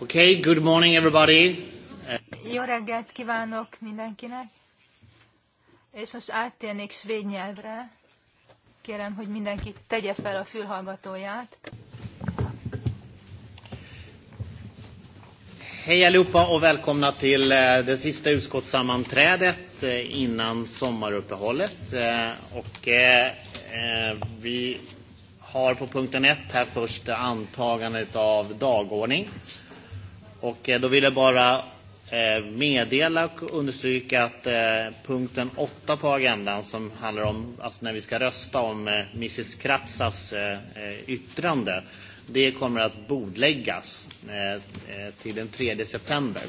Okay, good morning everybody. Jó reggelt kívánok mindenkinek. És most áttérnék svéd nyelvre. Kérem, hogy mindenki tegye fel a fülhallgatóját. Hej allihopa och välkomna till eh, det sista utskottssammanträdet eh, innan sommaruppehållet. Eh, och vi har på punkten ett här först antagandet av dagordning. Och eh, då vill jag bara eh, meddela och understryka att eh, punkten åtta på agendan som handlar om alltså när vi ska rösta om Mrs Kratzas yttrande det kommer att bordläggas till den 3 september.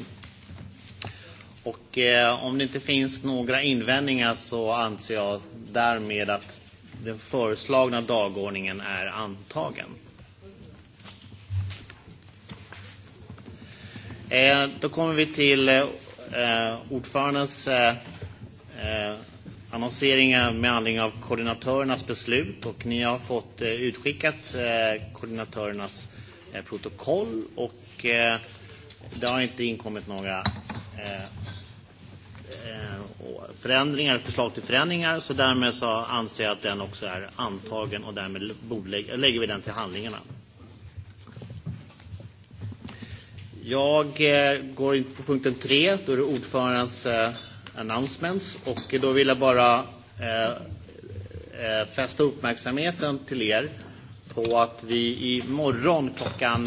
Och om det inte finns några invändningar så anser jag därmed att Den föreslagna dagordningen är antagen. Eh, då kommer vi till eh, ordförandens eh, annonseringar med anledning av koordinatörernas beslut och ni har fått utskickat koordinatörernas protokoll och det har inte inkommit några Eh, förändringar, förslag till förändringar. Så därmed så anser jag att den också är antagen och därmed lägger vi den till handlingarna. Jag eh, går in på punkten 3, då är det ordförandens eh, announcements. Och då vill jag bara eh, eh fästa uppmärksamheten till er på att vi imorgon klockan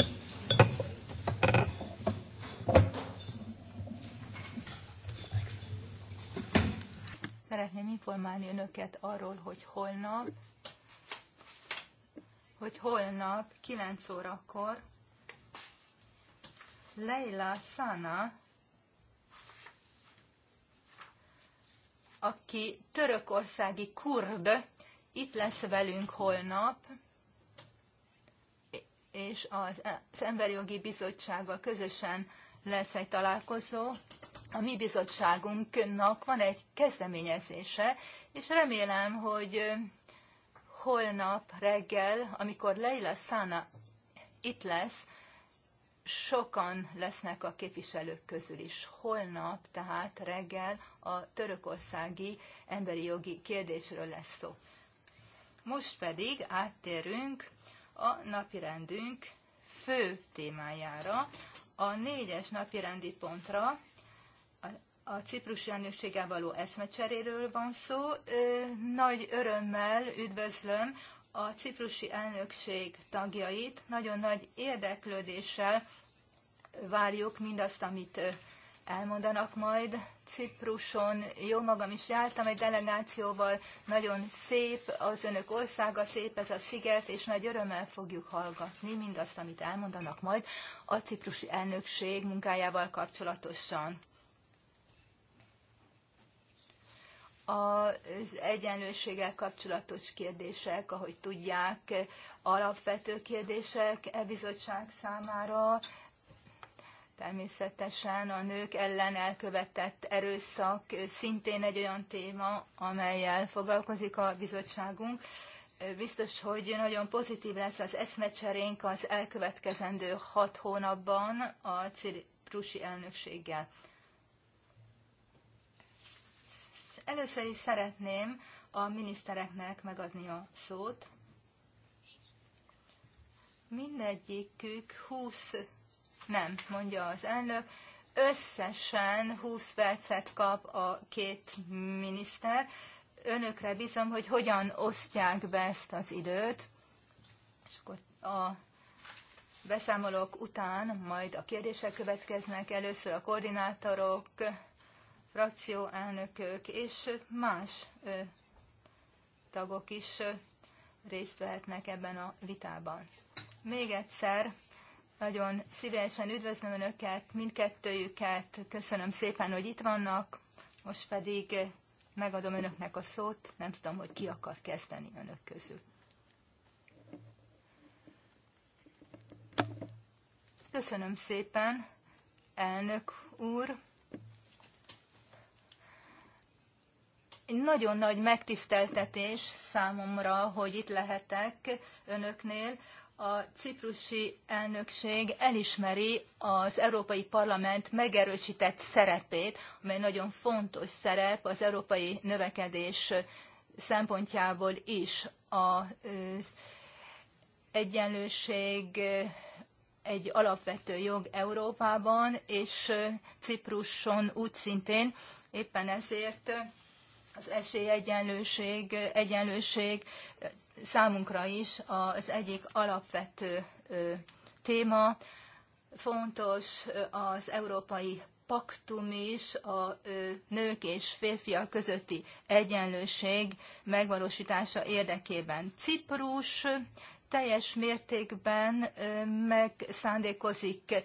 informálni önöket arról, hogy holnap, hogy holnap 9 órakor Leila Sana, aki törökországi kurd, itt lesz velünk holnap, és az, az Emberi Jogi Bizottsággal közösen lesz egy találkozó, a mi bizottságunknak van egy kezdeményezése, és remélem, hogy holnap reggel, amikor Leila Szána itt lesz, sokan lesznek a képviselők közül is. Holnap, tehát reggel a törökországi emberi jogi kérdésről lesz szó. Most pedig áttérünk a napirendünk fő témájára, a négyes napirendi pontra, a ciprusi elnökséggel való eszmecseréről van szó. Nagy örömmel üdvözlöm a ciprusi elnökség tagjait. Nagyon nagy érdeklődéssel várjuk mindazt, amit elmondanak majd. Cipruson jó magam is jártam egy delegációval, nagyon szép az önök országa, szép ez a sziget, és nagy örömmel fogjuk hallgatni mindazt, amit elmondanak majd a ciprusi elnökség munkájával kapcsolatosan. az egyenlőséggel kapcsolatos kérdések, ahogy tudják, alapvető kérdések e bizottság számára. Természetesen a nők ellen elkövetett erőszak szintén egy olyan téma, amelyel foglalkozik a bizottságunk. Biztos, hogy nagyon pozitív lesz az eszmecserénk az elkövetkezendő hat hónapban a ciprusi elnökséggel. Először is szeretném a minisztereknek megadni a szót. Mindegyikük 20, nem, mondja az elnök, összesen 20 percet kap a két miniszter. Önökre bízom, hogy hogyan osztják be ezt az időt. És akkor a beszámolók után majd a kérdések következnek. Először a koordinátorok frakcióelnökök és más tagok is részt vehetnek ebben a vitában. Még egyszer nagyon szívesen üdvözlöm Önöket, mindkettőjüket, köszönöm szépen, hogy itt vannak, most pedig megadom Önöknek a szót, nem tudom, hogy ki akar kezdeni Önök közül. Köszönöm szépen, elnök úr! nagyon nagy megtiszteltetés számomra, hogy itt lehetek önöknél. A ciprusi elnökség elismeri az Európai Parlament megerősített szerepét, amely nagyon fontos szerep az európai növekedés szempontjából is. Az egyenlőség egy alapvető jog Európában, és Cipruson úgy szintén éppen ezért az esélyegyenlőség, egyenlőség számunkra is az egyik alapvető téma. Fontos az európai paktum is, a nők és férfiak közötti egyenlőség megvalósítása érdekében. Ciprus teljes mértékben megszándékozik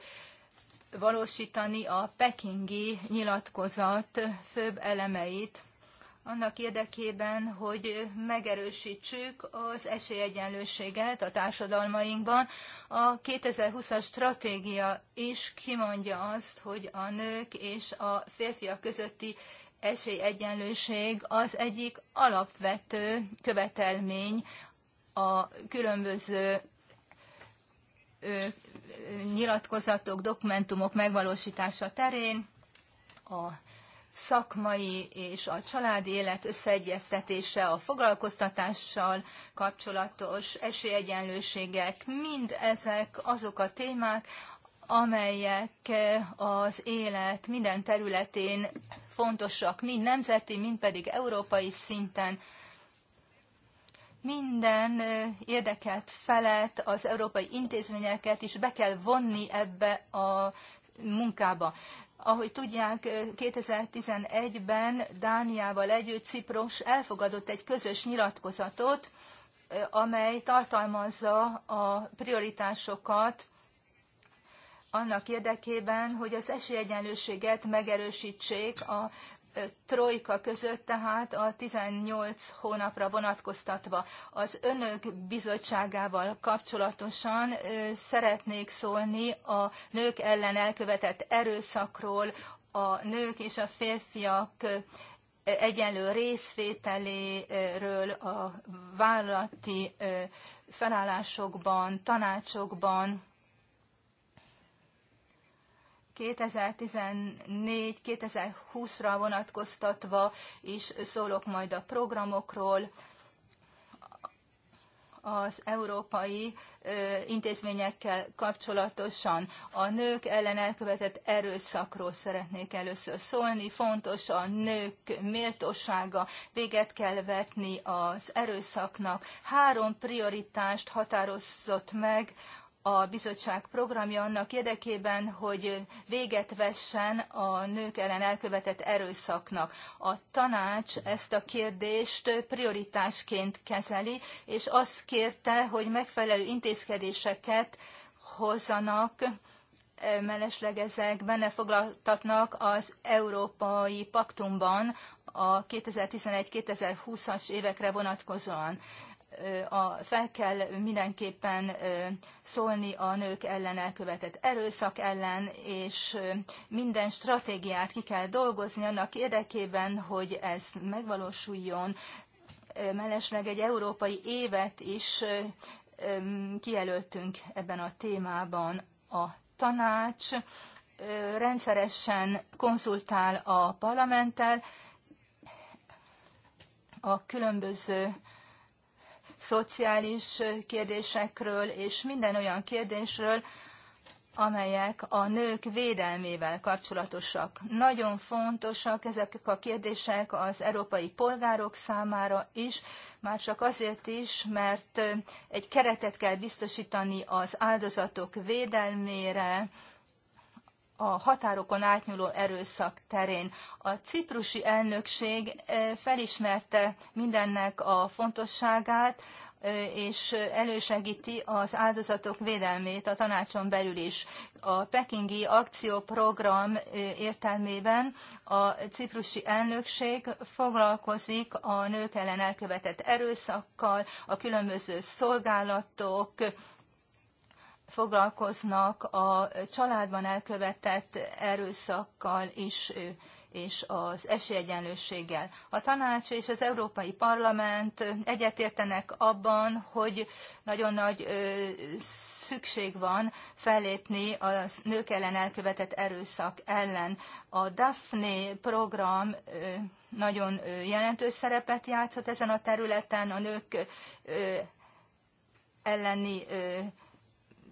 valósítani a pekingi nyilatkozat főbb elemeit annak érdekében, hogy megerősítsük az esélyegyenlőséget a társadalmainkban. A 2020-as stratégia is kimondja azt, hogy a nők és a férfiak közötti esélyegyenlőség az egyik alapvető követelmény a különböző nyilatkozatok, dokumentumok megvalósítása terén, a szakmai és a családi élet összeegyeztetése, a foglalkoztatással kapcsolatos esélyegyenlőségek, mind ezek azok a témák, amelyek az élet minden területén fontosak, mind nemzeti, mind pedig európai szinten. Minden érdekelt felett az európai intézményeket is be kell vonni ebbe a munkába. Ahogy tudják, 2011-ben Dániával együtt Ciprus elfogadott egy közös nyilatkozatot, amely tartalmazza a prioritásokat annak érdekében, hogy az esélyegyenlőséget megerősítsék a trojka között, tehát a 18 hónapra vonatkoztatva. Az önök bizottságával kapcsolatosan szeretnék szólni a nők ellen elkövetett erőszakról, a nők és a férfiak egyenlő részvételéről a vállalati felállásokban, tanácsokban, 2014-2020-ra vonatkoztatva is szólok majd a programokról, az európai ö, intézményekkel kapcsolatosan. A nők ellen elkövetett erőszakról szeretnék először szólni. Fontos a nők méltósága, véget kell vetni az erőszaknak. Három prioritást határozott meg a bizottság programja annak érdekében, hogy véget vessen a nők ellen elkövetett erőszaknak. A tanács ezt a kérdést prioritásként kezeli, és azt kérte, hogy megfelelő intézkedéseket hozzanak, eh, mellesleg ezek benne foglaltatnak az Európai Paktumban a 2011-2020-as évekre vonatkozóan a, fel kell mindenképpen szólni a nők ellen elkövetett erőszak ellen, és minden stratégiát ki kell dolgozni annak érdekében, hogy ez megvalósuljon. Mellesleg egy európai évet is kijelöltünk ebben a témában a tanács, rendszeresen konzultál a parlamenttel, a különböző szociális kérdésekről és minden olyan kérdésről, amelyek a nők védelmével kapcsolatosak. Nagyon fontosak ezek a kérdések az európai polgárok számára is, már csak azért is, mert egy keretet kell biztosítani az áldozatok védelmére, a határokon átnyúló erőszak terén. A ciprusi elnökség eh, felismerte mindennek a fontosságát, eh, és elősegíti az áldozatok védelmét a tanácson belül is. A pekingi akcióprogram eh, értelmében a ciprusi elnökség foglalkozik a nők ellen elkövetett erőszakkal, a különböző szolgálatok, foglalkoznak a családban elkövetett erőszakkal is és az esélyegyenlőséggel. A tanács és az Európai Parlament egyetértenek abban, hogy nagyon nagy szükség van fellépni a nők ellen elkövetett erőszak ellen. A DAFNE program nagyon jelentős szerepet játszott ezen a területen, a nők elleni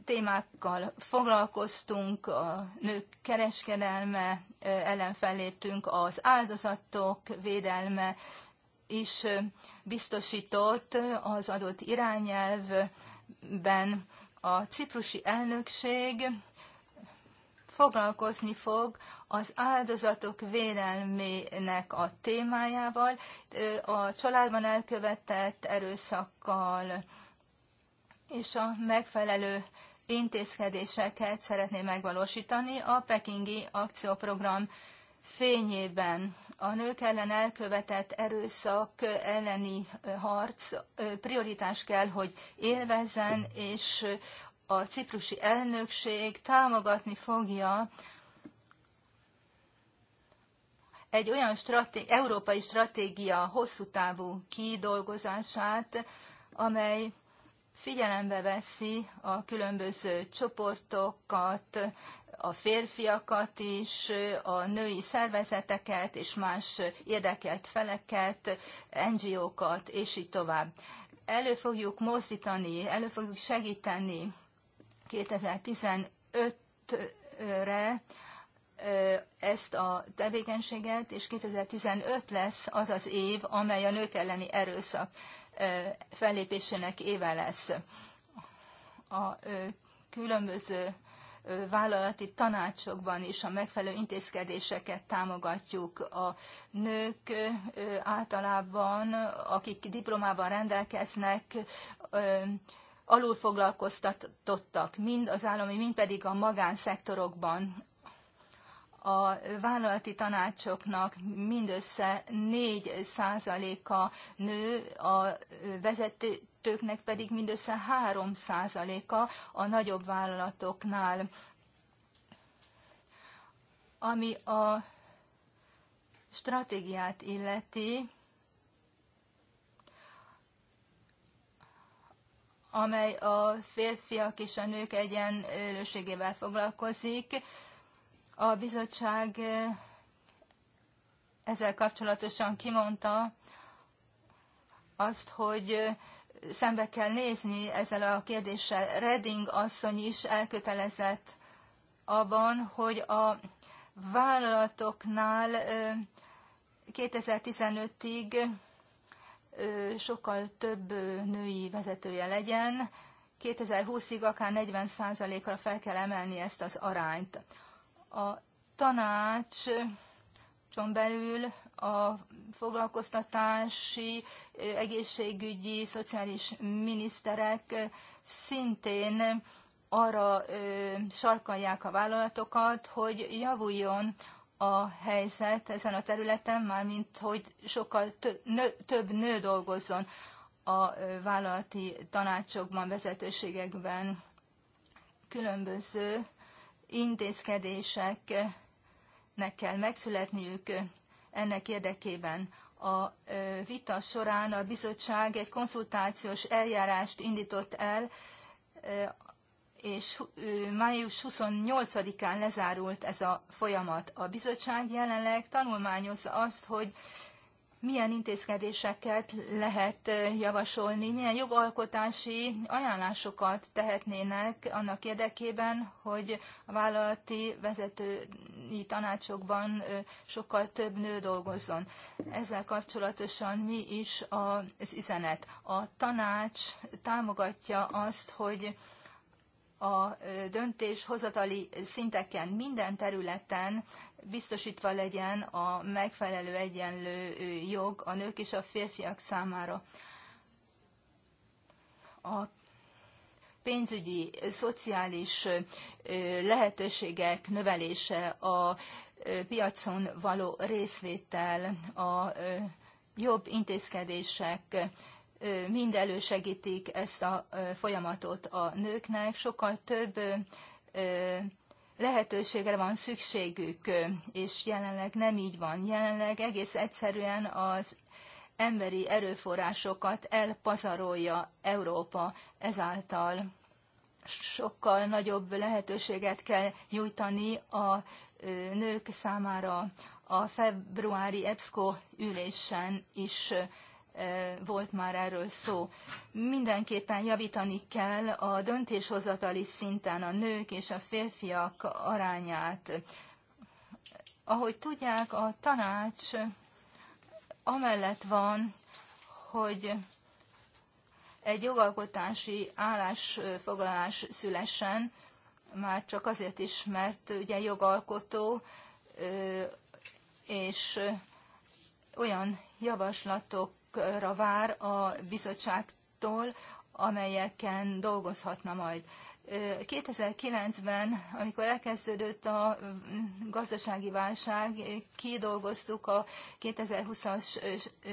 témákkal foglalkoztunk, a nők kereskedelme ellen felléptünk, az áldozatok védelme is biztosított az adott irányelvben. A ciprusi elnökség foglalkozni fog az áldozatok védelmének a témájával, a családban elkövetett erőszakkal és a megfelelő intézkedéseket szeretné megvalósítani a pekingi akcióprogram fényében. A nők ellen elkövetett erőszak elleni harc prioritás kell, hogy élvezzen, és a ciprusi elnökség támogatni fogja egy olyan straté- európai stratégia hosszú távú kidolgozását, amely figyelembe veszi a különböző csoportokat, a férfiakat is, a női szervezeteket és más érdekelt feleket, NGO-kat, és így tovább. Elő fogjuk mozdítani, elő fogjuk segíteni 2015-re ezt a tevékenységet, és 2015 lesz az az év, amely a nők elleni erőszak fellépésének éve lesz. A különböző vállalati tanácsokban is a megfelelő intézkedéseket támogatjuk. A nők általában, akik diplomában rendelkeznek, alulfoglalkoztatottak, mind az állami, mind pedig a magánszektorokban a vállalati tanácsoknak mindössze 4 százaléka nő, a vezetőknek pedig mindössze 3 százaléka a nagyobb vállalatoknál. Ami a stratégiát illeti, amely a férfiak és a nők egyenlőségével foglalkozik. A bizottság eh, ezzel kapcsolatosan kimondta azt, hogy eh, szembe kell nézni ezzel a kérdéssel. Reding asszony is elkötelezett abban, hogy a vállalatoknál 2015-ig eh, sokkal több női vezetője legyen, 2020-ig akár 40%-ra fel kell emelni ezt az arányt. A csak belül a foglalkoztatási, egészségügyi, szociális miniszterek szintén arra sarkalják a vállalatokat, hogy javuljon a helyzet ezen a területen, mármint hogy sokkal több nő, több nő dolgozzon a vállalati tanácsokban, vezetőségekben. Különböző intézkedéseknek kell megszületniük ennek érdekében. A vita során a bizottság egy konzultációs eljárást indított el, és május 28-án lezárult ez a folyamat. A bizottság jelenleg tanulmányozza azt, hogy milyen intézkedéseket lehet javasolni, milyen jogalkotási ajánlásokat tehetnének annak érdekében, hogy a vállalati vezetői tanácsokban sokkal több nő dolgozzon. Ezzel kapcsolatosan mi is az üzenet. A tanács támogatja azt, hogy a döntéshozatali szinteken minden területen biztosítva legyen a megfelelő egyenlő jog a nők és a férfiak számára. A pénzügyi, szociális lehetőségek növelése, a piacon való részvétel, a jobb intézkedések mind elősegítik ezt a folyamatot a nőknek, sokkal több lehetőségre van szükségük, és jelenleg nem így van. Jelenleg egész egyszerűen az emberi erőforrásokat elpazarolja Európa ezáltal. Sokkal nagyobb lehetőséget kell nyújtani a nők számára. A februári EBSCO ülésen is volt már erről szó. Mindenképpen javítani kell a döntéshozatali szinten a nők és a férfiak arányát. Ahogy tudják, a tanács amellett van, hogy egy jogalkotási állásfoglalás szülessen, már csak azért is, mert ugye jogalkotó és olyan javaslatok javaslatokra vár a bizottságtól, amelyeken dolgozhatna majd. 2009-ben, amikor elkezdődött a mm, gazdasági válság, kidolgoztuk a 2020-as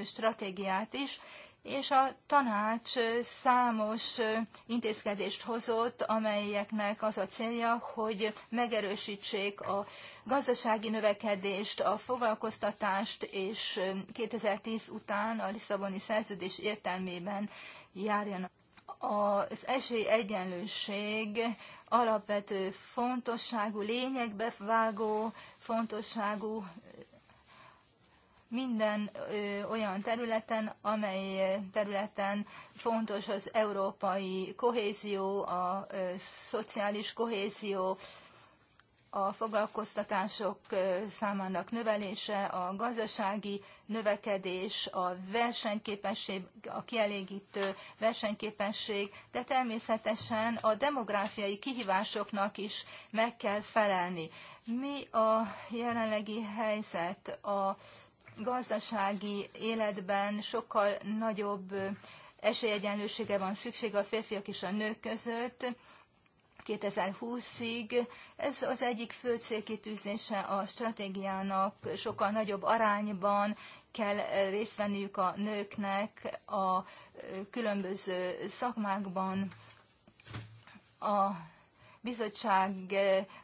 stratégiát is, és a tanács számos intézkedést hozott, amelyeknek az a célja, hogy megerősítsék a gazdasági növekedést, a foglalkoztatást, és 2010 után a Lisszaboni szerződés értelmében járjanak az esélyegyenlőség alapvető fontosságú, lényegbe vágó fontosságú minden ö, olyan területen, amely területen fontos az európai kohézió, a ö, szociális kohézió, a foglalkoztatások ö, számának növelése, a gazdasági növekedés, a versenyképesség, a kielégítő versenyképesség, de természetesen a demográfiai kihívásoknak is meg kell felelni. Mi a jelenlegi helyzet? A gazdasági életben sokkal nagyobb esélyegyenlősége van szüksége a férfiak és a nők között. 2020-ig. Ez az egyik fő célkitűzése a stratégiának, sokkal nagyobb arányban kell részt venniük a nőknek a különböző szakmákban. A bizottság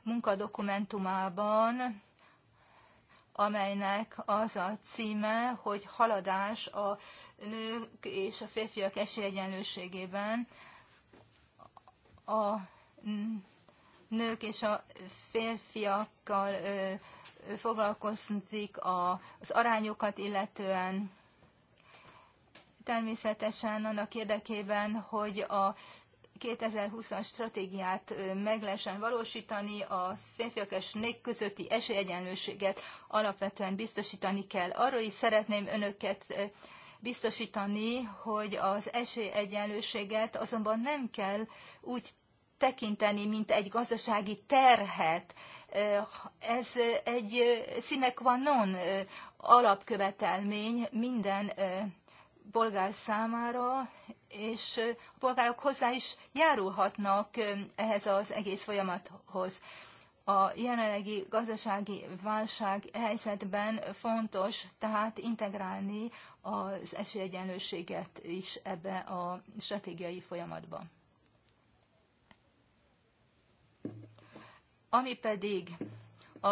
munkadokumentumában amelynek az a címe, hogy haladás a nők és a férfiak esélyegyenlőségében. A nők és a férfiakkal foglalkozik az arányokat illetően, természetesen annak érdekében, hogy a 2020-as stratégiát meg lehessen valósítani, a férfiak és nők közötti esélyegyenlőséget alapvetően biztosítani kell. Arról is szeretném önöket biztosítani, hogy az esélyegyenlőséget azonban nem kell úgy tekinteni, mint egy gazdasági terhet. Ez egy sine qua non alapkövetelmény minden polgár számára, és a polgárok hozzá is járulhatnak ehhez az egész folyamathoz. A jelenlegi gazdasági válság helyzetben fontos tehát integrálni az esélyegyenlőséget is ebbe a stratégiai folyamatba. Ami pedig a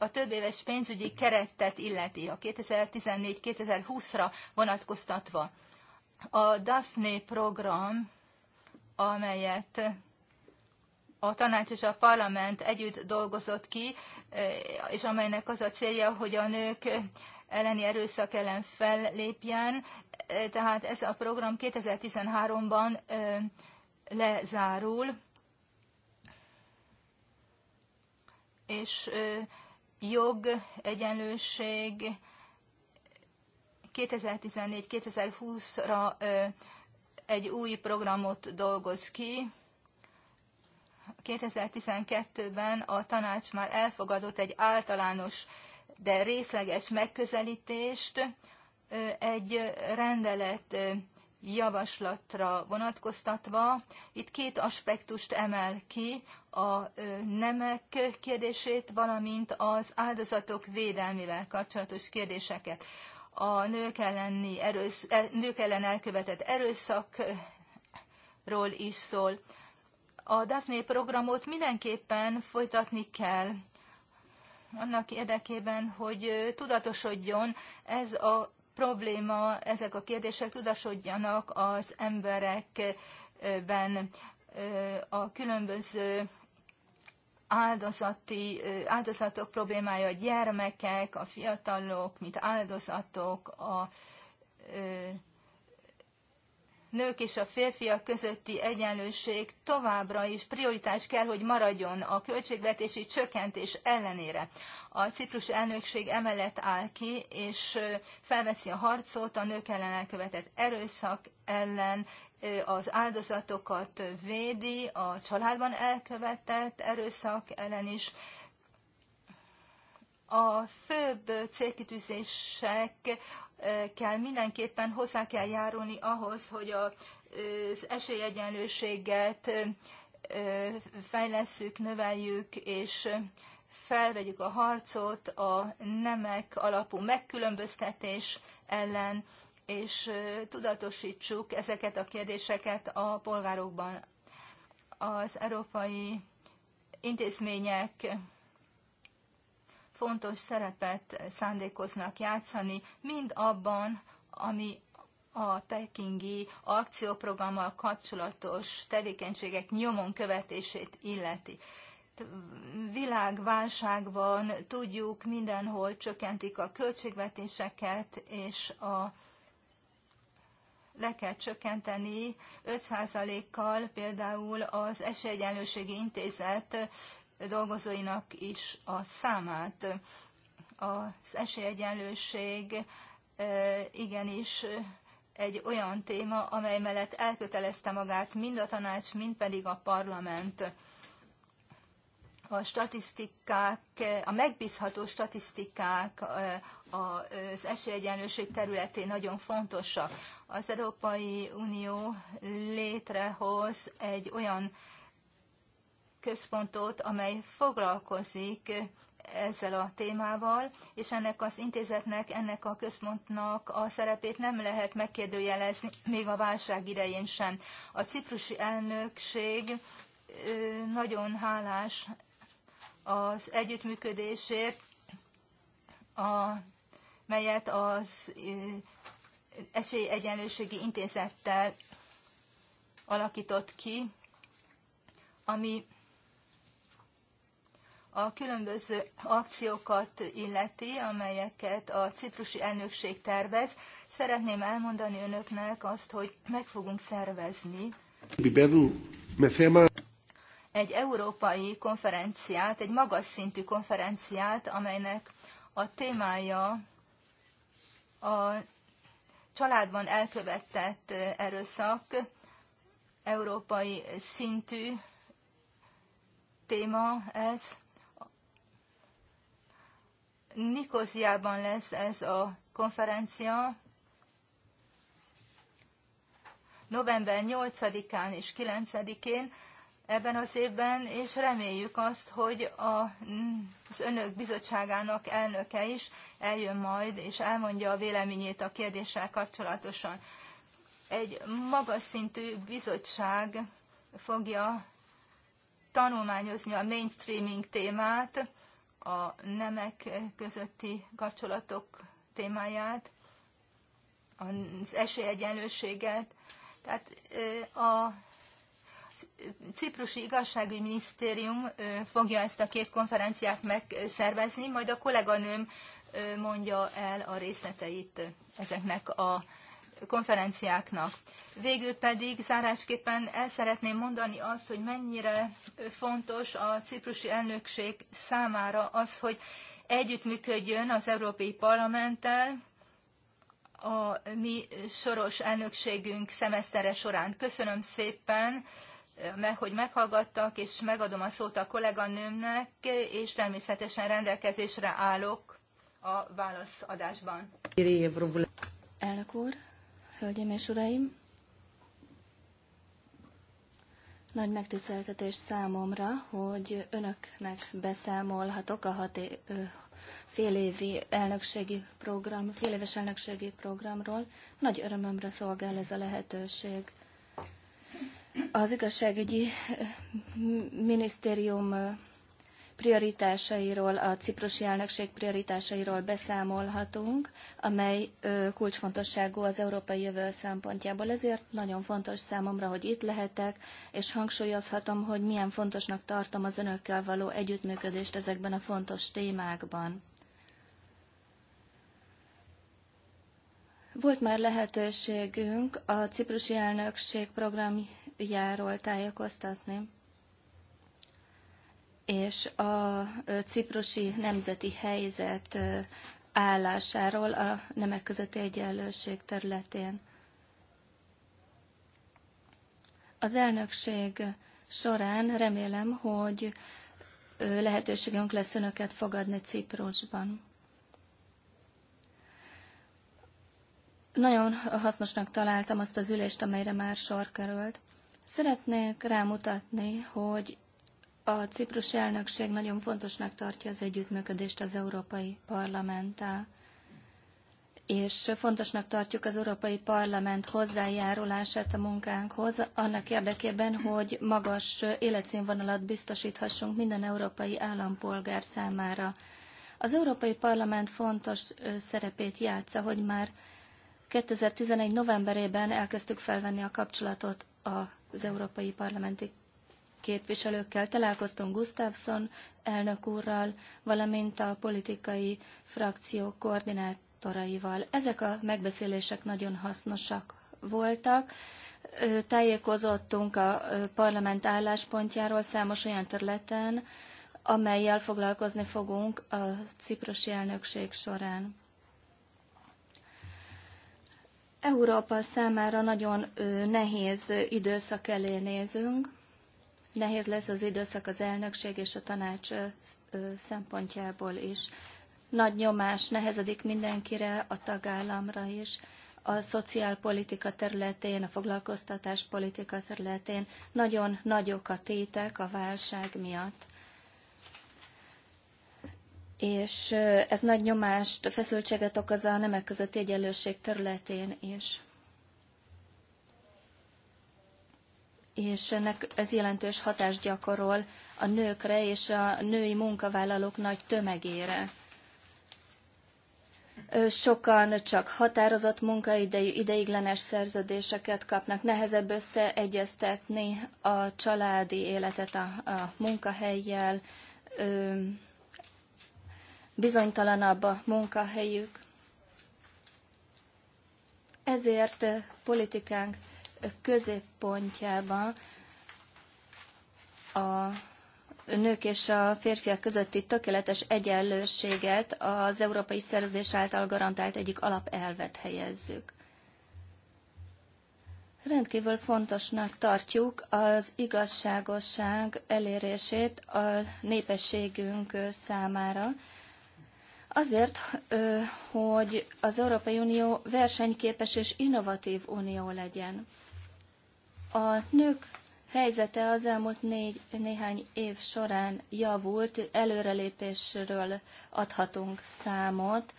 a több éves pénzügyi keretet illeti, a 2014-2020-ra vonatkoztatva. A DAFNE program, amelyet a tanács és a parlament együtt dolgozott ki, eh, és amelynek az a célja, hogy a nők elleni erőszak ellen fellépjen. Eh, tehát ez a program 2013-ban eh, lezárul, és jog, egyenlőség, 2014-2020-ra egy új programot dolgoz ki. 2012-ben a tanács már elfogadott egy általános, de részleges megközelítést, egy rendelet javaslatra vonatkoztatva. Itt két aspektust emel ki, a nemek kérdését, valamint az áldozatok védelmével kapcsolatos kérdéseket a nők, elleni erősz, e, nők ellen elkövetett erőszakról is szól. A Daphne programot mindenképpen folytatni kell annak érdekében, hogy tudatosodjon ez a probléma, ezek a kérdések tudatosodjanak az emberekben a különböző áldozati, áldozatok problémája, a gyermekek, a fiatalok, mint áldozatok, a nők és a férfiak közötti egyenlőség továbbra is prioritás kell, hogy maradjon a költségvetési csökkentés ellenére. A ciprus elnökség emellett áll ki, és felveszi a harcot a nők ellen elkövetett erőszak ellen, az áldozatokat védi, a családban elkövetett erőszak ellen is. A főbb célkitűzések kell mindenképpen hozzá kell járulni ahhoz, hogy az esélyegyenlőséget fejleszünk, növeljük, és felvegyük a harcot a nemek alapú megkülönböztetés ellen, és tudatosítsuk ezeket a kérdéseket a polgárokban. Az európai intézmények fontos szerepet szándékoznak játszani, mind abban, ami a pekingi akcióprogrammal kapcsolatos tevékenységek nyomon követését illeti. Világválság van, tudjuk, mindenhol csökkentik a költségvetéseket, és a le kell csökkenteni 5%-kal például az Esélyegyenlőségi Intézet dolgozóinak is a számát. Az esélyegyenlőség igenis egy olyan téma, amely mellett elkötelezte magát mind a tanács, mind pedig a parlament a statisztikák, a megbízható statisztikák az esélyegyenlőség területén nagyon fontosak. Az Európai Unió létrehoz egy olyan központot, amely foglalkozik ezzel a témával, és ennek az intézetnek, ennek a központnak a szerepét nem lehet megkérdőjelezni, még a válság idején sem. A ciprusi elnökség nagyon hálás az együttműködésért, a, melyet az esélyegyenlőségi intézettel alakított ki, ami a különböző akciókat illeti, amelyeket a ciprusi elnökség tervez. Szeretném elmondani önöknek azt, hogy meg fogunk szervezni egy európai konferenciát, egy magas szintű konferenciát, amelynek a témája a családban elkövetett erőszak, európai szintű téma ez. Nikoziában lesz ez a konferencia, november 8-án és 9-én ebben az évben, és reméljük azt, hogy a, az önök bizottságának elnöke is eljön majd, és elmondja a véleményét a kérdéssel kapcsolatosan. Egy magas szintű bizottság fogja tanulmányozni a mainstreaming témát, a nemek közötti kapcsolatok témáját, az esélyegyenlőséget. Tehát a ciprusi igazságügyi minisztérium fogja ezt a két konferenciát megszervezni, majd a kolléganőm mondja el a részleteit ezeknek a konferenciáknak. Végül pedig zárásképpen el szeretném mondani azt, hogy mennyire fontos a ciprusi elnökség számára az, hogy együttműködjön az Európai Parlamenttel, a mi soros elnökségünk szemesztere során. Köszönöm szépen hogy meghallgattak, és megadom a szót a kolléganőmnek, és természetesen rendelkezésre állok a válaszadásban. Elnök úr, hölgyeim és uraim, nagy megtiszteltetés számomra, hogy önöknek beszámolhatok a hat é- félévi elnökségi program, féléves elnökségi programról. Nagy örömömre szolgál ez a lehetőség az igazságügyi eh, minisztérium eh, prioritásairól, a ciprusi elnökség prioritásairól beszámolhatunk, amely eh, kulcsfontosságú az európai jövő szempontjából. Ezért nagyon fontos számomra, hogy itt lehetek, és hangsúlyozhatom, hogy milyen fontosnak tartom az önökkel való együttműködést ezekben a fontos témákban. Volt már lehetőségünk a ciprusi elnökség programjáról tájékoztatni, és a ciprusi nemzeti helyzet állásáról a nemek közötti egyenlőség területén. Az elnökség során remélem, hogy lehetőségünk lesz önöket fogadni Ciprusban. Nagyon hasznosnak találtam azt az ülést, amelyre már sor került. Szeretnék rámutatni, hogy a ciprus elnökség nagyon fontosnak tartja az együttműködést az Európai Parlamenttel, és fontosnak tartjuk az Európai Parlament hozzájárulását a munkánkhoz, annak érdekében, hogy magas életszínvonalat biztosíthassunk minden európai állampolgár számára. Az Európai Parlament fontos szerepét játsza, hogy már 2011. novemberében elkezdtük felvenni a kapcsolatot az európai parlamenti képviselőkkel. Találkoztunk Gustafsson elnök úrral, valamint a politikai frakció koordinátoraival. Ezek a megbeszélések nagyon hasznosak voltak. Tájékozottunk a parlament álláspontjáról számos olyan területen, amelyel foglalkozni fogunk a ciprusi elnökség során. Európa számára nagyon nehéz időszak elé nézünk. Nehéz lesz az időszak az elnökség és a tanács szempontjából is. Nagy nyomás nehezedik mindenkire, a tagállamra is. A szociálpolitika területén, a foglalkoztatás politika területén nagyon nagyok a tétek a válság miatt és ez nagy nyomást, feszültséget okoz a nemek közötti egyenlőség területén is. És ennek ez jelentős hatást gyakorol a nőkre és a női munkavállalók nagy tömegére. Sokan csak határozott munkaidejű ideiglenes szerződéseket kapnak, nehezebb összeegyeztetni a családi életet a, a munkahelyjel, bizonytalanabb a munkahelyük. Ezért eh, politikánk eh, középpontjában a nők és a férfiak közötti tökéletes egyenlőséget az Európai Szerződés által garantált egyik alapelvet helyezzük. Rendkívül fontosnak tartjuk az igazságosság elérését a népességünk eh, számára, Azért, hogy az Európai Unió versenyképes és innovatív unió legyen. A nők helyzete az elmúlt négy, néhány év során javult, előrelépésről adhatunk számot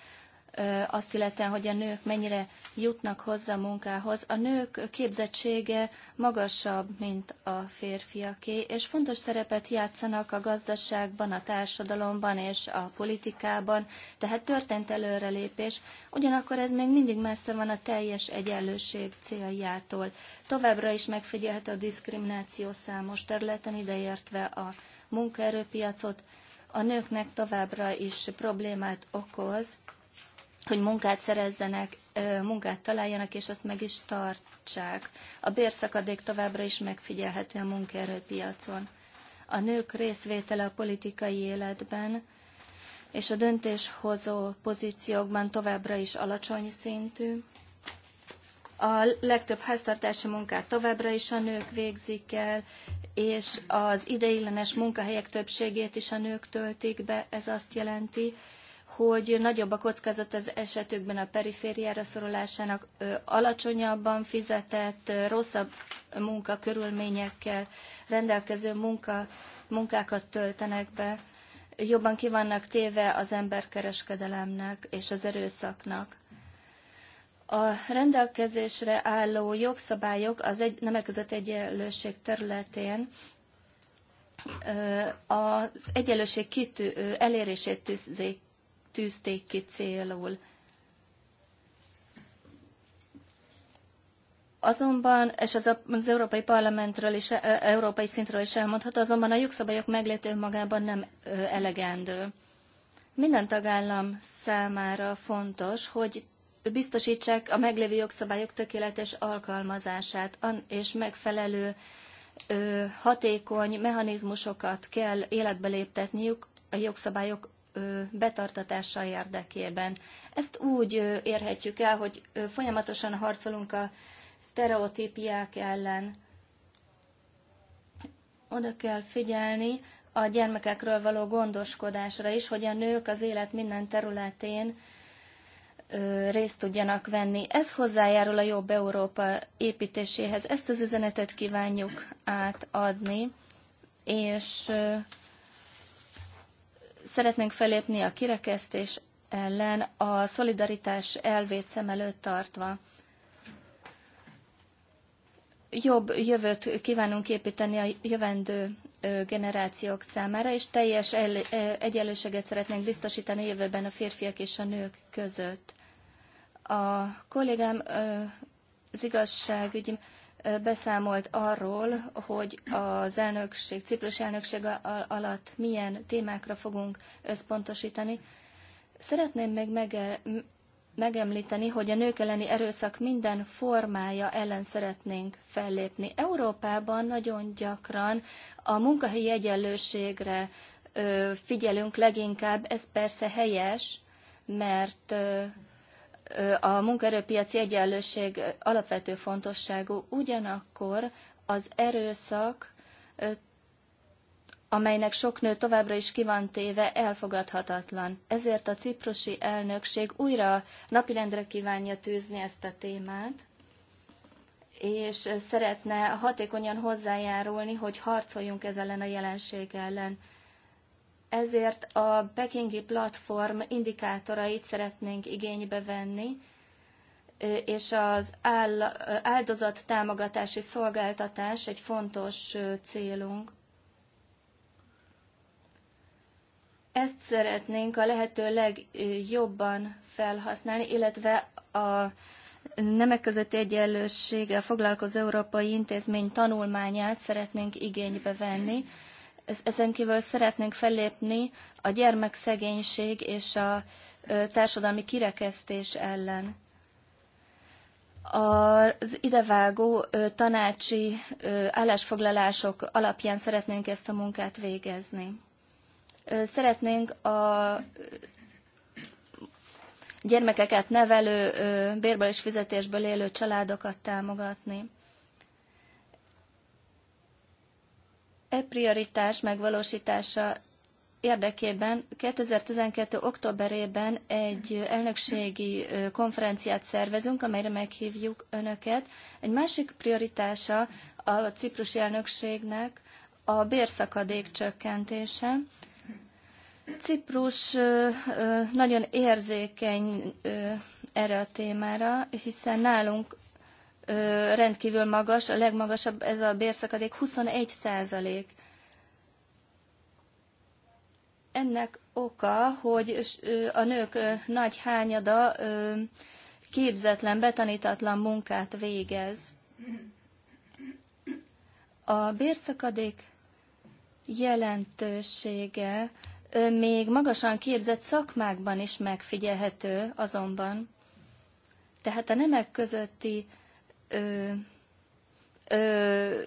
azt illetően, hogy a nők mennyire jutnak hozzá a munkához. A nők képzettsége magasabb, mint a férfiaké, és fontos szerepet játszanak a gazdaságban, a társadalomban és a politikában, tehát történt előrelépés, ugyanakkor ez még mindig messze van a teljes egyenlőség céljától. Továbbra is megfigyelhető a diszkrimináció számos területen, ideértve a munkaerőpiacot, a nőknek továbbra is problémát okoz, hogy munkát szerezzenek, munkát találjanak, és azt meg is tartsák. A bérszakadék továbbra is megfigyelhető a munkaerőpiacon. A nők részvétele a politikai életben és a döntéshozó pozíciókban továbbra is alacsony szintű. A legtöbb háztartási munkát továbbra is a nők végzik el, és az ideiglenes munkahelyek többségét is a nők töltik be. Ez azt jelenti, hogy nagyobb a kockázat az esetükben a perifériára szorulásának, alacsonyabban fizetett, rosszabb munkakörülményekkel rendelkező munka, munkákat töltenek be, jobban kivannak téve az emberkereskedelemnek és az erőszaknak. A rendelkezésre álló jogszabályok az egy, nemek között egyenlőség területén az egyenlőség kitű, elérését tűzik tűzték ki célul. Azonban, és az az Európai Parlamentről is, e, e, európai szintről is elmondható, azonban a jogszabályok meglétő magában nem elegendő. Minden tagállam számára fontos, hogy biztosítsák a meglévő jogszabályok tökéletes alkalmazását, és megfelelő hatékony mechanizmusokat kell életbe léptetniük a jogszabályok betartatása érdekében. Ezt úgy érhetjük el, hogy folyamatosan harcolunk a sztereotípiák ellen. Oda kell figyelni a gyermekekről való gondoskodásra is, hogy a nők az élet minden területén részt tudjanak venni. Ez hozzájárul a jobb Európa építéséhez. Ezt az üzenetet kívánjuk átadni, és Szeretnénk felépni a kirekesztés ellen, a szolidaritás elvét szem előtt tartva. Jobb jövőt kívánunk építeni a jövendő generációk számára, és teljes egyenlőséget szeretnénk biztosítani jövőben a férfiak és a nők között. A kollégám az igazságügyi beszámolt arról, hogy az elnökség, Ciprus elnökség alatt milyen témákra fogunk összpontosítani. Szeretném még mege, megemlíteni, hogy a nők elleni erőszak minden formája ellen szeretnénk fellépni. Európában nagyon gyakran a munkahelyi egyenlőségre figyelünk leginkább, ez persze helyes, mert a munkaerőpiaci egyenlőség alapvető fontosságú, ugyanakkor az erőszak, amelynek sok nő továbbra is ki van téve, elfogadhatatlan. Ezért a ciprusi elnökség újra napirendre kívánja tűzni ezt a témát, és szeretne hatékonyan hozzájárulni, hogy harcoljunk ez ellen a jelenség ellen ezért a pekingi platform indikátorait szeretnénk igénybe venni, és az áldozat támogatási szolgáltatás egy fontos célunk. Ezt szeretnénk a lehető legjobban felhasználni, illetve a nemek közötti egyenlősséggel foglalkozó Európai Intézmény tanulmányát szeretnénk igénybe venni, ezen kívül szeretnénk fellépni a gyermekszegénység és a társadalmi kirekesztés ellen. Az idevágó tanácsi állásfoglalások alapján szeretnénk ezt a munkát végezni. Szeretnénk a gyermekeket nevelő, bérből és fizetésből élő családokat támogatni. E prioritás megvalósítása érdekében 2012. októberében egy elnökségi konferenciát szervezünk, amelyre meghívjuk Önöket. Egy másik prioritása a ciprusi elnökségnek a bérszakadék csökkentése. Ciprus nagyon érzékeny erre a témára, hiszen nálunk rendkívül magas, a legmagasabb ez a bérszakadék 21 százalék. Ennek oka, hogy a nők nagy hányada képzetlen, betanítatlan munkát végez. A bérszakadék jelentősége még magasan képzett szakmákban is megfigyelhető azonban. Tehát a nemek közötti ö, ö,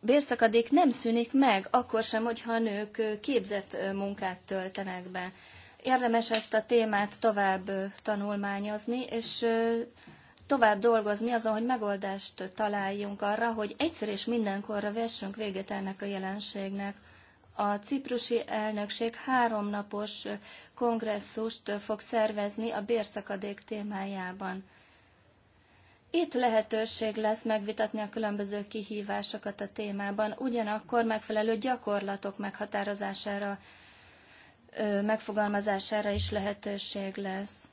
bérszakadék nem szűnik meg, akkor sem, hogyha a nők képzett munkát töltenek be. Érdemes ezt a témát tovább tanulmányozni, és tovább dolgozni azon, hogy megoldást találjunk arra, hogy egyszer és mindenkorra vessünk véget ennek a jelenségnek. A ciprusi elnökség háromnapos kongresszust fog szervezni a bérszakadék témájában. Itt lehetőség lesz megvitatni a különböző kihívásokat a témában, ugyanakkor megfelelő gyakorlatok meghatározására, megfogalmazására is lehetőség lesz.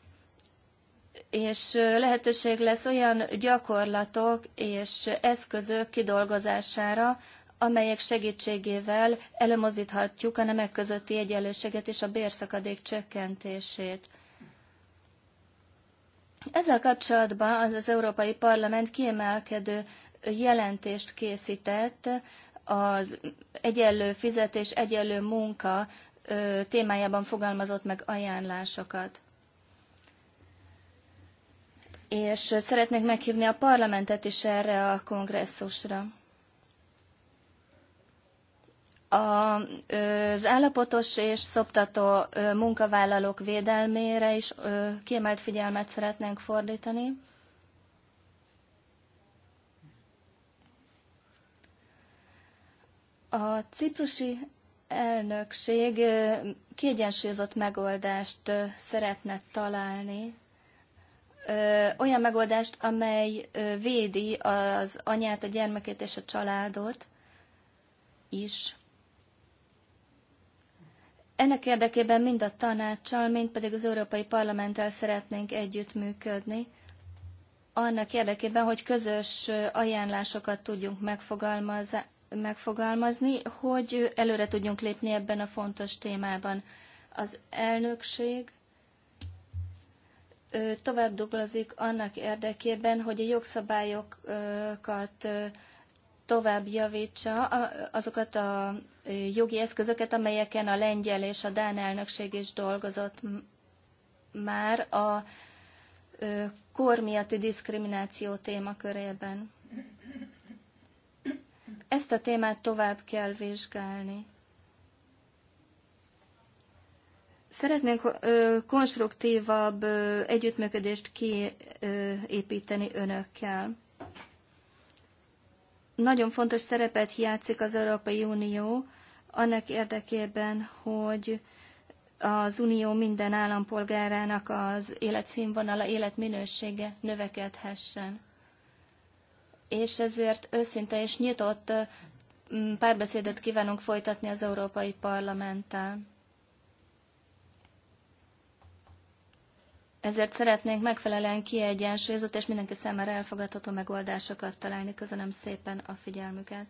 És lehetőség lesz olyan gyakorlatok és eszközök kidolgozására, amelyek segítségével előmozdíthatjuk a nemek közötti egyenlőséget és a bérszakadék csökkentését. Ezzel kapcsolatban az, az Európai Parlament kiemelkedő jelentést készített az egyenlő fizetés, egyenlő munka témájában fogalmazott meg ajánlásokat. És szeretnék meghívni a parlamentet is erre a kongresszusra az állapotos és szoptató munkavállalók védelmére is kiemelt figyelmet szeretnénk fordítani. A ciprusi elnökség kiegyensúlyozott megoldást szeretne találni, olyan megoldást, amely védi az anyát, a gyermekét és a családot is. Ennek érdekében mind a tanácssal, mind pedig az Európai Parlamenttel szeretnénk együttműködni, annak érdekében, hogy közös ajánlásokat tudjunk megfogalmazni, hogy előre tudjunk lépni ebben a fontos témában. Az elnökség tovább dolgozik annak érdekében, hogy a jogszabályokat tovább javítsa, azokat a jogi eszközöket, amelyeken a lengyel és a dán elnökség is dolgozott már a kor miatti diszkrimináció témakörében. Ezt a témát tovább kell vizsgálni. Szeretnénk konstruktívabb együttműködést kiépíteni önökkel nagyon fontos szerepet játszik az Európai Unió annak érdekében, hogy az Unió minden állampolgárának az életszínvonala, életminősége növekedhessen. És ezért őszinte és nyitott mm, párbeszédet kívánunk folytatni az Európai Parlamenttel. Ezért szeretnénk megfelelően kiegyensúlyozott és mindenki számára elfogadható megoldásokat találni. Köszönöm szépen a figyelmüket.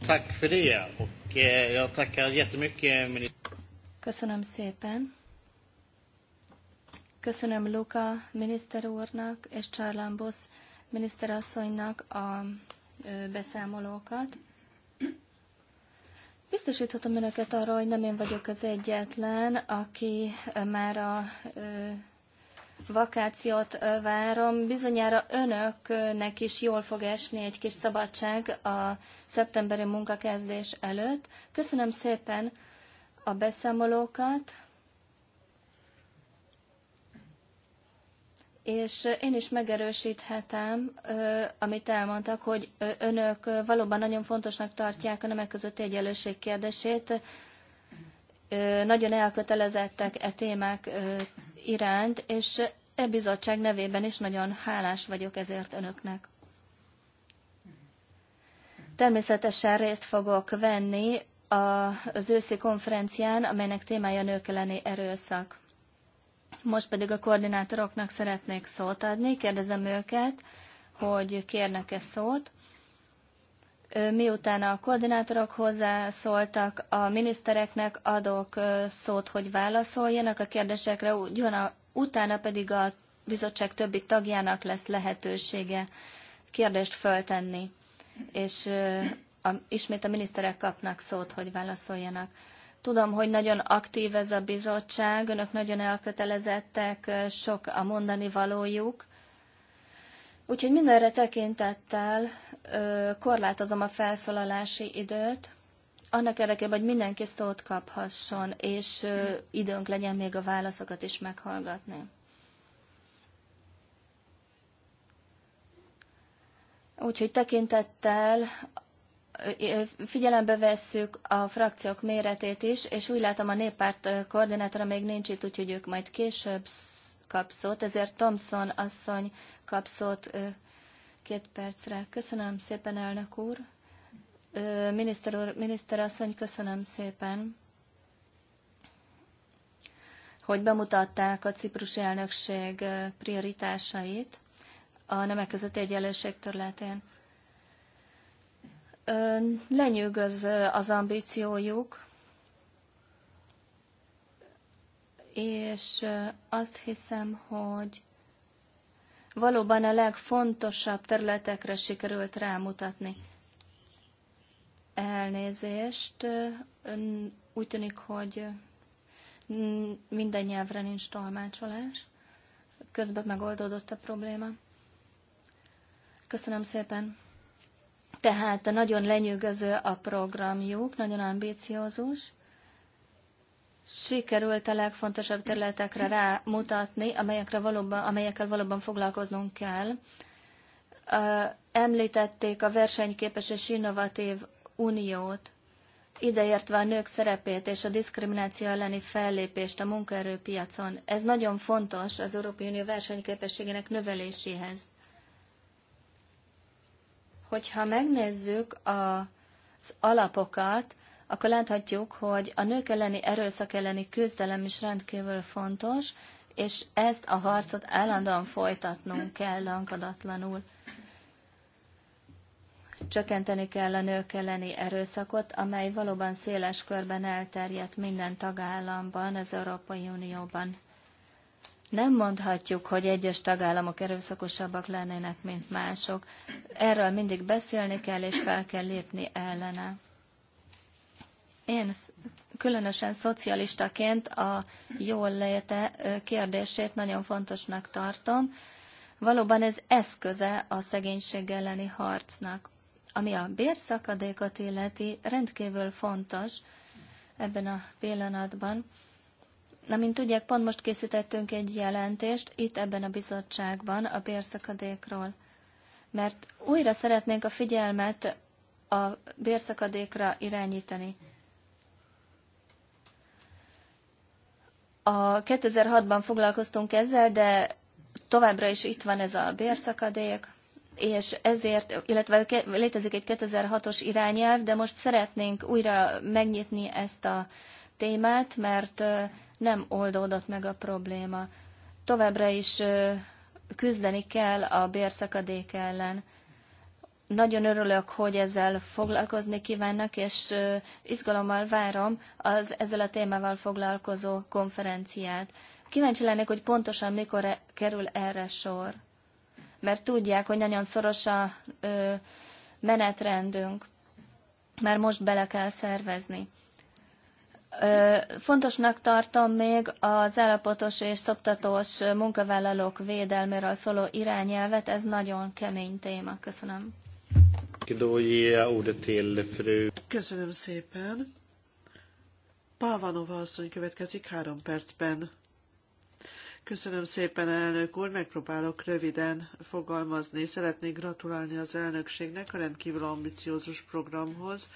Tack för det och eh, jag tackar jättemycket. Köszönöm szépen. Köszönöm Luka miniszter úrnak és Csarlambusz miniszterasszonynak a beszámolókat. Biztosíthatom önöket arra, hogy nem én vagyok az egyetlen, aki már a vakációt várom. Bizonyára önöknek is jól fog esni egy kis szabadság a szeptemberi munkakezdés előtt. Köszönöm szépen a beszámolókat, és én is megerősíthetem, amit elmondtak, hogy önök valóban nagyon fontosnak tartják a nemek közötti egyenlőség kérdését, nagyon elkötelezettek e témák iránt, és e bizottság nevében is nagyon hálás vagyok ezért önöknek. Természetesen részt fogok venni az őszi konferencián, amelynek témája nők elleni erőszak. Most pedig a koordinátoroknak szeretnék szót adni. Kérdezem őket, hogy kérnek-e szót. Miután a koordinátorok hozzászóltak, a minisztereknek adok szót, hogy válaszoljanak a kérdésekre, utána pedig a bizottság többi tagjának lesz lehetősége kérdést föltenni, és a, ismét a miniszterek kapnak szót, hogy válaszoljanak. Tudom, hogy nagyon aktív ez a bizottság, önök nagyon elkötelezettek, sok a mondani valójuk. Úgyhogy mindenre tekintettel korlátozom a felszólalási időt, annak érdekében, hogy mindenki szót kaphasson, és időnk legyen még a válaszokat is meghallgatni. Úgyhogy tekintettel figyelembe vesszük a frakciók méretét is, és úgy látom a néppárt koordinátora még nincs itt, úgyhogy ők majd később kap szót, ezért Thomson asszony kap szót két percre. Köszönöm szépen, elnök úr. Miniszter úr, miniszter asszony, köszönöm szépen, hogy bemutatták a ciprusi elnökség prioritásait a nemek közötti egyenlőség területén lenyűgöz az ambíciójuk, és azt hiszem, hogy valóban a legfontosabb területekre sikerült rámutatni. Elnézést, úgy tűnik, hogy minden nyelvre nincs tolmácsolás. Közben megoldódott a probléma. Köszönöm szépen! tehát nagyon lenyűgöző a programjuk, nagyon ambíciózus. Sikerült a legfontosabb területekre rámutatni, amelyekre valóban, amelyekkel valóban foglalkoznunk kell. Említették a versenyképes és innovatív uniót, ideértve a nők szerepét és a diszkrimináció elleni fellépést a munkaerőpiacon. Ez nagyon fontos az Európai Unió versenyképességének növeléséhez. Hogyha megnézzük az alapokat, akkor láthatjuk, hogy a nők elleni erőszak elleni küzdelem is rendkívül fontos, és ezt a harcot állandóan folytatnunk kell lankadatlanul. Csökkenteni kell a nők elleni erőszakot, amely valóban széles körben elterjedt minden tagállamban, az Európai Unióban. Nem mondhatjuk, hogy egyes tagállamok erőszakosabbak lennének, mint mások. Erről mindig beszélni kell, és fel kell lépni ellene. Én különösen szocialistaként a jól léte kérdését nagyon fontosnak tartom. Valóban ez eszköze a szegénység elleni harcnak. Ami a bérszakadékot illeti, rendkívül fontos ebben a pillanatban. Na mint tudják, pont most készítettünk egy jelentést itt ebben a bizottságban a bérszakadékról, mert újra szeretnénk a figyelmet a bérszakadékra irányítani. A 2006-ban foglalkoztunk ezzel, de továbbra is itt van ez a bérszakadék, és ezért, illetve létezik egy 2006-os irányelv, de most szeretnénk újra megnyitni ezt a témát, mert nem oldódott meg a probléma. Továbbra is küzdeni kell a bérszakadék ellen. Nagyon örülök, hogy ezzel foglalkozni kívánnak, és izgalommal várom az ezzel a témával foglalkozó konferenciát. Kíváncsi lennék, hogy pontosan mikor e, kerül erre sor. Mert tudják, hogy nagyon szoros a menetrendünk. Már most bele kell szervezni. Fontosnak tartom még az állapotos és szoptatós munkavállalók védelméről szóló irányelvet, ez nagyon kemény téma. Köszönöm. Köszönöm szépen. Pávanova asszony következik három percben. Köszönöm szépen, elnök úr. Megpróbálok röviden fogalmazni. Szeretnék gratulálni az elnökségnek a rendkívül ambiciózus programhoz,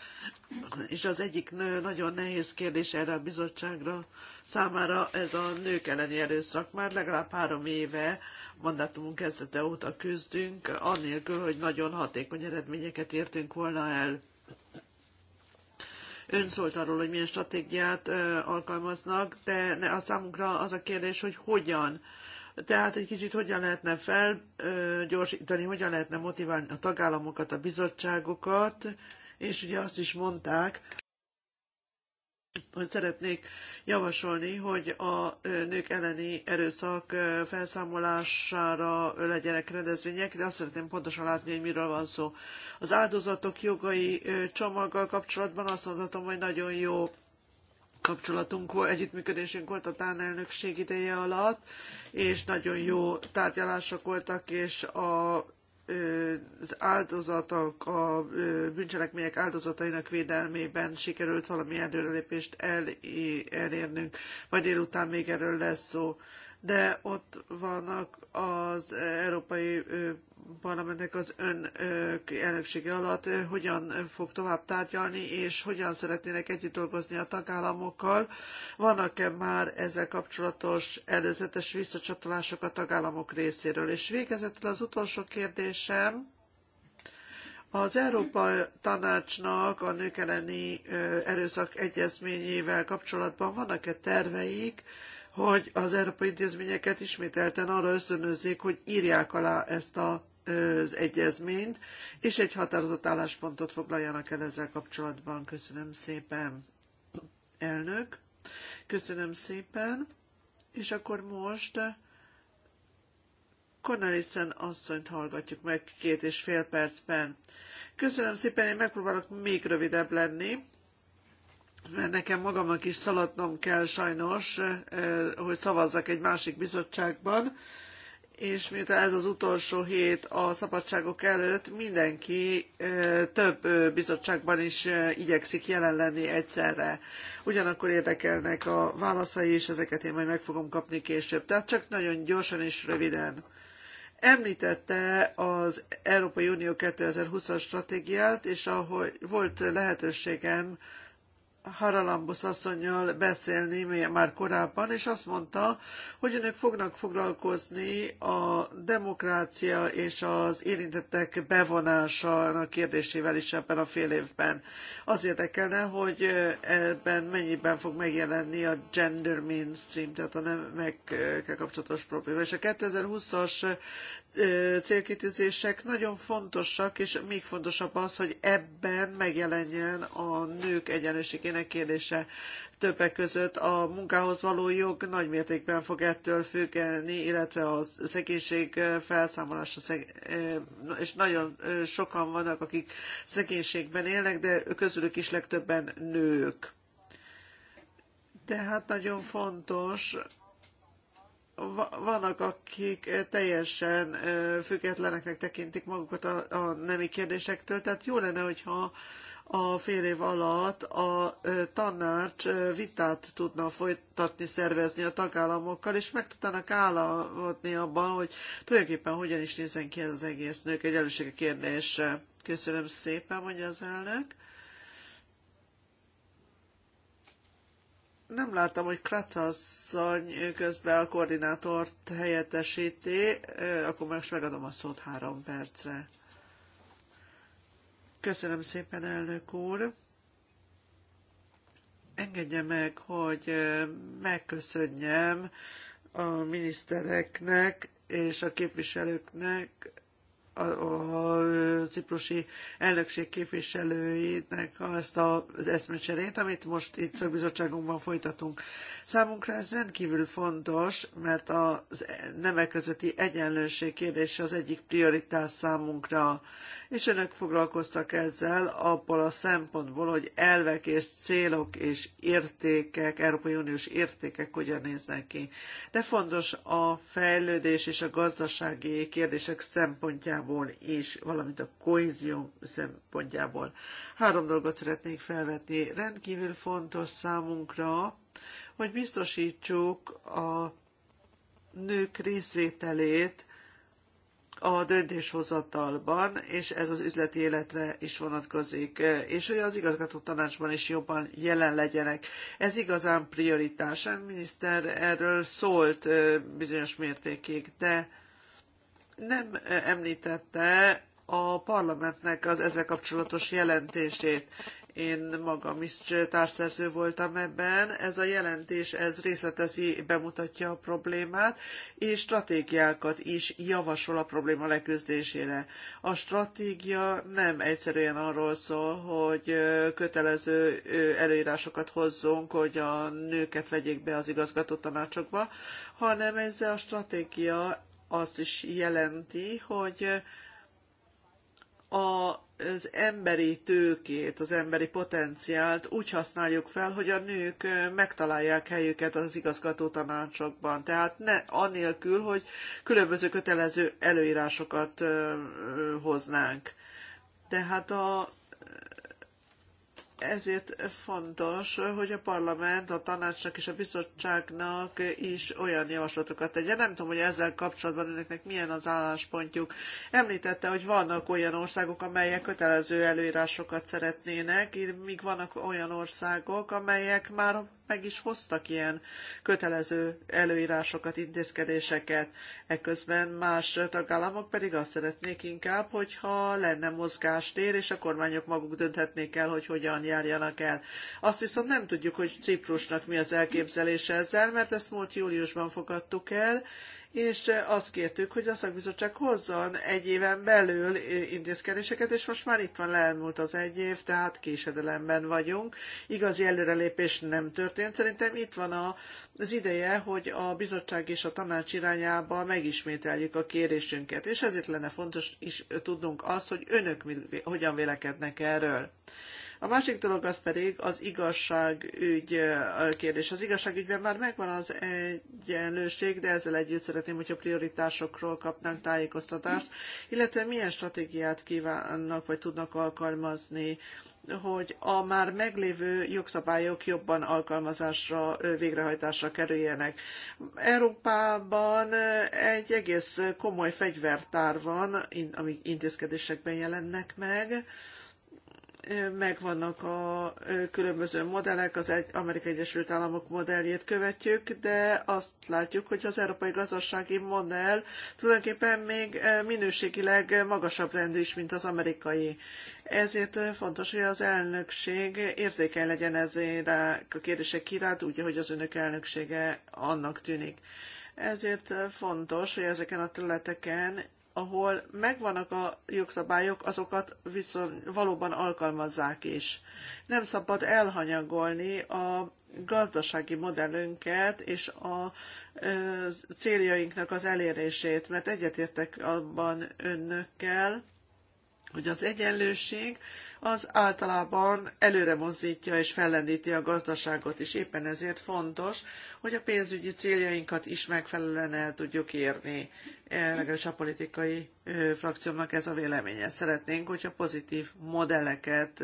és az egyik nagyon nehéz kérdés erre a bizottságra számára ez a nők elleni erőszak. Már legalább három éve mandátumunk kezdete óta küzdünk, annélkül, hogy nagyon hatékony eredményeket értünk volna el. Ön szólt arról, hogy milyen stratégiát alkalmaznak, de a számunkra az a kérdés, hogy hogyan. Tehát egy kicsit hogyan lehetne felgyorsítani, hogyan lehetne motiválni a tagállamokat, a bizottságokat, és ugye azt is mondták, hogy szeretnék javasolni, hogy a nők elleni erőszak felszámolására legyenek rendezvények, de azt szeretném pontosan látni, hogy miről van szó. Az áldozatok jogai csomaggal kapcsolatban azt mondhatom, hogy nagyon jó kapcsolatunk volt, együttműködésünk volt a Tán elnökség ideje alatt, és nagyon jó tárgyalások voltak, és a az áldozatok, a bűncselekmények áldozatainak védelmében sikerült valami előrelépést elérnünk. Majd délután még erről lesz szó. De ott vannak az európai parlamentnek az ön elnöksége alatt hogyan fog tovább tárgyalni, és hogyan szeretnének együtt dolgozni a tagállamokkal. Vannak-e már ezzel kapcsolatos előzetes visszacsatolások a tagállamok részéről? És végezetül az utolsó kérdésem. Az Európa Tanácsnak a nők elleni erőszak egyezményével kapcsolatban vannak-e terveik, hogy az európai intézményeket ismételten arra ösztönözzék, hogy írják alá ezt a az egyezményt, és egy határozott álláspontot foglaljanak el ezzel kapcsolatban. Köszönöm szépen, elnök. Köszönöm szépen. És akkor most Cornelissen asszonyt hallgatjuk meg két és fél percben. Köszönöm szépen, én megpróbálok még rövidebb lenni, mert nekem magamnak is szaladnom kell sajnos, eh, hogy szavazzak egy másik bizottságban és miután ez az utolsó hét a szabadságok előtt, mindenki több bizottságban is igyekszik jelen lenni egyszerre. Ugyanakkor érdekelnek a válaszai, és ezeket én majd meg fogom kapni később. Tehát csak nagyon gyorsan és röviden. Említette az Európai Unió 2020-as stratégiát, és ahogy volt lehetőségem Haralambusz asszonynal beszélni már korábban, és azt mondta, hogy önök fognak foglalkozni a demokrácia és az érintettek bevonásának kérdésével is ebben a fél évben. Az érdekelne, hogy ebben mennyiben fog megjelenni a gender mainstream, tehát a nemekkel kapcsolatos probléma. És a 2020-as célkitűzések nagyon fontosak, és még fontosabb az, hogy ebben megjelenjen a nők egyenlőségének kérdése. Többek között a munkához való jog nagy mértékben fog ettől függeni, illetve a szegénység felszámolása, és nagyon sokan vannak, akik szegénységben élnek, de közülük is legtöbben nők. Tehát nagyon fontos vannak, akik teljesen függetleneknek tekintik magukat a, a nemi kérdésektől, tehát jó lenne, hogyha a fél év alatt a tanács vitát tudna folytatni, szervezni a tagállamokkal, és meg tudnának állapodni abban, hogy tulajdonképpen hogyan is nézzen ki ez az egész nők egyenlősége kérdése. Köszönöm szépen, mondja az elnök. nem láttam, hogy Kratasszony közben a koordinátort helyettesíti, akkor most megadom a szót három percre. Köszönöm szépen, elnök úr! Engedje meg, hogy megköszönjem a minisztereknek és a képviselőknek a, a ciprusi elnökség képviselőinek azt a, az eszmecserét, amit most itt szakbizottságunkban folytatunk. Számunkra ez rendkívül fontos, mert a nemek közötti egyenlőség kérdése az egyik prioritás számunkra, és önök foglalkoztak ezzel abból a szempontból, hogy elvek és célok és értékek, Európai Uniós értékek hogyan néznek ki. De fontos a fejlődés és a gazdasági kérdések szempontjából szempontjából és valamint a kohézió szempontjából. Három dolgot szeretnék felvetni. Rendkívül fontos számunkra, hogy biztosítsuk a nők részvételét a döntéshozatalban, és ez az üzleti életre is vonatkozik, és hogy az igazgató tanácsban is jobban jelen legyenek. Ez igazán prioritás. A miniszter erről szólt bizonyos mértékig, de nem említette a parlamentnek az ezzel kapcsolatos jelentését. Én magam is társszerző voltam ebben. Ez a jelentés ez részletezi, bemutatja a problémát, és stratégiákat is javasol a probléma leküzdésére. A stratégia nem egyszerűen arról szól, hogy kötelező előírásokat hozzunk, hogy a nőket vegyék be az igazgató tanácsokba, hanem ez a stratégia azt is jelenti, hogy a az emberi tőkét, az emberi potenciált úgy használjuk fel, hogy a nők megtalálják helyüket az igazgató tanácsokban. Tehát ne, anélkül, hogy különböző kötelező előírásokat hoznánk. Tehát a ezért fontos, hogy a parlament, a tanácsnak és a bizottságnak is olyan javaslatokat tegye. Nem tudom, hogy ezzel kapcsolatban önöknek milyen az álláspontjuk. Említette, hogy vannak olyan országok, amelyek kötelező előírásokat szeretnének, míg vannak olyan országok, amelyek már meg is hoztak ilyen kötelező előírásokat, intézkedéseket. Ekközben más tagállamok pedig azt szeretnék inkább, hogyha lenne mozgástér, és a kormányok maguk dönthetnék el, hogy hogyan járjanak el. Azt viszont nem tudjuk, hogy Ciprusnak mi az elképzelése ezzel, mert ezt múlt júliusban fogadtuk el, és eh, azt kértük, hogy a szakbizottság hozzon egy éven belül eh, intézkedéseket, és most már itt van leelmúlt az egy év, tehát késedelemben vagyunk. Igazi előrelépés nem történt. Szerintem itt van a, az ideje, hogy a bizottság és a tanács irányába megismételjük a kérésünket, és ezért lenne fontos is eh, tudnunk azt, hogy önök mi, hogyan vélekednek erről. A másik dolog az pedig az igazságügy kérdés. Az igazságügyben már megvan az egyenlőség, de ezzel együtt szeretném, hogyha prioritásokról kapnánk tájékoztatást, illetve milyen stratégiát kívánnak vagy tudnak alkalmazni hogy a már meglévő jogszabályok jobban alkalmazásra, végrehajtásra kerüljenek. Európában egy egész komoly fegyvertár van, amik intézkedésekben jelennek meg, megvannak a különböző modellek, az Amerikai Egyesült Államok modelljét követjük, de azt látjuk, hogy az európai gazdasági modell tulajdonképpen még minőségileg magasabb rendű is, mint az amerikai. Ezért fontos, hogy az elnökség érzékeny legyen ezére a kérdések iránt, úgy, hogy az önök elnöksége annak tűnik. Ezért fontos, hogy ezeken a területeken ahol megvannak a jogszabályok, azokat viszont valóban alkalmazzák is. Nem szabad elhanyagolni a gazdasági modellünket és a céljainknak az elérését, mert egyetértek abban önnökkel, hogy az egyenlőség az általában előre mozdítja és fellendíti a gazdaságot, és éppen ezért fontos, hogy a pénzügyi céljainkat is megfelelően el tudjuk érni. E, legalábbis a politikai frakciómnak ez a véleménye. Szeretnénk, hogyha pozitív modelleket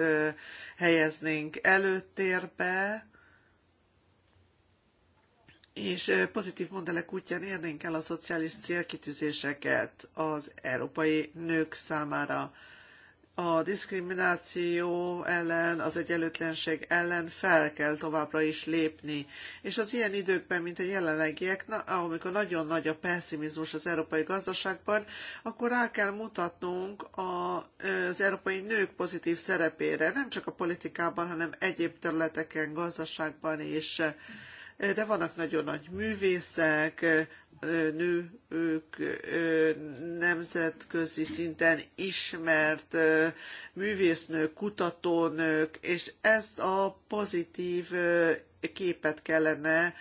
helyeznénk előtérbe, és pozitív modellek útján érnénk el a szociális célkitűzéseket az európai nők számára a diszkrimináció ellen, az egyenlőtlenség ellen fel kell továbbra is lépni. És az ilyen időkben, mint a jelenlegiek, na, amikor nagyon nagy a pessimizmus az európai gazdaságban, akkor rá kell mutatnunk a, az európai nők pozitív szerepére, nem csak a politikában, hanem egyéb területeken, gazdaságban is. Mm de vannak nagyon nagy művészek, nők nemzetközi szinten ismert művésznők, kutatónők, és ezt a pozitív képet kellene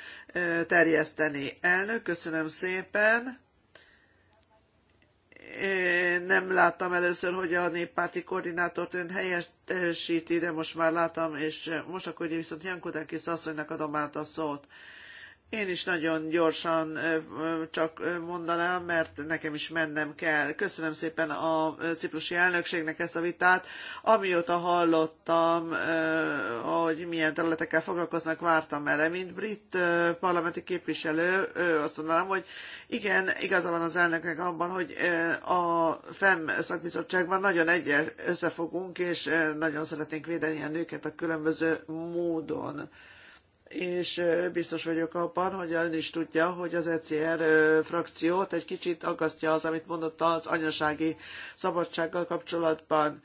terjeszteni. Elnök, köszönöm szépen! nem láttam először, hogy a néppárti koordinátort ön helyettesíti, de most már láttam, és most akkor viszont Jankodákis asszonynak adom át a szót. Én is nagyon gyorsan csak mondanám, mert nekem is mennem kell. Köszönöm szépen a ciprusi elnökségnek ezt a vitát. Amióta hallottam, hogy milyen területekkel foglalkoznak, vártam erre. Mint brit parlamenti képviselő, azt mondanám, hogy igen, igaza van az elnöknek abban, hogy a FEM szakbizottságban nagyon egyes összefogunk, és nagyon szeretnénk védeni a nőket a különböző módon és biztos vagyok abban, hogy ön is tudja, hogy az ECR frakciót egy kicsit aggasztja az, amit mondott az anyasági szabadsággal kapcsolatban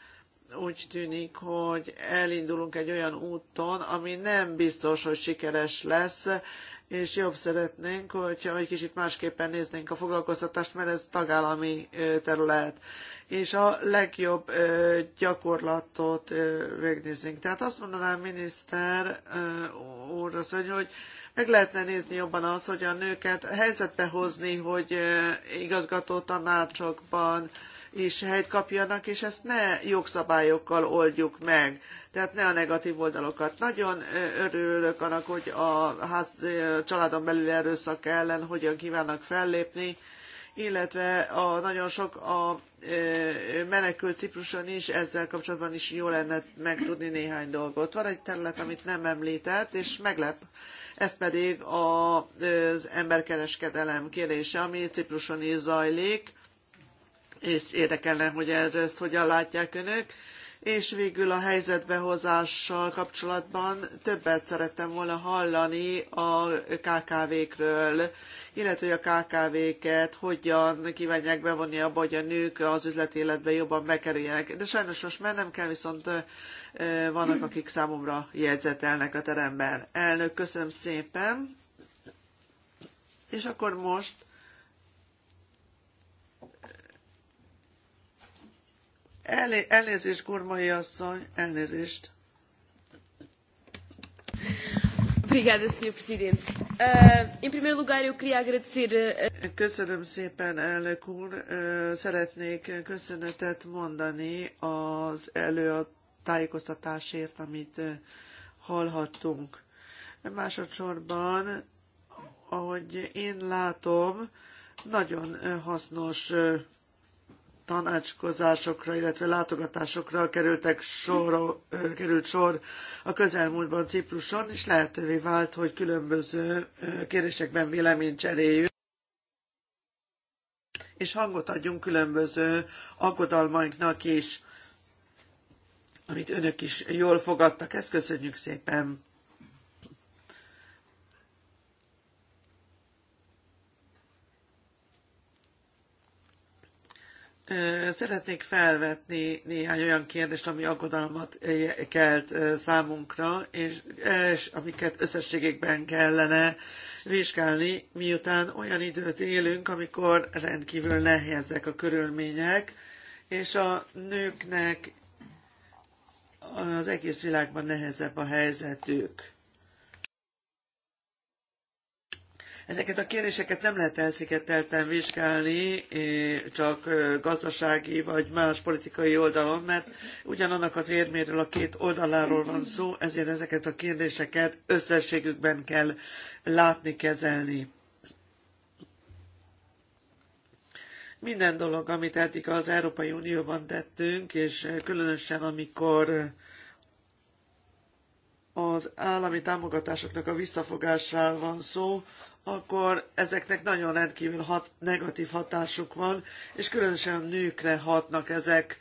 úgy tűnik, hogy elindulunk egy olyan úton, ami nem biztos, hogy sikeres lesz, és jobb szeretnénk, hogyha egy kicsit másképpen néznénk a foglalkoztatást, mert ez tagállami terület és a legjobb gyakorlatot megnézzünk. Tehát azt mondanám miniszter úr, az, hogy meg lehetne nézni jobban az, hogy a nőket helyzetbe hozni, hogy igazgató tanácsokban, is helyt kapjanak, és ezt ne jogszabályokkal oldjuk meg, tehát ne a negatív oldalokat. Nagyon örülök annak, hogy a ház, a családon belül erőszak ellen hogyan kívánnak fellépni, illetve a, nagyon sok a menekült Cipruson is, ezzel kapcsolatban is jó lenne megtudni néhány dolgot. Van egy terület, amit nem említett, és meglep, ez pedig az emberkereskedelem kérdése, ami Cipruson is zajlik, és érdekelne, hogy ezt hogyan látják önök. És végül a helyzetbehozással kapcsolatban többet szerettem volna hallani a KKV-kről, illetve hogy a KKV-ket hogyan kívánják bevonni abba, hogy a nők az üzleti életbe jobban bekerüljenek. De sajnos most már nem kell, viszont vannak, akik számomra jegyzetelnek a teremben. Elnök, köszönöm szépen. És akkor most Elné- elnézést, Gurmai asszony, elnézést. Obrigada, Sr. Presidente. Uh, em primeiro lugar, eu queria agradecer... A... Ah, Köszönöm szépen, elnök úr. Ah, szeretnék köszönetet mondani az előtájékoztatásért, amit hallhattunk. Másodszorban, ahogy én látom, nagyon hasznos tanácskozásokra, illetve látogatásokra kerültek került sor a közelmúltban Cipruson, és lehetővé vált, hogy különböző kérdésekben véleményt cseréljünk és hangot adjunk különböző aggodalmainknak is, amit önök is jól fogadtak. Ezt köszönjük szépen! Szeretnék felvetni néhány olyan kérdést, ami aggodalmat kelt számunkra, és, és amiket összességében kellene vizsgálni, miután olyan időt élünk, amikor rendkívül nehezek a körülmények, és a nőknek az egész világban nehezebb a helyzetük Ezeket a kérdéseket nem lehet elszigetelten vizsgálni, csak gazdasági vagy más politikai oldalon, mert ugyanannak az érméről a két oldaláról van szó, ezért ezeket a kérdéseket összességükben kell látni, kezelni. Minden dolog, amit eddig az Európai Unióban tettünk, és különösen amikor az állami támogatásoknak a visszafogásáról van szó, akkor ezeknek nagyon rendkívül hat, negatív hatásuk van, és különösen nőkre hatnak ezek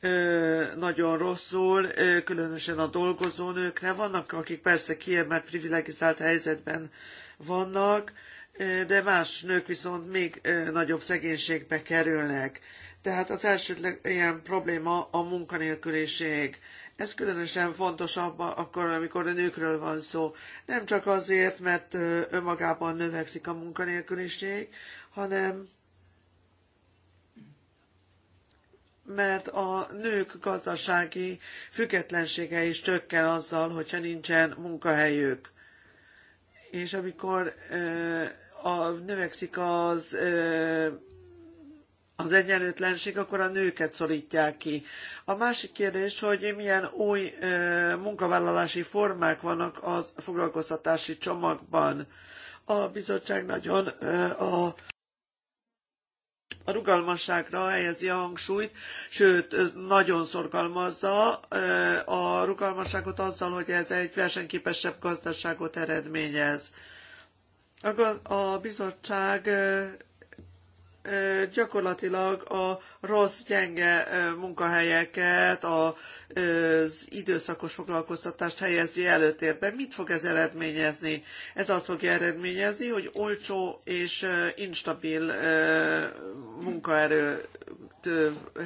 ö, nagyon rosszul, ö, különösen a dolgozó nőkre. Vannak, akik persze kiemelt privilegizált helyzetben vannak, ö, de más nők viszont még ö, nagyobb szegénységbe kerülnek. Tehát az első ilyen probléma a munkanélküliség. Ö, ez különösen fontos abban, akkor, amikor a nőkről van szó. Nem csak azért, mert önmagában növekszik a munkanélküliség, hanem mert a nők gazdasági függetlensége is csökken azzal, hogyha nincsen munkahelyük. És amikor a, növekszik az az egyenlőtlenség, akkor a nőket szorítják ki. A másik kérdés, hogy milyen új munkavállalási formák vannak a foglalkoztatási csomagban. A bizottság nagyon a a rugalmasságra helyezi a hangsúlyt, sőt, nagyon szorgalmazza a rugalmasságot azzal, hogy ez egy versenyképesebb gazdaságot eredményez. A, bizottság gyakorlatilag a rossz, gyenge munkahelyeket, az időszakos foglalkoztatást helyezi előtérbe. Mit fog ez eredményezni? Ez azt fogja eredményezni, hogy olcsó és instabil munkaerő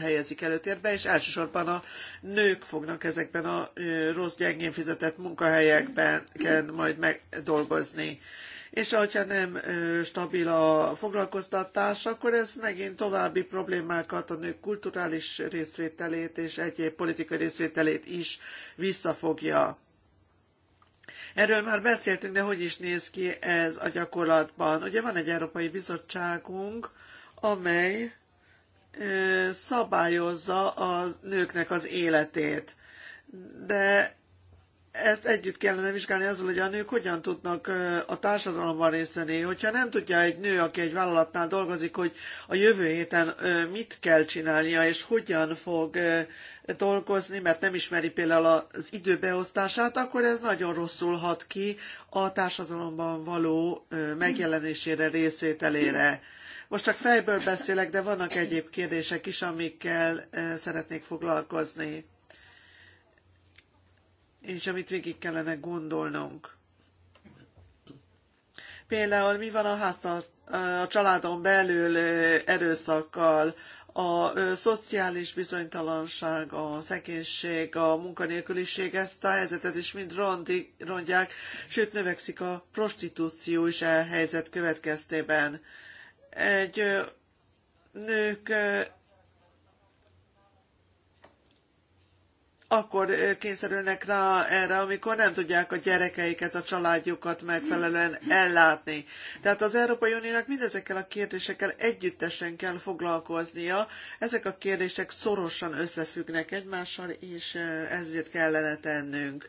helyezik előtérbe, és elsősorban a nők fognak ezekben a rossz, gyengén fizetett munkahelyekben majd megdolgozni és hogyha nem stabil a foglalkoztatás, akkor ez megint további problémákat, a nők kulturális részvételét és egyéb politikai részvételét is visszafogja. Erről már beszéltünk, de hogy is néz ki ez a gyakorlatban? Ugye van egy Európai Bizottságunk, amely szabályozza a nőknek az életét. De ezt együtt kellene vizsgálni azzal, hogy a nők hogyan tudnak a társadalomban részt venni. Hogyha nem tudja egy nő, aki egy vállalatnál dolgozik, hogy a jövő héten mit kell csinálnia, és hogyan fog dolgozni, mert nem ismeri például az időbeosztását, akkor ez nagyon rosszul hat ki a társadalomban való megjelenésére, részvételére. Most csak fejből beszélek, de vannak egyéb kérdések is, amikkel szeretnék foglalkozni és amit végig kellene gondolnunk. Például mi van a, háztart, a családon belül erőszakkal, a szociális bizonytalanság, a szegénység, a munkanélküliség ezt a helyzetet is mind rondják, sőt növekszik a prostitúció is a e helyzet következtében. Egy nők akkor kényszerülnek rá erre, amikor nem tudják a gyerekeiket, a családjukat megfelelően ellátni. Tehát az Európai Uniónak mindezekkel a kérdésekkel együttesen kell foglalkoznia. Ezek a kérdések szorosan összefüggnek egymással, és ezért kellene tennünk.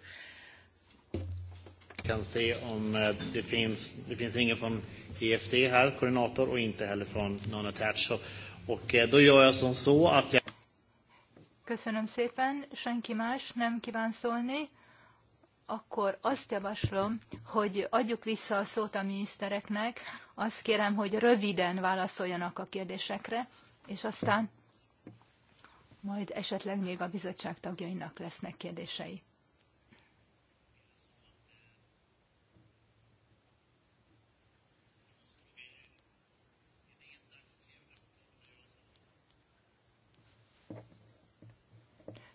Kan se om eh, det finns, det finns ingen från EFT här, koordinator, och inte heller från non-attached. Och eh, då gör jag som så att jag Köszönöm szépen, senki más nem kíván szólni. Akkor azt javaslom, hogy adjuk vissza a szót a minisztereknek, azt kérem, hogy röviden válaszoljanak a kérdésekre, és aztán majd esetleg még a bizottság tagjainak lesznek kérdései.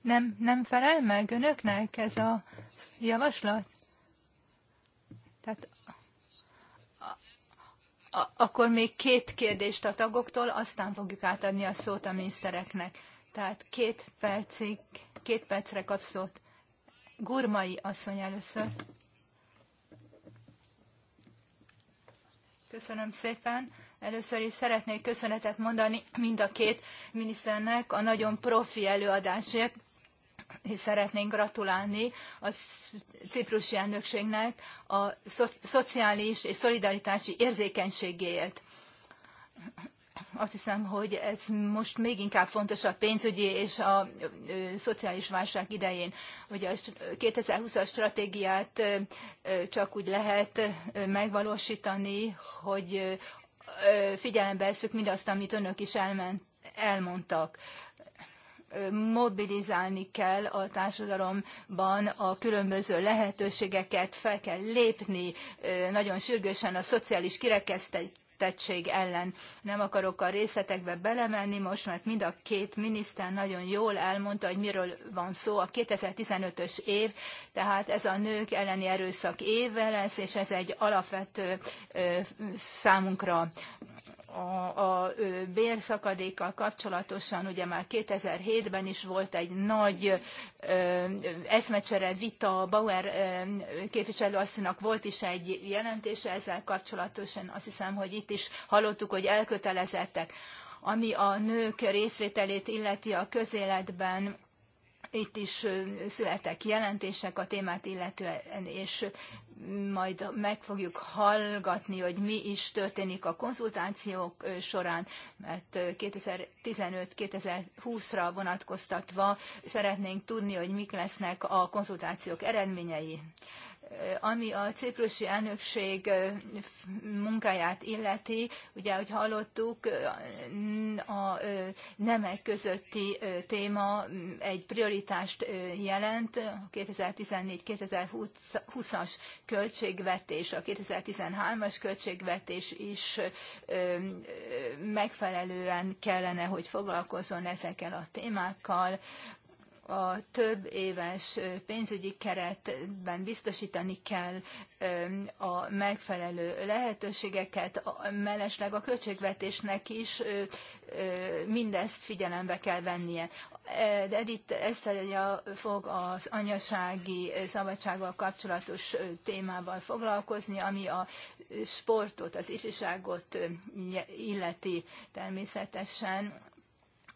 nem, nem felel meg önöknek ez a javaslat? Tehát akkor még két kérdést a tagoktól, aztán fogjuk átadni a szót a minisztereknek. Tehát két percig, két percre kap szót. Gurmai asszony először. Köszönöm szépen. Először is szeretnék köszönetet mondani mind a két miniszternek a nagyon profi előadásért szeretnénk gratulálni a ciprusi elnökségnek a szociális és szolidaritási érzékenységéért. Azt hiszem, hogy ez most még inkább fontos a pénzügyi és a szociális válság idején. Ugye a 2020-as stratégiát csak úgy lehet megvalósítani, hogy figyelembe veszük mindazt, amit önök is elmondtak mobilizálni kell a társadalomban a különböző lehetőségeket, fel kell lépni nagyon sürgősen a szociális kirekesztettség ellen. Nem akarok a részletekbe belemenni most, mert mind a két miniszter nagyon jól elmondta, hogy miről van szó. A 2015-ös év, tehát ez a nők elleni erőszak éve lesz, és ez egy alapvető számunkra a, a bérszakadékkal kapcsolatosan ugye már 2007-ben is volt egy nagy eszmecsere vita, Bauer ö, képviselőasszonynak volt is egy jelentése ezzel kapcsolatosan, azt hiszem, hogy itt is hallottuk, hogy elkötelezettek. Ami a nők részvételét illeti a közéletben, itt is születtek jelentések a témát illetően, és majd meg fogjuk hallgatni, hogy mi is történik a konzultációk során, mert 2015-2020-ra vonatkoztatva szeretnénk tudni, hogy mik lesznek a konzultációk eredményei ami a ciprusi elnökség munkáját illeti, ugye, ahogy hallottuk, a nemek közötti téma egy prioritást jelent a 2014-2020-as költségvetés, a 2013-as költségvetés is megfelelően kellene, hogy foglalkozzon ezekkel a témákkal a több éves pénzügyi keretben biztosítani kell a megfelelő lehetőségeket, mellesleg a költségvetésnek is mindezt figyelembe kell vennie. De Edith Eszterja fog az anyasági szabadsággal kapcsolatos témával foglalkozni, ami a sportot, az ifjúságot illeti természetesen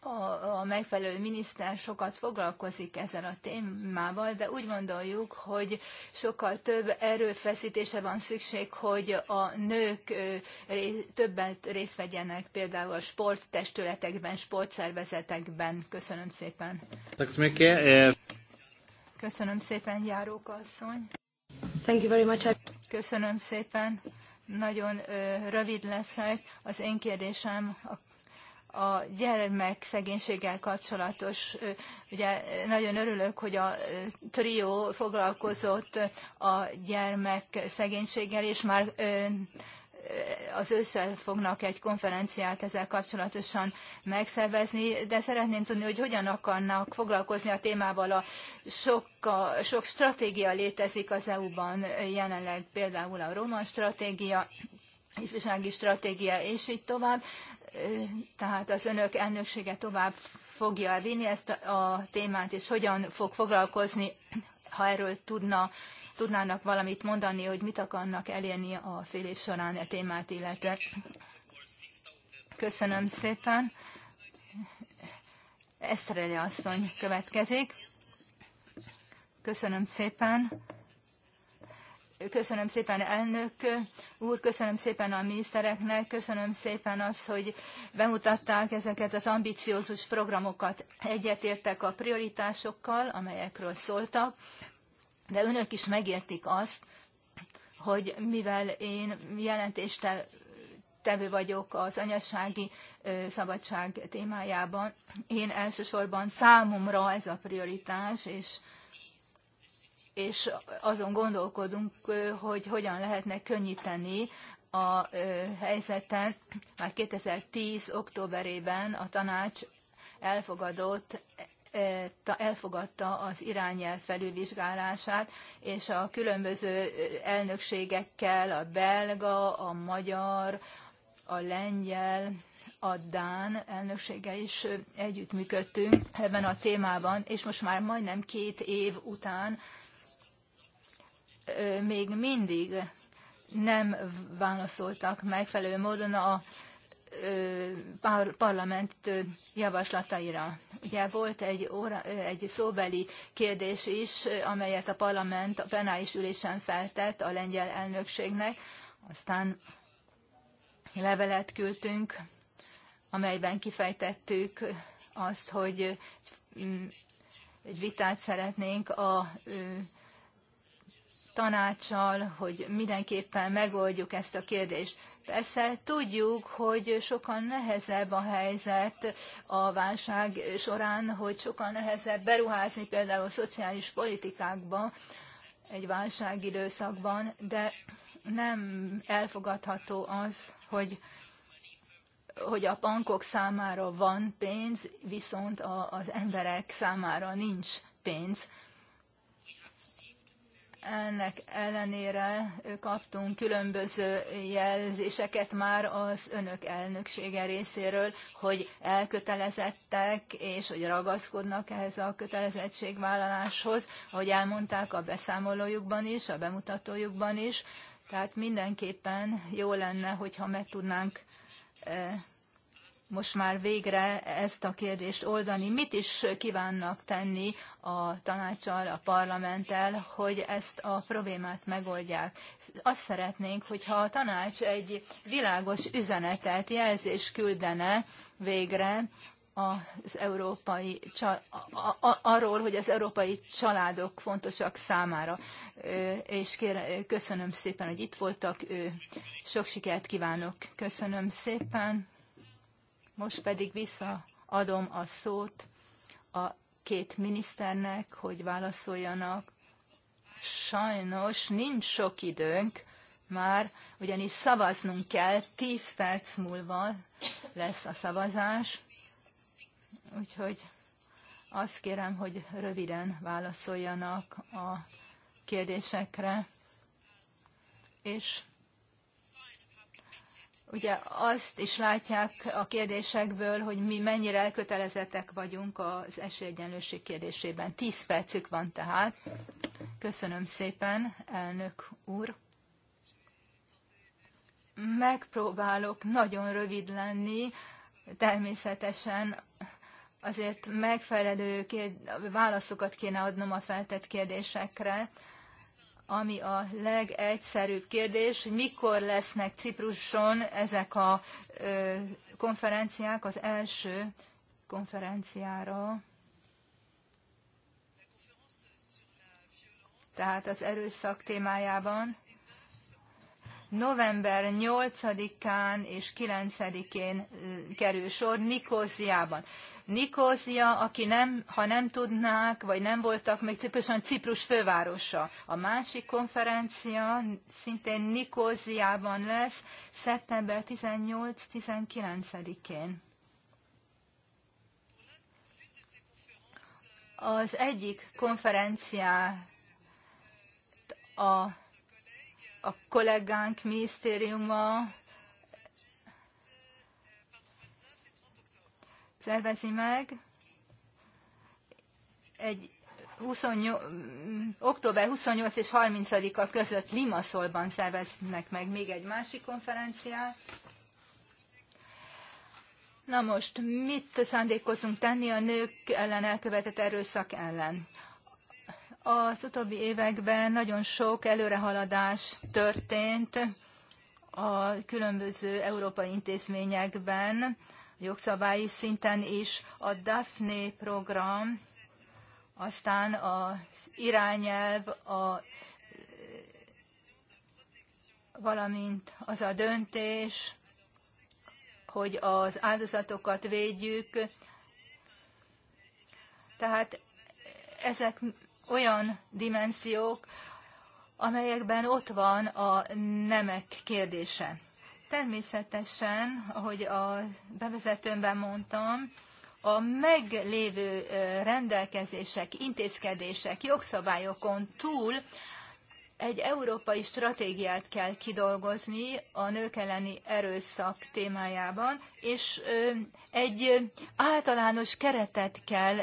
a, a megfelelő miniszter sokat foglalkozik ezzel a témával, de úgy gondoljuk, hogy sokkal több erőfeszítése van szükség, hogy a nők többet részt vegyenek például a sporttestületekben, sportszervezetekben. Köszönöm szépen. Köszönöm szépen, Járók asszony. Thank you very much. Köszönöm szépen. Nagyon rövid leszek. Az én kérdésem a a gyermek szegénységgel kapcsolatos, ugye nagyon örülök, hogy a trió foglalkozott a gyermek szegénységgel, és már az ősszel fognak egy konferenciát ezzel kapcsolatosan megszervezni, de szeretném tudni, hogy hogyan akarnak foglalkozni a témával. A sok, a, sok stratégia létezik az EU-ban jelenleg, például a roma stratégia, ifjúsági stratégia, és így tovább. Tehát az önök elnöksége tovább fogja vinni ezt a témát, és hogyan fog foglalkozni, ha erről tudna, tudnának valamit mondani, hogy mit akarnak elérni a fél év során a e témát, illetve. Köszönöm szépen. Eszterelje asszony következik. Köszönöm szépen. Köszönöm szépen elnök úr, köszönöm szépen a minisztereknek, köszönöm szépen az, hogy bemutatták ezeket az ambiciózus programokat. Egyetértek a prioritásokkal, amelyekről szóltak, de önök is megértik azt, hogy mivel én jelentéstevő vagyok az anyasági szabadság témájában, én elsősorban számomra ez a prioritás, és és azon gondolkodunk, hogy hogyan lehetne könnyíteni a helyzeten. Már 2010. októberében a tanács elfogadott elfogadta az irányel felülvizsgálását, és a különböző elnökségekkel, a belga, a magyar, a lengyel, a Dán elnöksége is együttműködtünk ebben a témában, és most már majdnem két év után még mindig nem válaszoltak megfelelő módon a parlament javaslataira. Ugye volt egy, óra, egy szóbeli kérdés is, amelyet a parlament a plenáris ülésen feltett a lengyel elnökségnek, aztán levelet küldtünk, amelyben kifejtettük azt, hogy mm, egy vitát szeretnénk a tanácsal, hogy mindenképpen megoldjuk ezt a kérdést. Persze tudjuk, hogy sokan nehezebb a helyzet a válság során, hogy sokan nehezebb beruházni például a szociális politikákba egy időszakban, de nem elfogadható az, hogy hogy a bankok számára van pénz, viszont az emberek számára nincs pénz ennek ellenére kaptunk különböző jelzéseket már az önök elnöksége részéről, hogy elkötelezettek, és hogy ragaszkodnak ehhez a kötelezettségvállaláshoz, ahogy elmondták a beszámolójukban is, a bemutatójukban is. Tehát mindenképpen jó lenne, hogyha meg tudnánk eh, most már végre ezt a kérdést oldani. Mit is kívánnak tenni a tanácsal, a parlamenttel, hogy ezt a problémát megoldják? Azt szeretnénk, hogyha a tanács egy világos üzenetet, jelzést küldene végre az európai arról, hogy az európai családok fontosak számára. És kér, köszönöm szépen, hogy itt voltak. Sok sikert kívánok. Köszönöm szépen. Most pedig visszaadom a szót a két miniszternek, hogy válaszoljanak. Sajnos nincs sok időnk már, ugyanis szavaznunk kell, 10 perc múlva lesz a szavazás, úgyhogy azt kérem, hogy röviden válaszoljanak a kérdésekre, és Ugye azt is látják a kérdésekből, hogy mi mennyire elkötelezettek vagyunk az esélyegyenlőség kérdésében. Tíz percük van tehát. Köszönöm szépen, elnök úr. Megpróbálok nagyon rövid lenni, természetesen azért megfelelő válaszokat kéne adnom a feltett kérdésekre ami a legegyszerűbb kérdés, hogy mikor lesznek Cipruson ezek a ö, konferenciák, az első konferenciára. Tehát az erőszak témájában. November 8-án és 9-én kerül sor Nikóziában. Nikózia, aki nem, ha nem tudnák, vagy nem voltak még Ciprusban, Ciprus fővárosa. A másik konferencia szintén Nikóziában lesz, szeptember 18-19-én. Az egyik konferencia a, a kollégánk minisztériuma szervezi meg. Egy 28, október 28 és 30-a között Limaszolban szerveznek meg még egy másik konferenciát. Na most, mit szándékozunk tenni a nők ellen elkövetett erőszak ellen? Az utóbbi években nagyon sok előrehaladás történt a különböző európai intézményekben jogszabályi szinten is. A DAFNE program, aztán az irányelv, a, valamint az a döntés, hogy az áldozatokat védjük. Tehát ezek olyan dimenziók, amelyekben ott van a nemek kérdése. Természetesen, ahogy a bevezetőmben mondtam, a meglévő rendelkezések, intézkedések, jogszabályokon túl egy európai stratégiát kell kidolgozni a nők elleni erőszak témájában, és egy általános keretet kell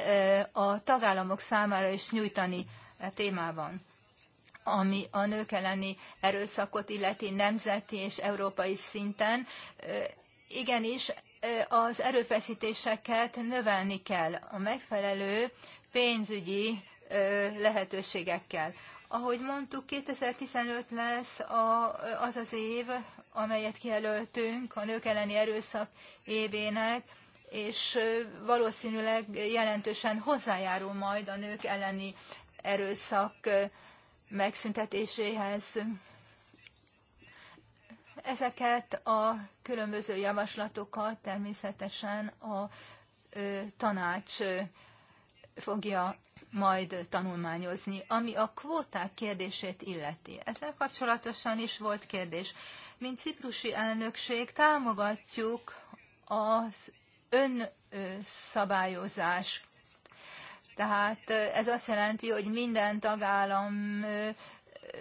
a tagállamok számára is nyújtani a e témában ami a nők elleni erőszakot illeti nemzeti és európai szinten. Igenis, az erőfeszítéseket növelni kell a megfelelő pénzügyi lehetőségekkel. Ahogy mondtuk, 2015 lesz az az év, amelyet kijelöltünk a nők elleni erőszak évének, és valószínűleg jelentősen hozzájárul majd a nők elleni erőszak megszüntetéséhez. Ezeket a különböző javaslatokat természetesen a tanács fogja majd tanulmányozni. Ami a kvóták kérdését illeti, ezzel kapcsolatosan is volt kérdés. Mint ciprusi elnökség támogatjuk az önszabályozás tehát ez azt jelenti, hogy minden tagállam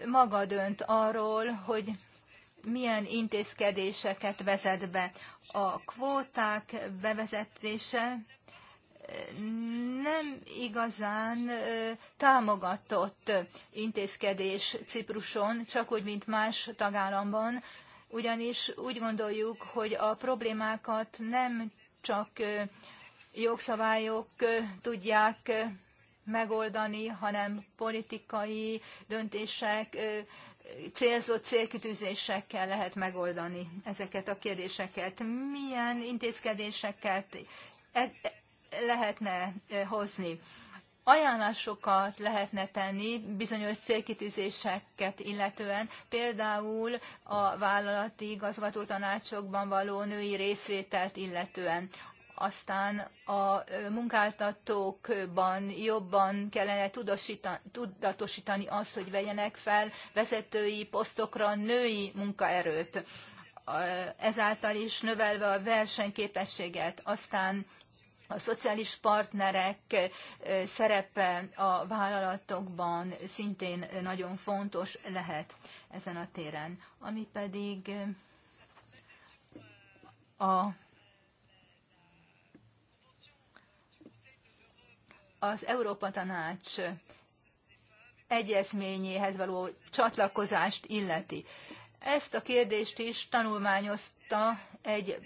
maga dönt arról, hogy milyen intézkedéseket vezet be. A kvóták bevezetése nem igazán támogatott intézkedés Cipruson, csak úgy, mint más tagállamban, ugyanis úgy gondoljuk, hogy a problémákat nem csak jogszabályok tudják megoldani, hanem politikai döntések, célzott célkitűzésekkel lehet megoldani ezeket a kérdéseket. Milyen intézkedéseket e-, e-, lehetne hozni? ajánlásokat lehetne tenni bizonyos célkitűzéseket illetően, például a vállalati igazgatótanácsokban való női részvételt illetően aztán a munkáltatókban jobban kellene tudatosítani azt, hogy vegyenek fel vezetői posztokra női munkaerőt, ezáltal is növelve a versenyképességet, aztán a szociális partnerek szerepe a vállalatokban szintén nagyon fontos lehet ezen a téren. Ami pedig a az Európa Tanács egyezményéhez való csatlakozást illeti. Ezt a kérdést is tanulmányozta egy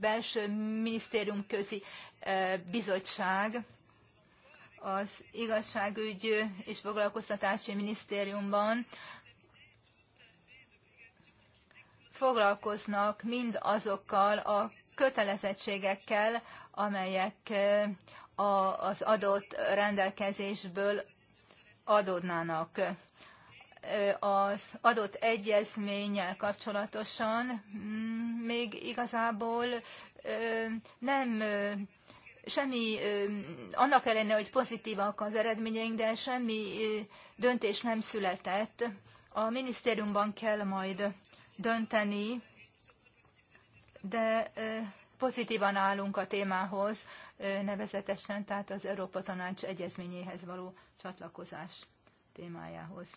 belső minisztérium közi eh, bizottság az igazságügy és foglalkoztatási minisztériumban. Foglalkoznak mind azokkal a kötelezettségekkel, amelyek eh, a, az adott rendelkezésből adódnának. Az adott egyezménnyel kapcsolatosan mm, még igazából nem semmi, annak ellenére, hogy pozitívak az eredményeink, de semmi döntés nem született. A minisztériumban kell majd dönteni, de pozitívan állunk a témához nevezetesen tehát az Európa Tanács egyezményéhez való csatlakozás témájához.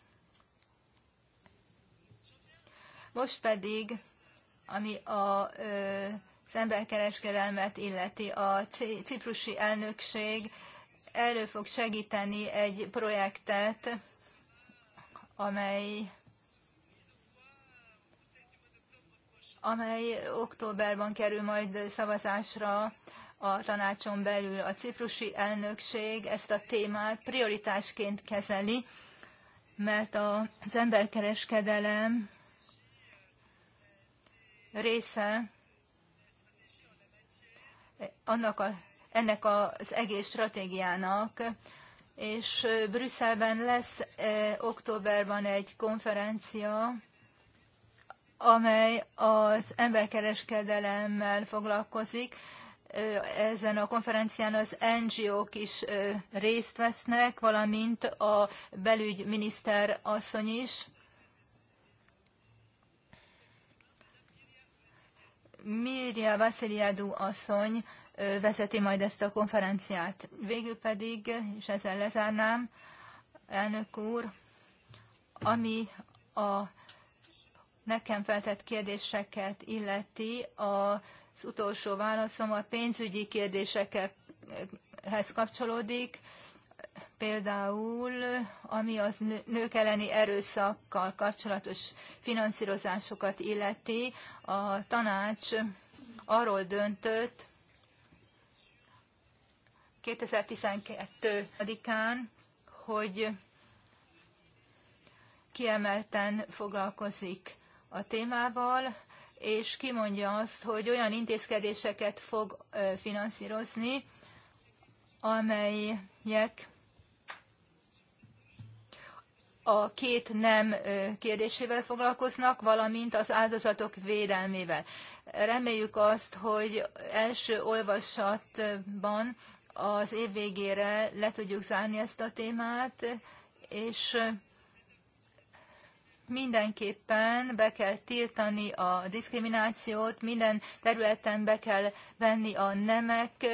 Most pedig, ami a az emberkereskedelmet illeti. A ciprusi elnökség elő fog segíteni egy projektet, amely amely októberben kerül majd szavazásra a tanácson belül. A ciprusi elnökség ezt a témát prioritásként kezeli, mert az emberkereskedelem része annak a, ennek az egész stratégiának, és Brüsszelben lesz e, októberben egy konferencia, amely az emberkereskedelemmel foglalkozik ezen a konferencián az NGO-k is részt vesznek, valamint a belügyminiszter asszony is. Mirja Vasiliadú asszony vezeti majd ezt a konferenciát. Végül pedig, és ezzel lezárnám, elnök úr, ami a nekem feltett kérdéseket illeti, a az utolsó válaszom a pénzügyi kérdésekhez kapcsolódik, például ami az nők elleni erőszakkal kapcsolatos finanszírozásokat illeti, a tanács arról döntött 2012-án, hogy kiemelten foglalkozik a témával, és kimondja azt, hogy olyan intézkedéseket fog finanszírozni, amelyek a két nem kérdésével foglalkoznak, valamint az áldozatok védelmével. Reméljük azt, hogy első olvasatban az év végére le tudjuk zárni ezt a témát, és mindenképpen be kell tiltani a diszkriminációt, minden területen be kell venni a nemek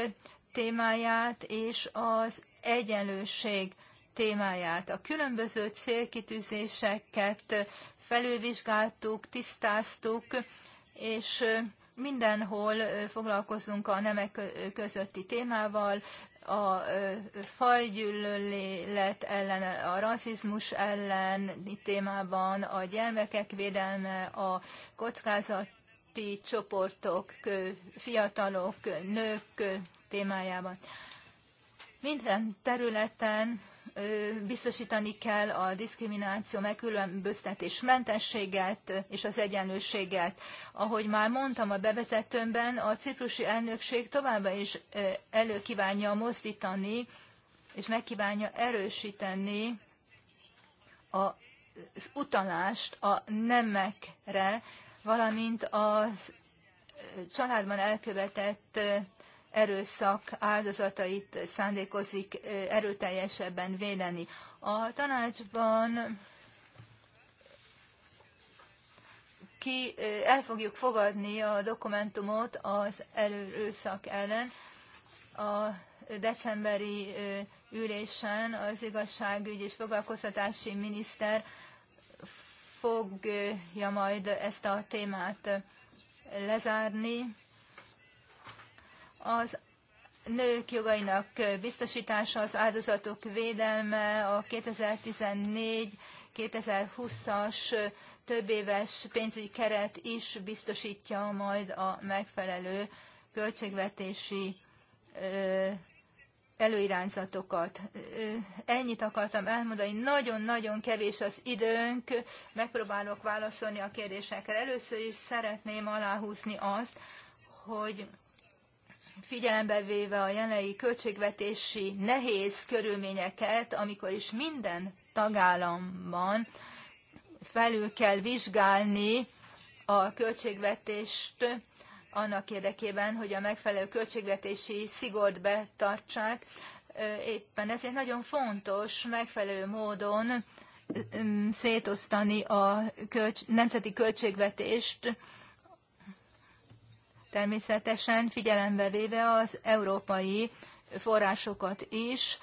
témáját és az egyenlőség témáját. A különböző célkitűzéseket felülvizsgáltuk, tisztáztuk, és mindenhol foglalkozunk a nemek közötti témával, a fajgyűlölet ellen, a rasszizmus ellen témában, a gyermekek védelme, a kockázati csoportok, fiatalok, nők témájában. Minden területen biztosítani kell a diszkrimináció megkülönböztetés mentességet és az egyenlőséget. Ahogy már mondtam a bevezetőmben, a ciprusi elnökség továbbá is előkívánja mozdítani és megkívánja erősíteni az utalást a nemekre, valamint a családban elkövetett erőszak áldozatait szándékozik erőteljesebben védeni. A tanácsban ki el fogjuk fogadni a dokumentumot az erőszak ellen. A decemberi ülésen az igazságügy és foglalkoztatási miniszter fogja majd ezt a témát lezárni. Az nők jogainak biztosítása, az áldozatok védelme, a 2014-2020-as több éves pénzügyi keret is biztosítja majd a megfelelő költségvetési előirányzatokat. Ennyit akartam elmondani. Nagyon-nagyon kevés az időnk. Megpróbálok válaszolni a kérdésekre. Először is szeretném aláhúzni azt, hogy figyelembe véve a jelenlegi költségvetési nehéz körülményeket, amikor is minden tagállamban felül kell vizsgálni a költségvetést annak érdekében, hogy a megfelelő költségvetési szigort betartsák. Éppen ezért nagyon fontos megfelelő módon szétosztani a nemzeti költségvetést természetesen figyelembe véve az európai forrásokat is,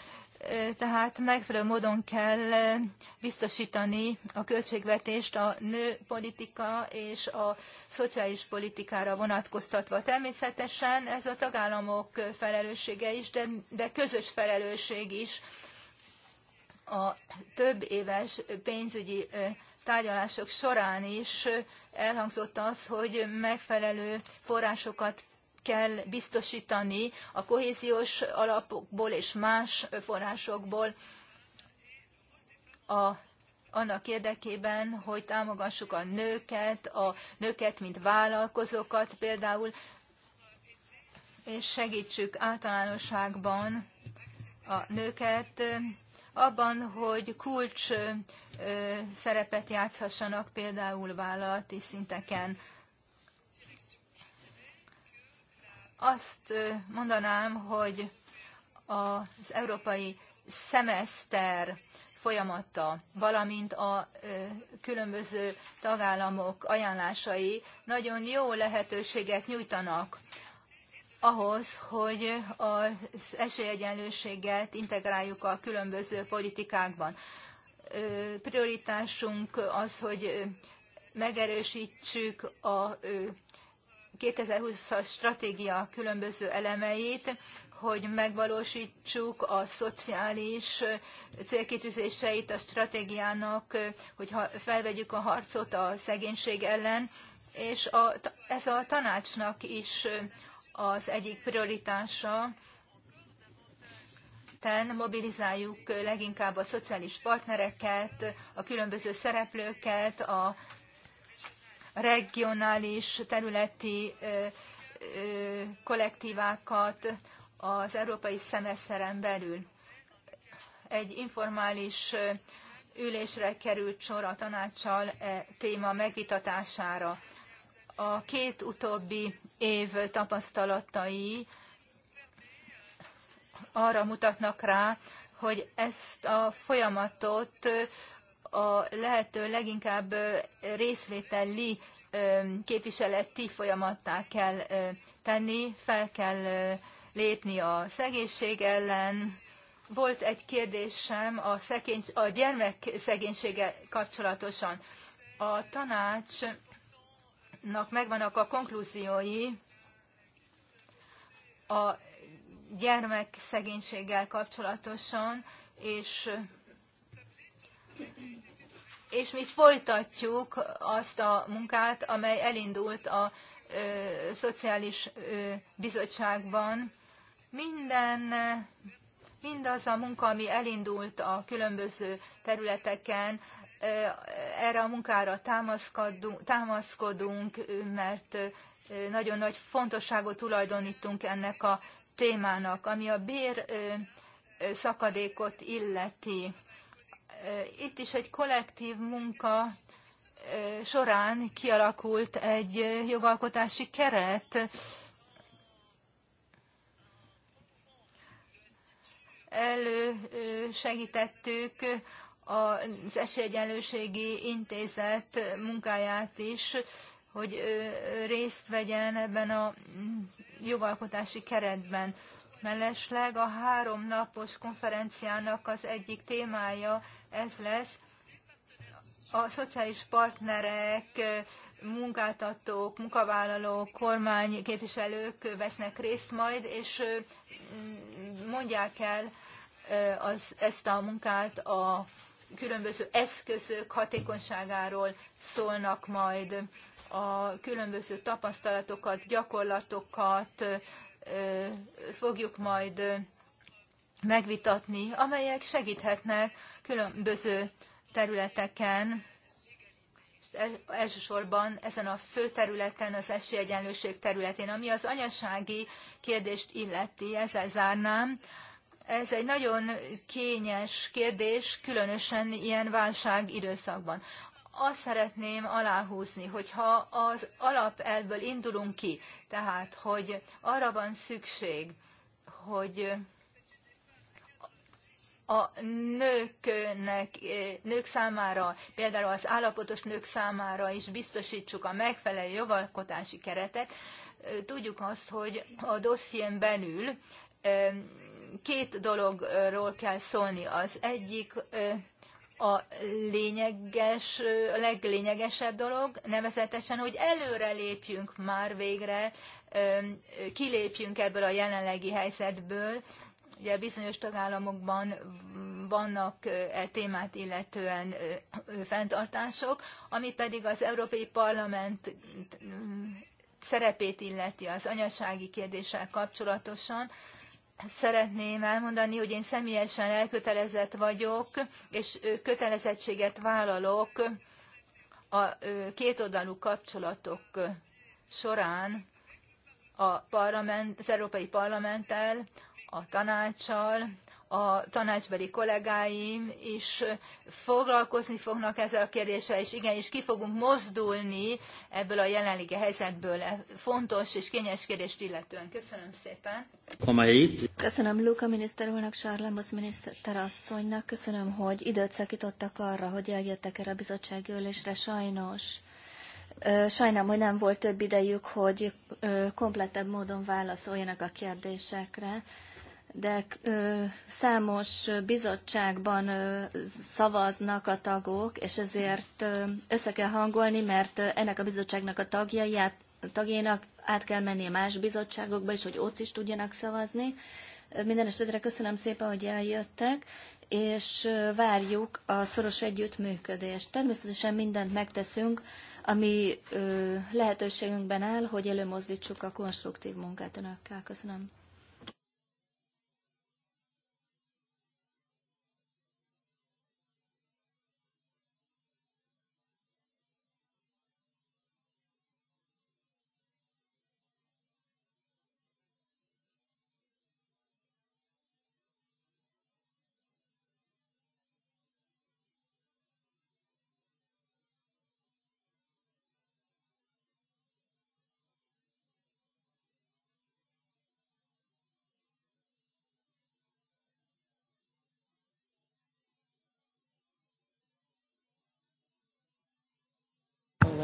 tehát megfelelő módon kell biztosítani a költségvetést a nőpolitika és a szociális politikára vonatkoztatva. Természetesen ez a tagállamok felelőssége is, de, de közös felelősség is a több éves pénzügyi tárgyalások során is elhangzott az, hogy megfelelő forrásokat kell biztosítani a kohéziós alapokból és más forrásokból a, annak érdekében, hogy támogassuk a nőket, a nőket, mint vállalkozókat például, és segítsük általánosságban a nőket abban, hogy kulcs szerepet játszhassanak például vállalati szinteken. Azt mondanám, hogy az európai szemeszter folyamata, valamint a különböző tagállamok ajánlásai nagyon jó lehetőséget nyújtanak ahhoz, hogy az esélyegyenlőséget integráljuk a különböző politikákban. Prioritásunk az, hogy megerősítsük a 2020-as stratégia különböző elemeit, hogy megvalósítsuk a szociális célkitűzéseit a stratégiának, hogy felvegyük a harcot a szegénység ellen, és a, ez a tanácsnak is az egyik prioritása, Ten mobilizáljuk leginkább a szociális partnereket, a különböző szereplőket, a regionális, területi kollektívákat az európai szemeszeren belül. Egy informális ülésre került sor a tanácssal e téma megvitatására a két utóbbi év tapasztalatai arra mutatnak rá, hogy ezt a folyamatot a lehető leginkább részvételi képviseleti folyamattá kell tenni, fel kell lépni a szegénység ellen. Volt egy kérdésem a, szegény, a szegénysége kapcsolatosan. A tanács munkának megvannak a konklúziói a gyermek szegénységgel kapcsolatosan, és, és mi folytatjuk azt a munkát, amely elindult a ö, Szociális ö, Bizottságban. Minden mindaz a munka, ami elindult a különböző területeken, erre a munkára támaszkodunk, támaszkodunk mert nagyon nagy fontosságot tulajdonítunk ennek a témának, ami a bér szakadékot illeti. Itt is egy kollektív munka során kialakult egy jogalkotási keret. Elősegítettük az Esélyegyenlőségi Intézet munkáját is, hogy részt vegyen ebben a jogalkotási keretben. Mellesleg a három napos konferenciának az egyik témája ez lesz, a szociális partnerek, munkáltatók, munkavállalók, kormány képviselők vesznek részt majd, és mondják el az, ezt a munkát a különböző eszközök hatékonyságáról szólnak majd, a különböző tapasztalatokat, gyakorlatokat fogjuk majd megvitatni, amelyek segíthetnek különböző területeken, elsősorban ezen a fő területen, az esélyegyenlőség területén, ami az anyasági kérdést illeti, ezzel zárnám ez egy nagyon kényes kérdés, különösen ilyen válság időszakban. Azt szeretném aláhúzni, hogyha az alapelvből indulunk ki, tehát, hogy arra van szükség, hogy a nőknek, nők számára, például az állapotos nők számára is biztosítsuk a megfelelő jogalkotási keretet. Tudjuk azt, hogy a dosszién belül két dologról kell szólni. Az egyik a lényeges, a leglényegesebb dolog, nevezetesen, hogy előre lépjünk már végre, kilépjünk ebből a jelenlegi helyzetből. Ugye bizonyos tagállamokban vannak e témát illetően fenntartások, ami pedig az Európai Parlament szerepét illeti az anyasági kérdéssel kapcsolatosan szeretném elmondani, hogy én személyesen elkötelezett vagyok, és kötelezettséget vállalok a kétoldalú kapcsolatok során a parlament, az Európai Parlamenttel, a tanácssal, a tanácsbeli kollégáim is foglalkozni fognak ezzel a kérdéssel, és igenis ki fogunk mozdulni ebből a jelenlegi helyzetből e fontos és kényes kérdést illetően. Köszönöm szépen. Köszönöm Luka miniszter úrnak, Sárlambos miniszter asszonynak, köszönöm, hogy időt szakítottak arra, hogy eljöttek erre a bizottsági ülésre, sajnos. Sajnálom, hogy nem volt több idejük, hogy komplettebb módon válaszoljanak a kérdésekre de ö, számos bizottságban ö, szavaznak a tagok, és ezért ö, össze kell hangolni, mert ennek a bizottságnak a tagjai át, tagjainak át kell menni a más bizottságokba is, hogy ott is tudjanak szavazni. Minden esetre köszönöm szépen, hogy eljöttek, és várjuk a szoros együttműködést. Természetesen mindent megteszünk, ami ö, lehetőségünkben áll, hogy előmozdítsuk a konstruktív munkát önökkel. Köszönöm.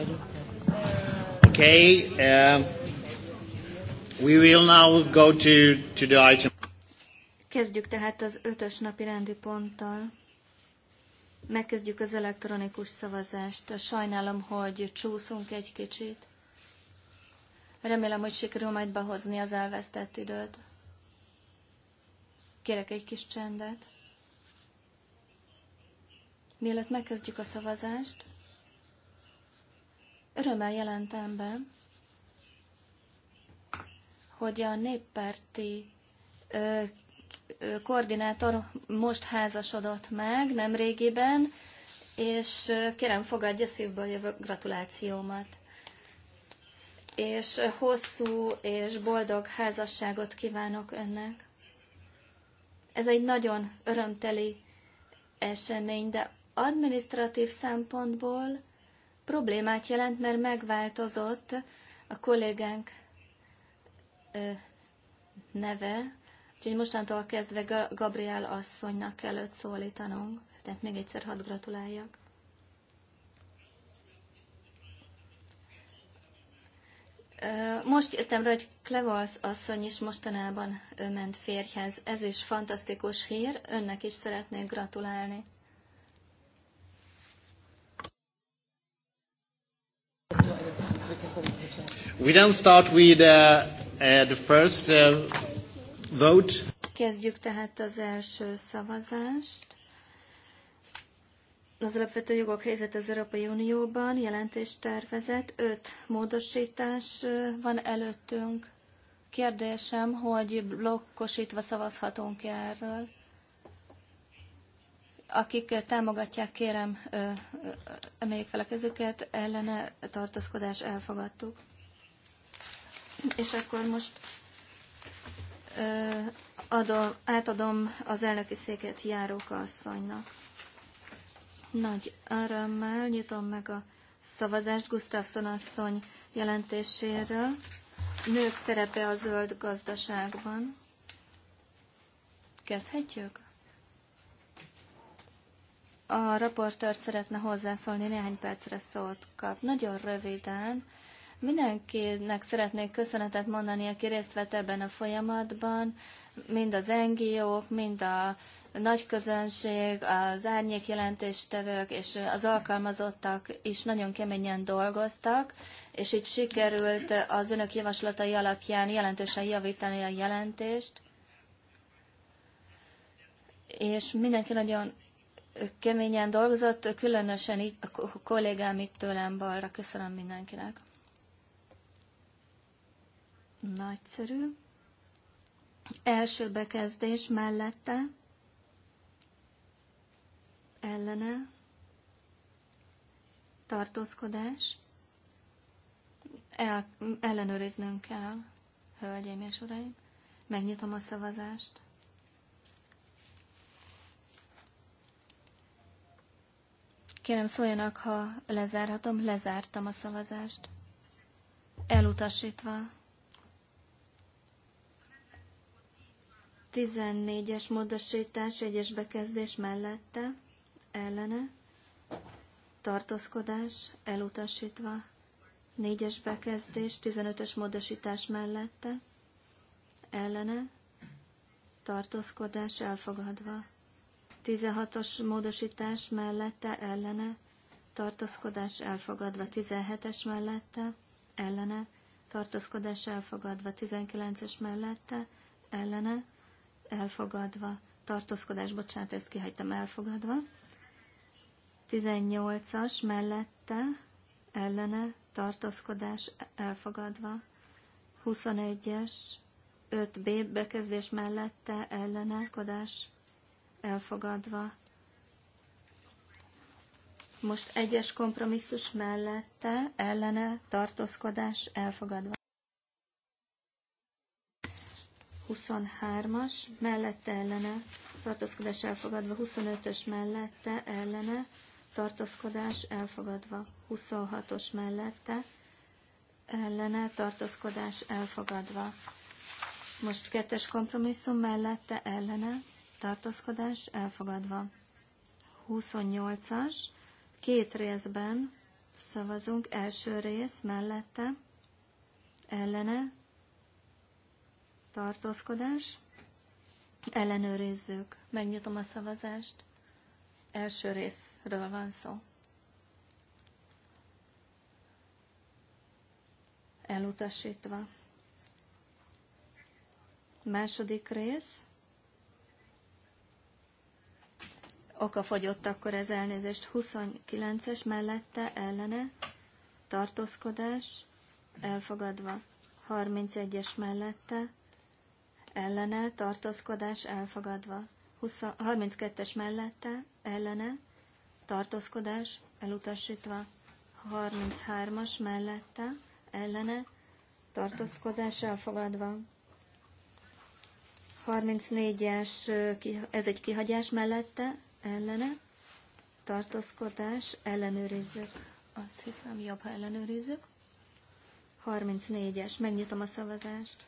vagyok. Okay. uh, we will now go to, to the item. Kezdjük tehát az ötös napi rendi ponttal. Megkezdjük az elektronikus szavazást. Sajnálom, hogy csúszunk egy kicsit. Remélem, hogy sikerül majd behozni az elvesztett időt. Kérek egy kis csendet. Mielőtt megkezdjük a szavazást, Örömmel jelentem be, hogy a néppárti ö, ö, koordinátor most házasodott meg nem régiben, és kérem fogadja szívből jövő gratulációmat. És hosszú és boldog házasságot kívánok önnek. Ez egy nagyon örömteli esemény, de administratív szempontból problémát jelent, mert megváltozott a kollégánk neve, úgyhogy mostantól kezdve Gabriel asszonynak kell őt szólítanunk. Tehát még egyszer hadd gratuláljak. Most jöttem rá, hogy Klevalsz asszony is mostanában ment férjhez. Ez is fantasztikus hír, önnek is szeretnék gratulálni. We start with uh, uh, the first uh, vote. Kezdjük tehát az első szavazást. Az alapvető jogok helyzet az Európai Unióban, jelentéstervezet, öt módosítás van előttünk. Kérdésem, hogy blokkosítva szavazhatunk -e erről? Akik támogatják, kérem, emeljék fel a kezüket, ellene tartózkodás elfogadtuk. És akkor most adom, átadom az elnöki széket Járóka asszonynak. Nagy örömmel nyitom meg a szavazást Gustafsson asszony jelentéséről. Nők szerepe a zöld gazdaságban. Kezdhetjük? a raportőr szeretne hozzászólni, néhány percre szót kap. Nagyon röviden. Mindenkinek szeretnék köszönetet mondani, aki részt vett ebben a folyamatban, mind az NGO-k, mind a nagy közönség, az árnyék jelentéstevők és az alkalmazottak is nagyon keményen dolgoztak, és így sikerült az önök javaslatai alapján jelentősen javítani a jelentést. És mindenki nagyon keményen dolgozott, különösen így a kollégám itt tőlem balra. Köszönöm mindenkinek. Nagyszerű. Első bekezdés mellette. Ellene. Tartózkodás. El, ellenőriznünk kell, hölgyeim és uraim. Megnyitom a szavazást. Kérem szóljanak, ha lezárhatom. Lezártam a szavazást. Elutasítva. 14-es módosítás egyes bekezdés mellette, ellene, tartózkodás, elutasítva, 4-es bekezdés, 15-ös módosítás mellette, ellene, tartózkodás, elfogadva. 16-os módosítás mellette ellene tartózkodás elfogadva 17-es mellette, ellene, tartózkodás elfogadva 19-es mellette, ellene, elfogadva, tartózkodás, bocsánat, ezt kihagytam, elfogadva, 18-as mellette, ellene, tartózkodás elfogadva, 21-es, 5B bekezdés mellette, ellene, kodás elfogadva. Most egyes kompromisszus mellette ellene tartózkodás elfogadva. 23-as mellette ellene tartózkodás elfogadva, 25-ös mellette ellene tartózkodás elfogadva, 26-os mellette ellene tartózkodás elfogadva. Most kettes kompromisszum mellette ellene tartózkodás elfogadva. 28-as, két részben szavazunk, első rész mellette, ellene, tartózkodás, ellenőrizzük, megnyitom a szavazást, első részről van szó. Elutasítva. Második rész, oka fogyott akkor ez elnézést 29-es mellette ellene tartózkodás elfogadva 31-es mellette ellene tartózkodás elfogadva 32-es mellette ellene tartózkodás elutasítva 33-as mellette ellene tartózkodás elfogadva 34-es, ez egy kihagyás mellette, ellene, tartózkodás, ellenőrizzük. Azt hiszem, jobb, ha ellenőrizzük. 34-es, megnyitom a szavazást.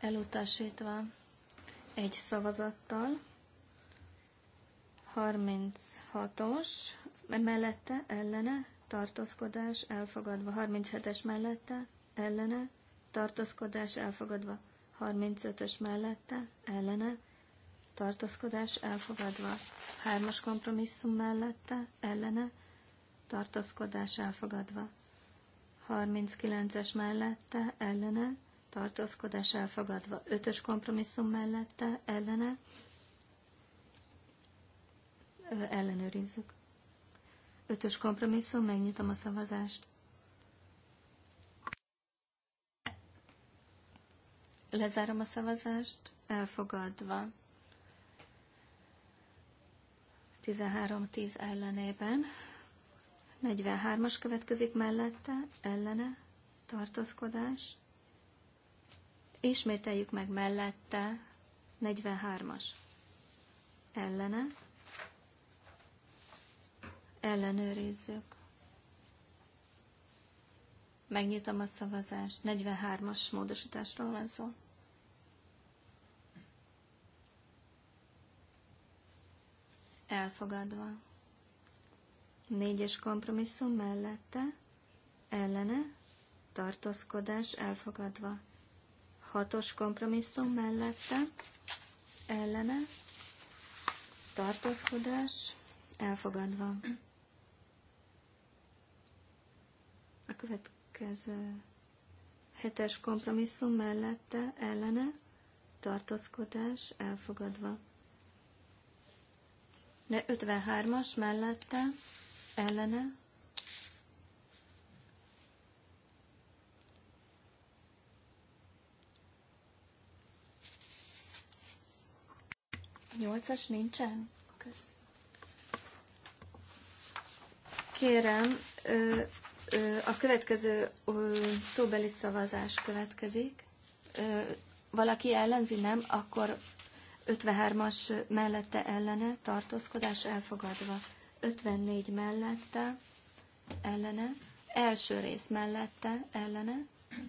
Elutasítva egy szavazattal. 36-os, mellette, ellene, tartózkodás, elfogadva. 37-es mellette, ellene, tartaszkodás elfogadva. 35-ös mellette, ellene, tartaszkodás elfogadva. 3-as kompromisszum mellette, ellene, tartaszkodás elfogadva. 39-es mellette, ellene, tartózkodás elfogadva. 5-ös kompromisszum mellette, ellene, ellenőrizzük. Ötös kompromisszum, megnyitom a szavazást. Lezárom a szavazást, elfogadva. 13-10 ellenében. 43-as következik mellette, ellene, tartózkodás. Ismételjük meg mellette, 43-as, ellene, ellenőrizzük. Megnyitom a szavazást. 43-as módosításról van szó. Elfogadva. Négyes kompromisszum mellette, ellene, tartózkodás elfogadva. Hatos kompromisszum mellette, ellene, tartózkodás elfogadva. A következő következő hetes kompromisszum mellette ellene tartózkodás elfogadva. De 53-as mellette ellene Nyolcas nincsen? Köszönöm. Kérem, a következő szóbeli szavazás következik. Valaki ellenzi, nem? Akkor 53-as mellette ellene, tartózkodás elfogadva. 54 mellette, ellene, első rész mellette, ellene,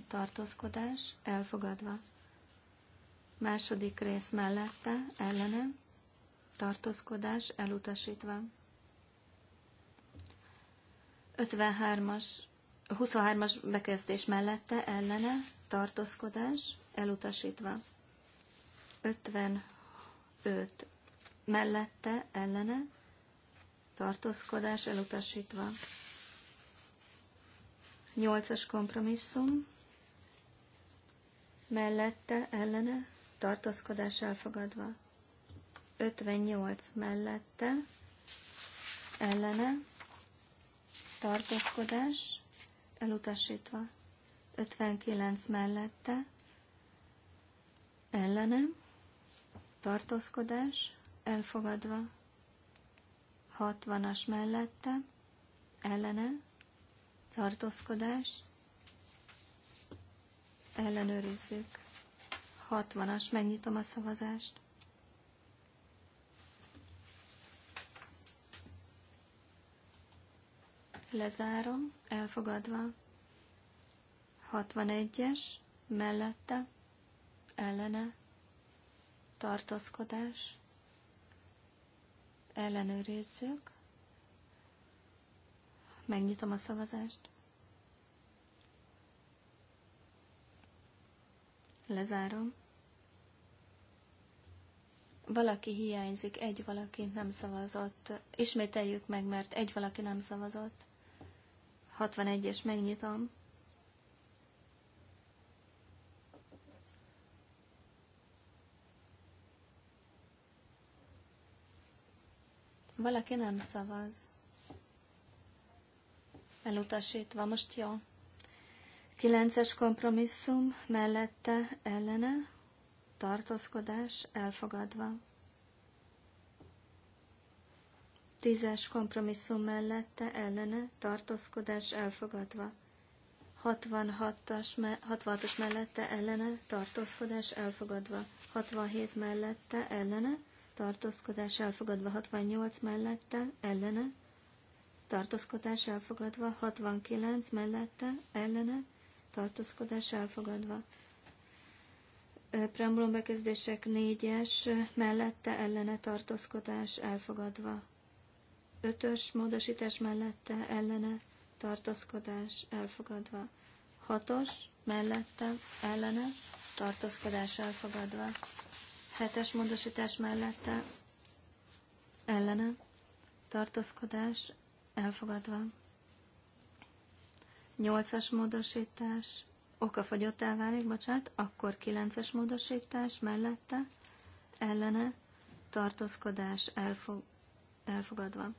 tartózkodás elfogadva. Második rész mellette, ellene, tartózkodás elutasítva. 53-as, 23-as bekezdés mellette ellene tartózkodás elutasítva. 55 mellette ellene tartózkodás elutasítva. 8-as kompromisszum mellette ellene tartózkodás elfogadva. 58 mellette ellene tartózkodás elutasítva. 59 mellette ellenem tartózkodás elfogadva. 60-as mellette ellene tartózkodás ellenőrizzük. 60-as, megnyitom a szavazást. lezárom, elfogadva. 61-es, mellette, ellene, tartózkodás, ellenőrizzük, megnyitom a szavazást, lezárom. Valaki hiányzik, egy valaki nem szavazott. Ismételjük meg, mert egy valaki nem szavazott. 61-es megnyitom. Valaki nem szavaz. Elutasítva, most jó. Kilences kompromisszum, mellette ellene, tartózkodás elfogadva. Tízes kompromisszum mellette ellene tartózkodás elfogadva. 66-as me 66 mellette ellene tartózkodás elfogadva. 67 mellette ellene tartózkodás elfogadva. 68 mellette ellene tartózkodás elfogadva. 69 mellette ellene tartózkodás elfogadva. Preambulum bekezdések 4-es mellette ellene tartózkodás elfogadva. Ötös módosítás mellette ellene tartózkodás elfogadva. Hatos mellette ellene tartózkodás elfogadva. Hetes módosítás mellette ellene tartózkodás elfogadva. Nyolcas módosítás okafogyottá válik, bocsánat, akkor kilences módosítás mellette ellene tartózkodás elfog, elfogadva.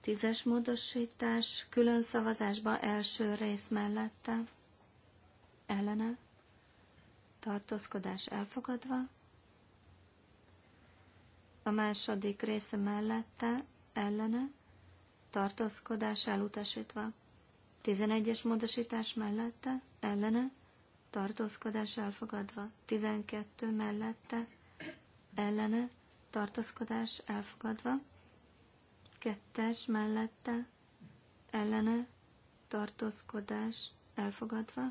Tízes módosítás, külön szavazásba első rész mellette, ellene, tartózkodás elfogadva, a második része mellette, ellene, tartózkodás elutasítva, tizenegyes módosítás mellette, ellene, tartózkodás elfogadva, tizenkettő mellette, ellene, tartózkodás elfogadva, kettes mellette ellene tartózkodás elfogadva,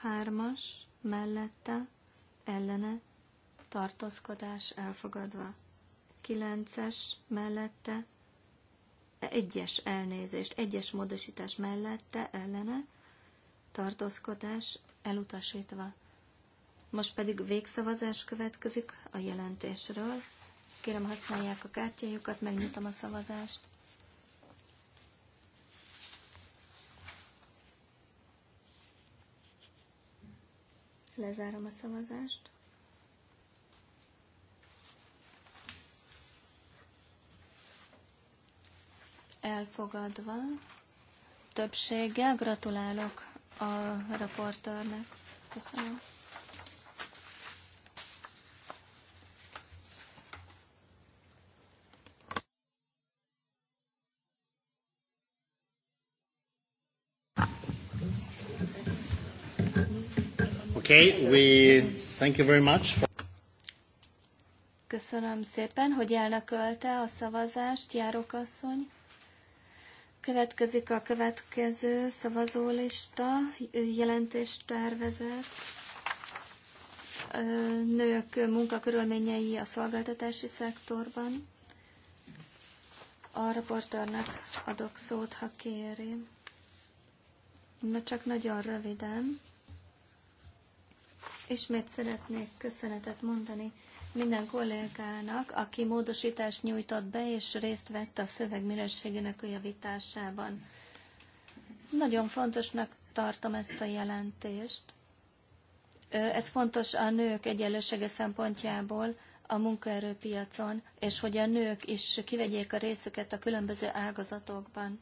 hármas mellette ellene tartózkodás elfogadva, kilences mellette egyes elnézést, egyes módosítás mellette ellene tartózkodás elutasítva. Most pedig végszavazás következik a jelentésről. Kérem, használják a kártyájukat, megnyitom a szavazást. Lezárom a szavazást. Elfogadva. Többséggel gratulálok a raportőrnek. Köszönöm. Okay, we thank you very much. Köszönöm szépen, hogy elnökölte a szavazást, asszony. Következik a következő szavazólista, jelentéstervezet. Nők munkakörülményei a szolgáltatási szektorban. A raportőrnek adok szót, ha kéri. Na csak nagyon röviden. Ismét szeretnék köszönetet mondani minden kollégának, aki módosítást nyújtott be és részt vett a szöveg mirességének a javításában. Nagyon fontosnak tartom ezt a jelentést. Ez fontos a nők egyenlősége szempontjából a munkaerőpiacon, és hogy a nők is kivegyék a részüket a különböző ágazatokban.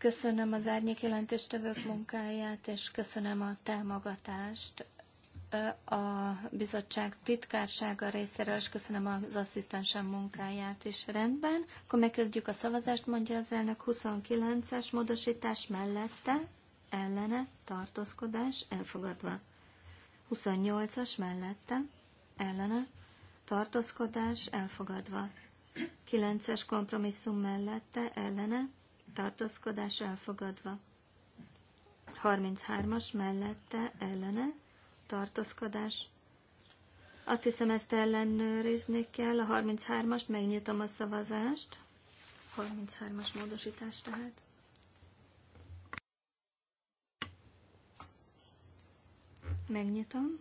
Köszönöm az árnyék jelentéstevők munkáját, és köszönöm a támogatást a bizottság titkársága részéről, és köszönöm az asszisztensem munkáját is rendben. Akkor megkezdjük a szavazást, mondja az elnök 29-es módosítás mellette, ellene, tartózkodás, elfogadva. 28-as mellette, ellene, tartózkodás, elfogadva. 9-es kompromisszum mellette, ellene, tartózkodás elfogadva. 33-as mellette ellene tartózkodás. Azt hiszem, ezt ellenőrizni kell. A 33 as megnyitom a szavazást. 33-as módosítás tehát. Megnyitom.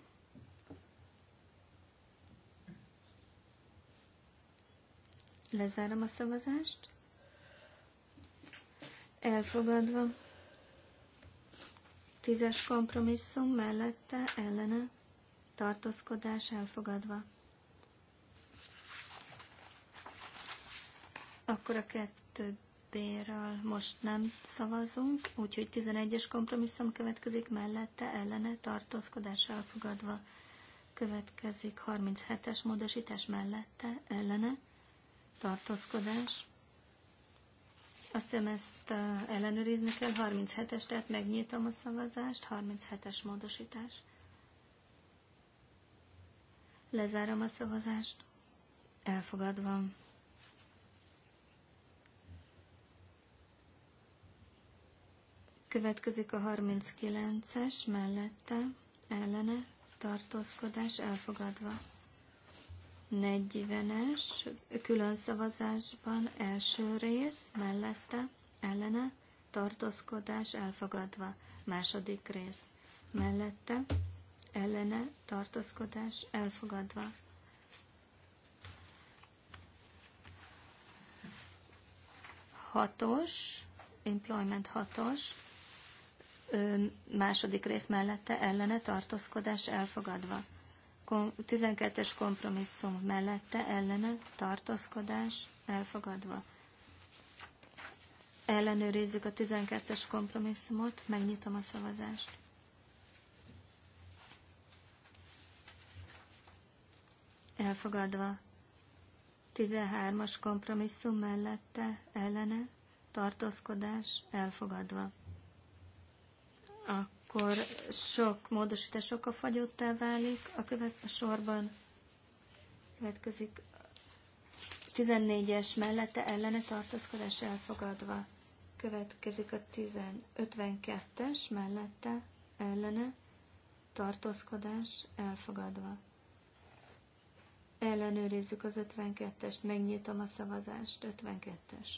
Lezárom a szavazást elfogadva. Tízes kompromisszum mellette ellene tartózkodás elfogadva. Akkor a kettő B-ről most nem szavazunk, úgyhogy 11-es kompromisszum következik, mellette ellene tartózkodás elfogadva. Következik 37-es módosítás mellette ellene tartózkodás azt hiszem ezt ellenőrizni kell. 37-es, tehát megnyitom a szavazást. 37-es módosítás. Lezárom a szavazást. Elfogadva. Következik a 39-es mellette, ellene, tartózkodás elfogadva. 40-es külön szavazásban első rész mellette ellene tartózkodás elfogadva. Második rész mellette ellene tartózkodás elfogadva. Hatos, employment hatos, második rész mellette ellene tartózkodás elfogadva. 12-es kompromisszum mellette ellene tartózkodás elfogadva. Ellenőrizzük a 12-es kompromisszumot, megnyitom a szavazást. Elfogadva. 13-as kompromisszum mellette ellene tartózkodás elfogadva. A akkor sok módosítás sokkal fagyottá válik. A követ a sorban következik 14-es mellette ellene tartózkodás elfogadva. Következik a 52-es mellette ellene tartózkodás elfogadva. Ellenőrizzük az 52-est, megnyitom a szavazást, 52-es.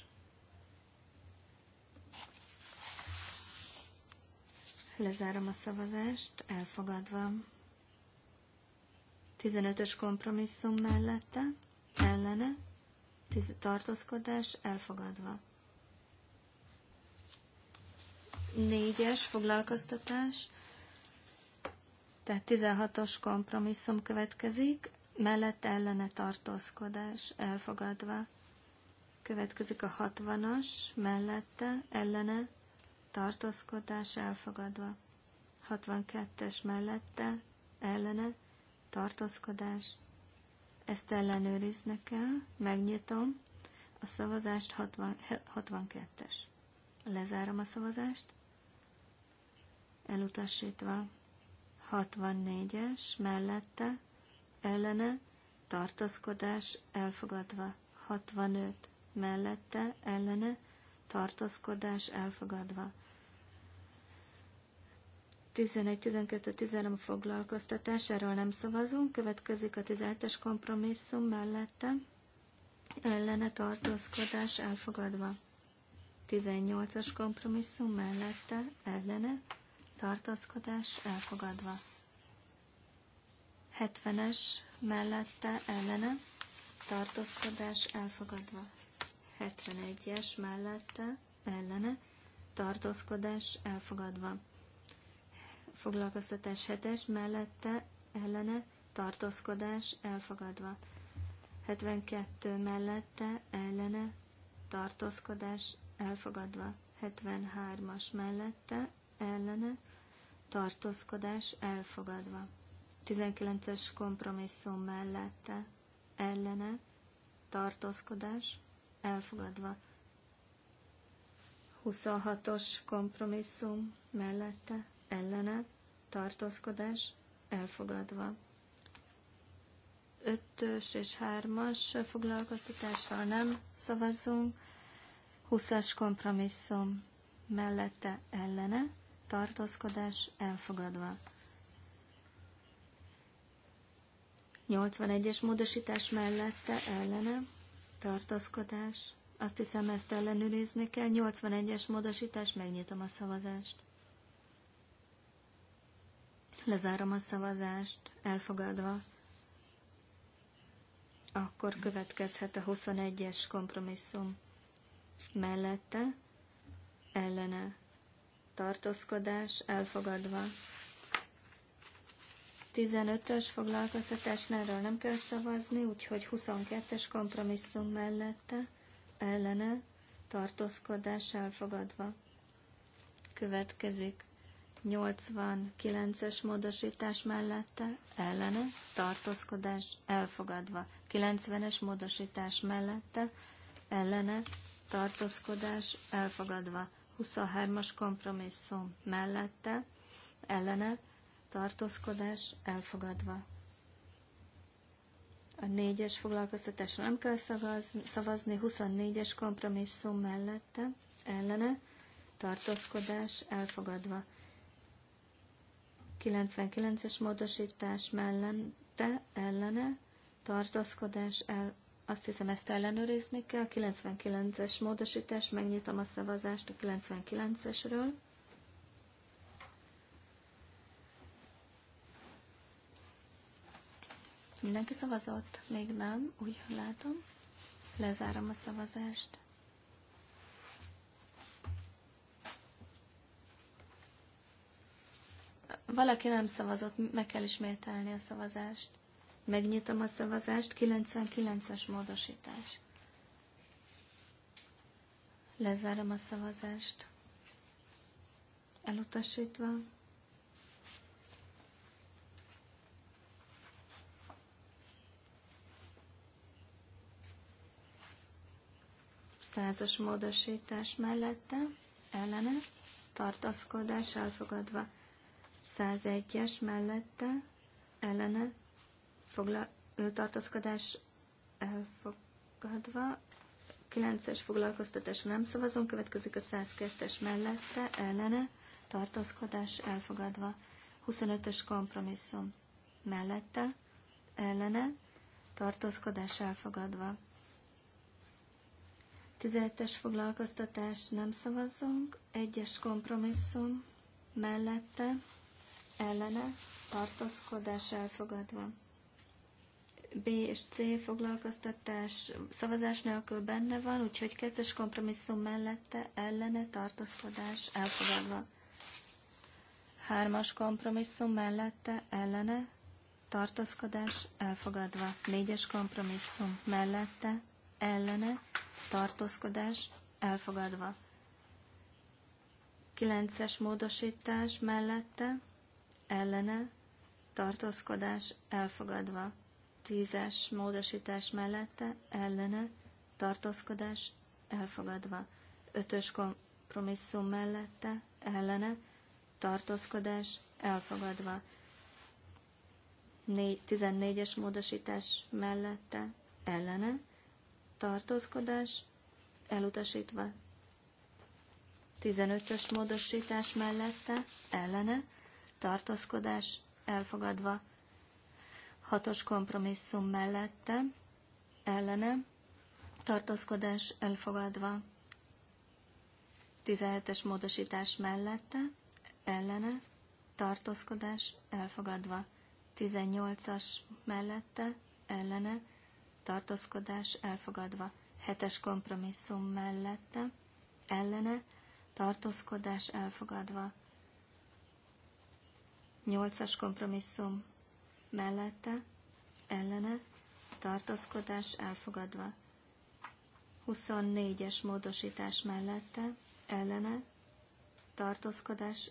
Lezárom a szavazást, elfogadva. 15-ös kompromisszum mellette, ellene, tartózkodás, elfogadva. 4-es foglalkoztatás, tehát 16-os kompromisszum következik, mellett ellene tartózkodás, elfogadva. Következik a 60-as, mellette, ellene, tartózkodás elfogadva. 62-es mellette, ellene, tartózkodás. Ezt ellenőrizni kell, megnyitom a szavazást 60, 62-es. Lezárom a szavazást, elutasítva. 64-es, mellette, ellene, tartózkodás elfogadva. 65 mellette, ellene, tartózkodás elfogadva. 11-12-13 foglalkoztatás, erről nem szavazunk, következik a 17-es kompromisszum mellette, ellene tartózkodás elfogadva. 18-as kompromisszum mellette, ellene tartózkodás elfogadva. 70-es mellette, ellene tartózkodás elfogadva. 71-es mellette ellene tartózkodás elfogadva. Foglalkoztatás 7-es mellette ellene tartózkodás elfogadva. 72 mellette ellene tartózkodás elfogadva. 73-as mellette ellene tartózkodás elfogadva. 19-es kompromisszum mellette ellene tartózkodás elfogadva. 26-os kompromisszum mellette, ellene, tartózkodás, elfogadva. 5-ös és 3-as foglalkoztatásról nem szavazzunk. 20-as kompromisszum mellette, ellene, tartózkodás, elfogadva. 81-es módosítás mellette, ellene, tartózkodás. Azt hiszem, ezt ellenőrizni kell. 81-es módosítás, megnyitom a szavazást. Lezárom a szavazást, elfogadva. Akkor következhet a 21-es kompromisszum. Mellette, ellene, tartózkodás, elfogadva. 15-ös foglalkoztatásnáról nem kell szavazni, úgyhogy 22-es kompromisszum mellette, ellene, tartózkodás elfogadva. Következik 89-es módosítás mellette, ellene, tartózkodás elfogadva. 90-es módosítás mellette, ellene, tartózkodás elfogadva. 23-as kompromisszum mellette, ellene, tartózkodás elfogadva. A négyes foglalkoztatásra nem kell szavazni, 24-es kompromisszum mellette, ellene, tartózkodás elfogadva. 99-es módosítás mellette, ellene, tartózkodás el, azt hiszem ezt ellenőrizni kell, 99-es módosítás, megnyitom a szavazást a 99-esről. Mindenki szavazott? Még nem, úgy látom. Lezárom a szavazást. Valaki nem szavazott, meg kell ismételni a szavazást. Megnyitom a szavazást, 99-es módosítás. Lezárom a szavazást. Elutasítva. százas módosítás mellette, ellene, tartaszkodás elfogadva. 101-es mellette, ellene, fogla, tartaszkodás elfogadva. 9-es foglalkoztatás nem szavazunk, következik a 102-es mellette, ellene, tartaszkodás elfogadva. 25-ös kompromisszum mellette, ellene, tartózkodás elfogadva. 17-es foglalkoztatás nem szavazunk, 1-es kompromisszum mellette, ellene, tartózkodás elfogadva. B és C foglalkoztatás szavazás nélkül benne van, úgyhogy kettes kompromisszum mellette ellene tartózkodás elfogadva. Hármas kompromisszum mellette ellene tartózkodás elfogadva. Négyes kompromisszum mellette ellene, tartózkodás elfogadva. kilences módosítás mellette, ellene, tartózkodás elfogadva. tízes módosítás mellette, ellene, tartózkodás elfogadva. ötös kompromisszum mellette, ellene, tartózkodás elfogadva. 14-es módosítás mellette, ellene, tartózkodás elutasítva. 15-ös módosítás mellette, ellene, tartózkodás elfogadva. 6-os kompromisszum mellette, ellene, tartózkodás elfogadva. 17-es módosítás mellette, ellene, tartózkodás elfogadva. 18-as mellette, ellene, tartózkodás elfogadva. Hetes kompromisszum mellette, ellene, tartózkodás elfogadva. Nyolcas kompromisszum mellette, ellene, tartózkodás elfogadva. 24-es módosítás mellette, ellene, tartózkodás,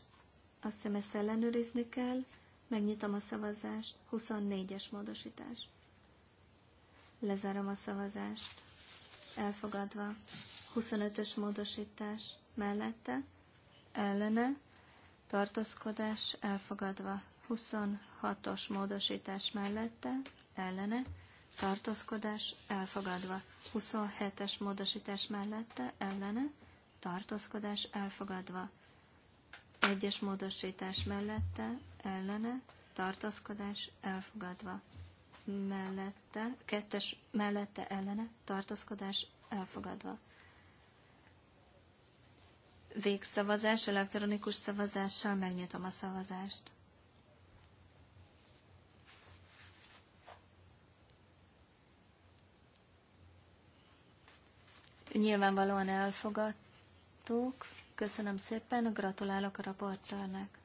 azt hiszem ezt ellenőrizni kell, megnyitom a szavazást, 24-es módosítás. Lezárom a szavazást. Elfogadva. 25-ös módosítás mellette. Ellene. Tartózkodás elfogadva. 26-os módosítás mellette. Ellene. Tartózkodás elfogadva. 27-es módosítás mellette. Ellene. Tartózkodás elfogadva. Egyes módosítás mellette. Ellene. Tartózkodás elfogadva mellette, kettes mellette ellene tartózkodás elfogadva. Végszavazás elektronikus szavazással megnyitom a szavazást. Nyilvánvalóan elfogadtuk. Köszönöm szépen, gratulálok a raportőrnek.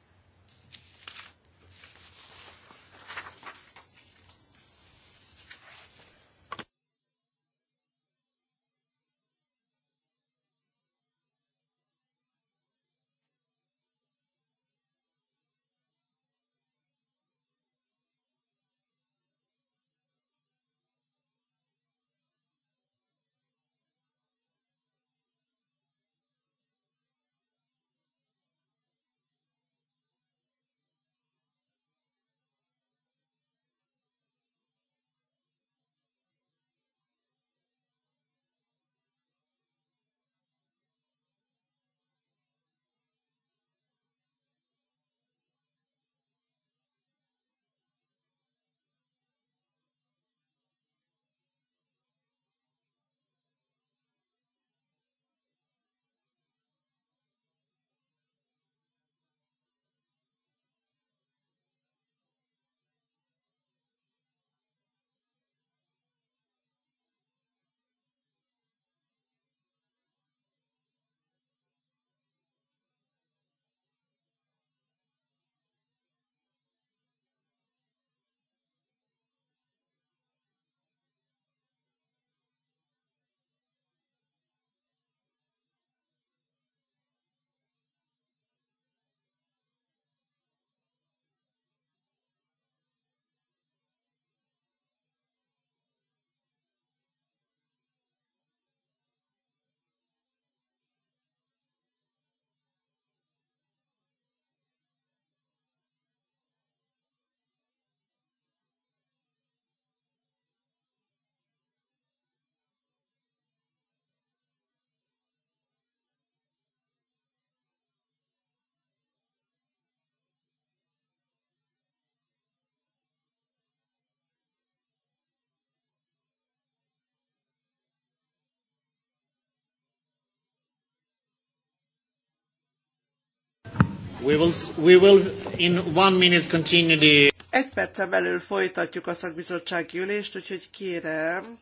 We will, we will in one minute continue the... Egy percen belül folytatjuk a szakbizottsági ülést, úgyhogy kérem,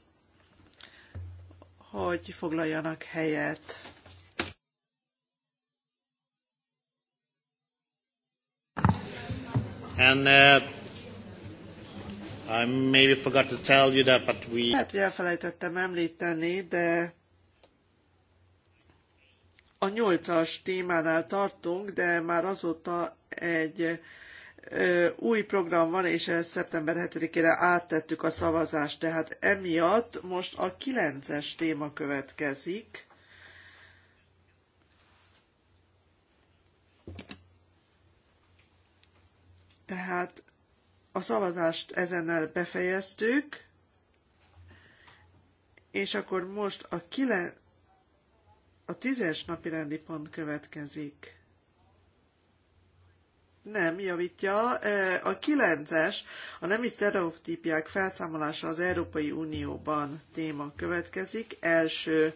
hogy foglaljanak helyet. And uh, I maybe forgot to tell you that, but we... Hát, hogy elfelejtettem említeni, de a nyolcas témánál tartunk, de már azóta egy új program van, és ezt szeptember 7-ére áttettük a szavazást, tehát emiatt most a kilences téma következik. Tehát a szavazást ezennel befejeztük, és akkor most a 9 a tízes napi rendi pont következik. Nem, javítja. E, a kilences, a nemi sztereotípiák felszámolása az Európai Unióban téma következik. Első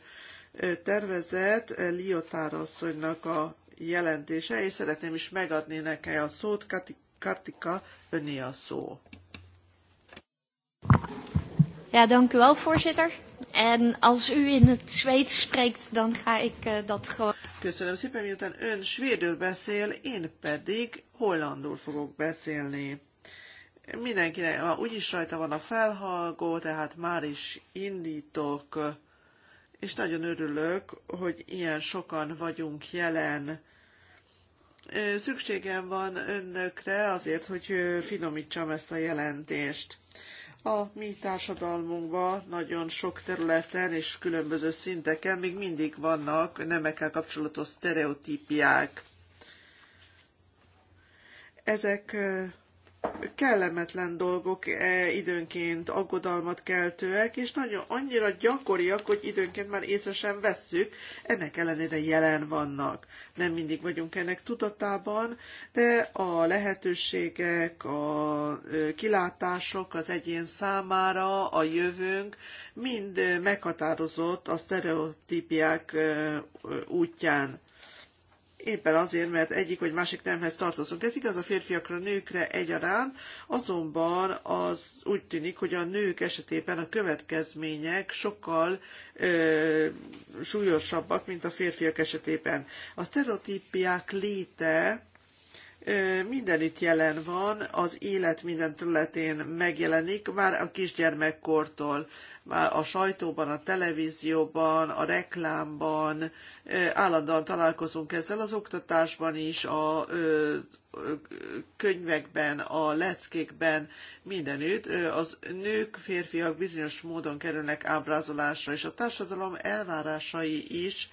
e, tervezet e, Liotár a jelentése, és szeretném is megadni neki a szót. Kartika, öné a szó. Ja, dank u wel, voorzitter. En als u in het Zweeds spreekt, dan ga ik uh, dat gewoon... Köszönöm szépen, miután ön svédül beszél, én pedig hollandul fogok beszélni. Mindenkinek, ha úgyis rajta van a felhallgó, tehát már is indítok, és nagyon örülök, hogy ilyen sokan vagyunk jelen. Szükségem van önökre azért, hogy finomítsam ezt a jelentést. A mi társadalmunkban nagyon sok területen és különböző szinteken még mindig vannak nemekkel kapcsolatos sztereotípiák. Ezek kellemetlen dolgok e, időnként aggodalmat keltőek, és nagyon annyira gyakoriak, hogy időnként már észre sem vesszük, ennek ellenére jelen vannak. Nem mindig vagyunk ennek tudatában, de a lehetőségek, a kilátások az egyén számára, a jövőnk mind meghatározott a sztereotípiák útján éppen azért, mert egyik vagy másik nemhez tartozunk. Ez igaz a férfiakra, nőkre egyaránt, azonban az úgy tűnik, hogy a nők esetében a következmények sokkal ö, súlyosabbak, mint a férfiak esetében. A sztereotípiák léte mindenütt jelen van, az élet minden területén megjelenik, már a kisgyermekkortól a sajtóban, a televízióban, a reklámban, állandóan találkozunk ezzel az oktatásban is, a könyvekben, a leckékben, mindenütt. Az nők, férfiak bizonyos módon kerülnek ábrázolásra, és a társadalom elvárásai is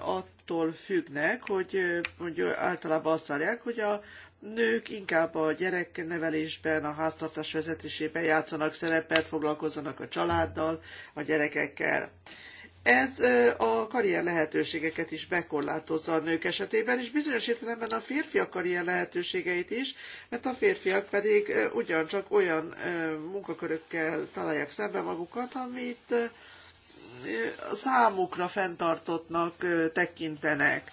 attól függnek, hogy mondjuk általában azt várják, hogy a, nők inkább a gyereknevelésben, a háztartás vezetésében játszanak szerepet, foglalkozzanak a családdal, a gyerekekkel. Ez a karrier lehetőségeket is bekorlátozza a nők esetében, és bizonyos értelemben a férfiak karrier lehetőségeit is, mert a férfiak pedig ugyancsak olyan munkakörökkel találják szembe magukat, amit számukra fenntartottnak tekintenek.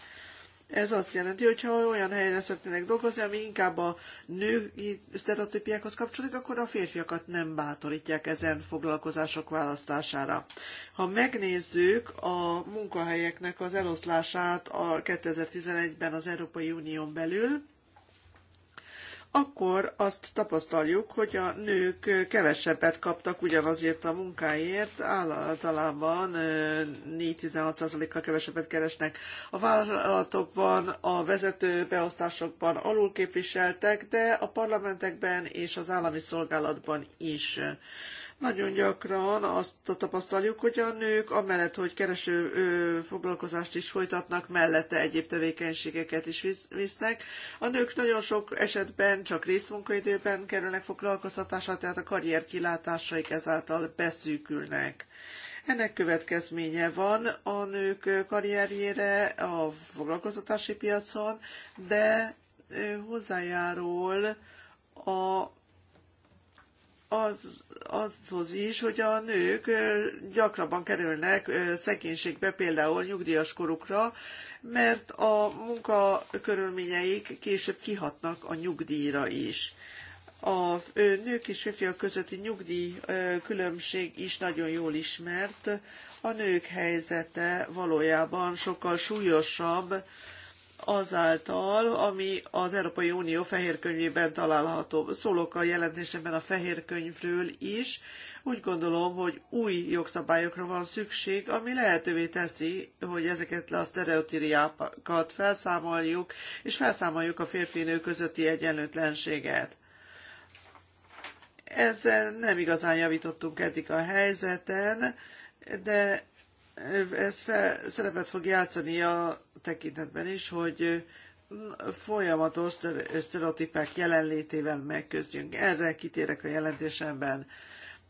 Ez azt jelenti, hogy ha olyan helyre szeretnének dolgozni, ami inkább a női sztereotípiákhoz kapcsolódik, akkor a férfiakat nem bátorítják ezen foglalkozások választására. Ha megnézzük a munkahelyeknek az eloszlását a 2011-ben az Európai Unión belül, akkor azt tapasztaljuk, hogy a nők kevesebbet kaptak ugyanazért a munkáért, általában 4-16%-kal kevesebbet keresnek. A vállalatokban, a vezető beosztásokban alulképviseltek, de a parlamentekben és az állami szolgálatban is nagyon gyakran azt tapasztaljuk, hogy a nők amellett, hogy kereső foglalkozást is folytatnak, mellette egyéb tevékenységeket is visznek. A nők nagyon sok esetben csak részmunkaidőben kerülnek foglalkoztatásra, tehát a karrier kilátásaik ezáltal beszűkülnek. Ennek következménye van a nők karrierjére a foglalkoztatási piacon, de hozzájárul a az, azhoz is, hogy a nők gyakrabban kerülnek szegénységbe, például nyugdíjas korukra, mert a munkakörülményeik később kihatnak a nyugdíjra is. A nők és férfiak közötti nyugdíj különbség is nagyon jól ismert. A nők helyzete valójában sokkal súlyosabb, azáltal, ami az Európai Unió fehér könyvében található. Szólok a jelentésemben a fehér könyvről is. Úgy gondolom, hogy új jogszabályokra van szükség, ami lehetővé teszi, hogy ezeket a sztereotíriákat felszámoljuk, és felszámoljuk a férfi-nő közötti egyenlőtlenséget. Ezzel nem igazán javítottunk eddig a helyzeten, de ez fel, szerepet fog játszani a tekintetben is, hogy folyamatos sztereotipák jelenlétével megközdjünk. Erre kitérek a jelentésemben.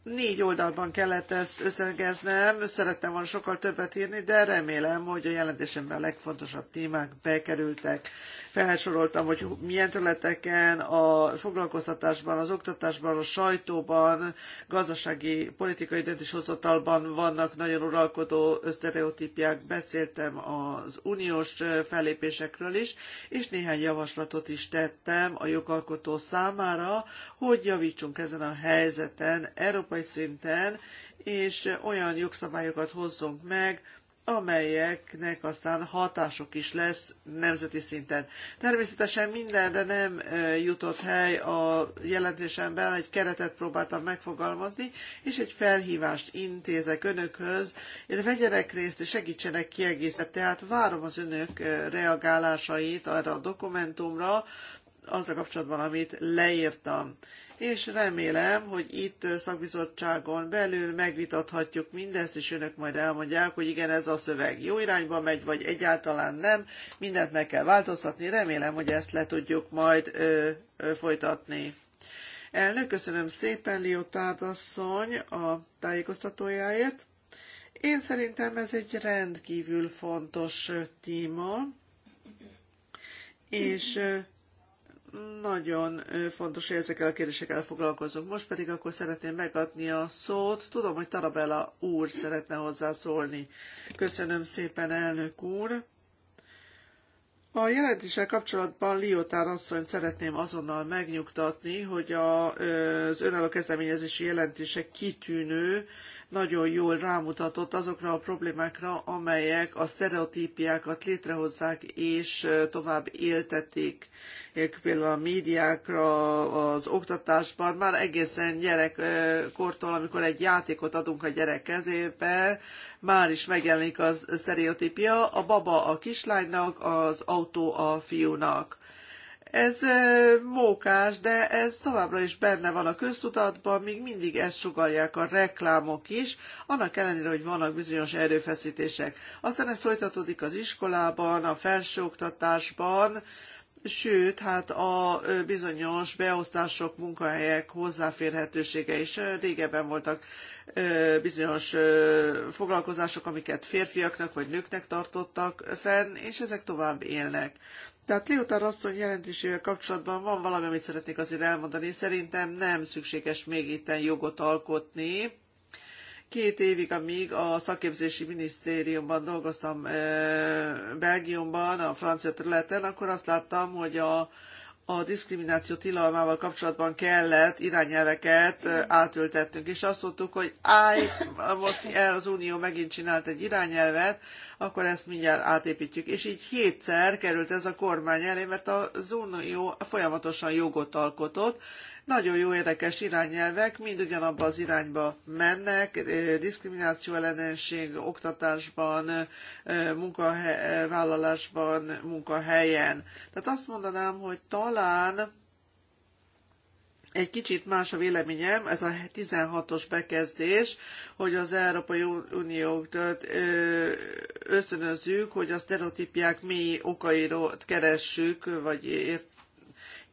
Négy oldalban kellett ezt összegeznem, szerettem volna sokkal többet írni, de remélem, hogy a jelentésemben a legfontosabb témák bekerültek felsoroltam, hogy milyen területeken, a foglalkoztatásban, az oktatásban, a sajtóban, gazdasági, politikai döntéshozatalban vannak nagyon uralkodó sztereotípiák. Beszéltem az uniós fellépésekről is, és néhány javaslatot is tettem a jogalkotó számára, hogy javítsunk ezen a helyzeten európai szinten, és olyan jogszabályokat hozzunk meg, amelyeknek aztán hatások is lesz nemzeti szinten. Természetesen mindenre nem jutott hely a jelentésemben, egy keretet próbáltam megfogalmazni, és egy felhívást intézek önökhöz, hogy vegyenek részt és segítsenek kiegészíteni. Tehát várom az önök reagálásait arra a dokumentumra, azzal kapcsolatban, amit leírtam és remélem, hogy itt szakbizottságon belül megvitathatjuk mindezt, és önök majd elmondják, hogy igen, ez a szöveg jó irányba megy, vagy egyáltalán nem, mindent meg kell változtatni, remélem, hogy ezt le tudjuk majd ö, ö, folytatni. Elnök, köszönöm szépen Liotárd asszony a tájékoztatójáért. Én szerintem ez egy rendkívül fontos téma, és nagyon fontos, hogy ezekkel a kérdésekkel foglalkozunk. Most pedig akkor szeretném megadni a szót. Tudom, hogy Tarabella úr szeretne hozzászólni. Köszönöm szépen, elnök úr. A jelentéssel kapcsolatban Liotár asszonyt szeretném azonnal megnyugtatni, hogy a, az önálló kezdeményezési jelentése kitűnő, nagyon jól rámutatott azokra a problémákra, amelyek a sztereotípiákat létrehozzák és tovább éltetik. Például a médiákra, az oktatásban, már egészen gyerekkortól, amikor egy játékot adunk a gyerek kezébe, már is megjelenik az sztereotípia, a baba a kislánynak, az autó a fiúnak ez mókás, de ez továbbra is benne van a köztudatban, még mindig ezt sugalják a reklámok is, annak ellenére, hogy vannak bizonyos erőfeszítések. Aztán ez folytatódik az iskolában, a felsőoktatásban, sőt, hát a bizonyos beosztások, munkahelyek hozzáférhetősége is régebben voltak bizonyos foglalkozások, amiket férfiaknak vagy nőknek tartottak fenn, és ezek tovább élnek. Tehát Liotár asszony jelentésével kapcsolatban van valami, amit szeretnék azért elmondani. Szerintem nem szükséges még itten jogot alkotni. Két évig, amíg a szakképzési minisztériumban dolgoztam eh, Belgiumban, a francia területen, akkor azt láttam, hogy a a diszkrimináció tilalmával kapcsolatban kellett irányelveket átültettünk, és azt mondtuk, hogy állj, most el az Unió megint csinált egy irányelvet, akkor ezt mindjárt átépítjük. És így hétszer került ez a kormány elé, mert az Unió folyamatosan jogot alkotott, nagyon jó érdekes irányelvek, mind ugyanabba az irányba mennek, eh, diszkrimináció ellenesség, oktatásban, eh, munkavállalásban, eh, munkahelyen. Tehát azt mondanám, hogy talán egy kicsit más a véleményem, ez a 16-os bekezdés, hogy az Európai Uniót ösztönözzük, hogy a sztereotípiák mély okairól keressük, vagy ért,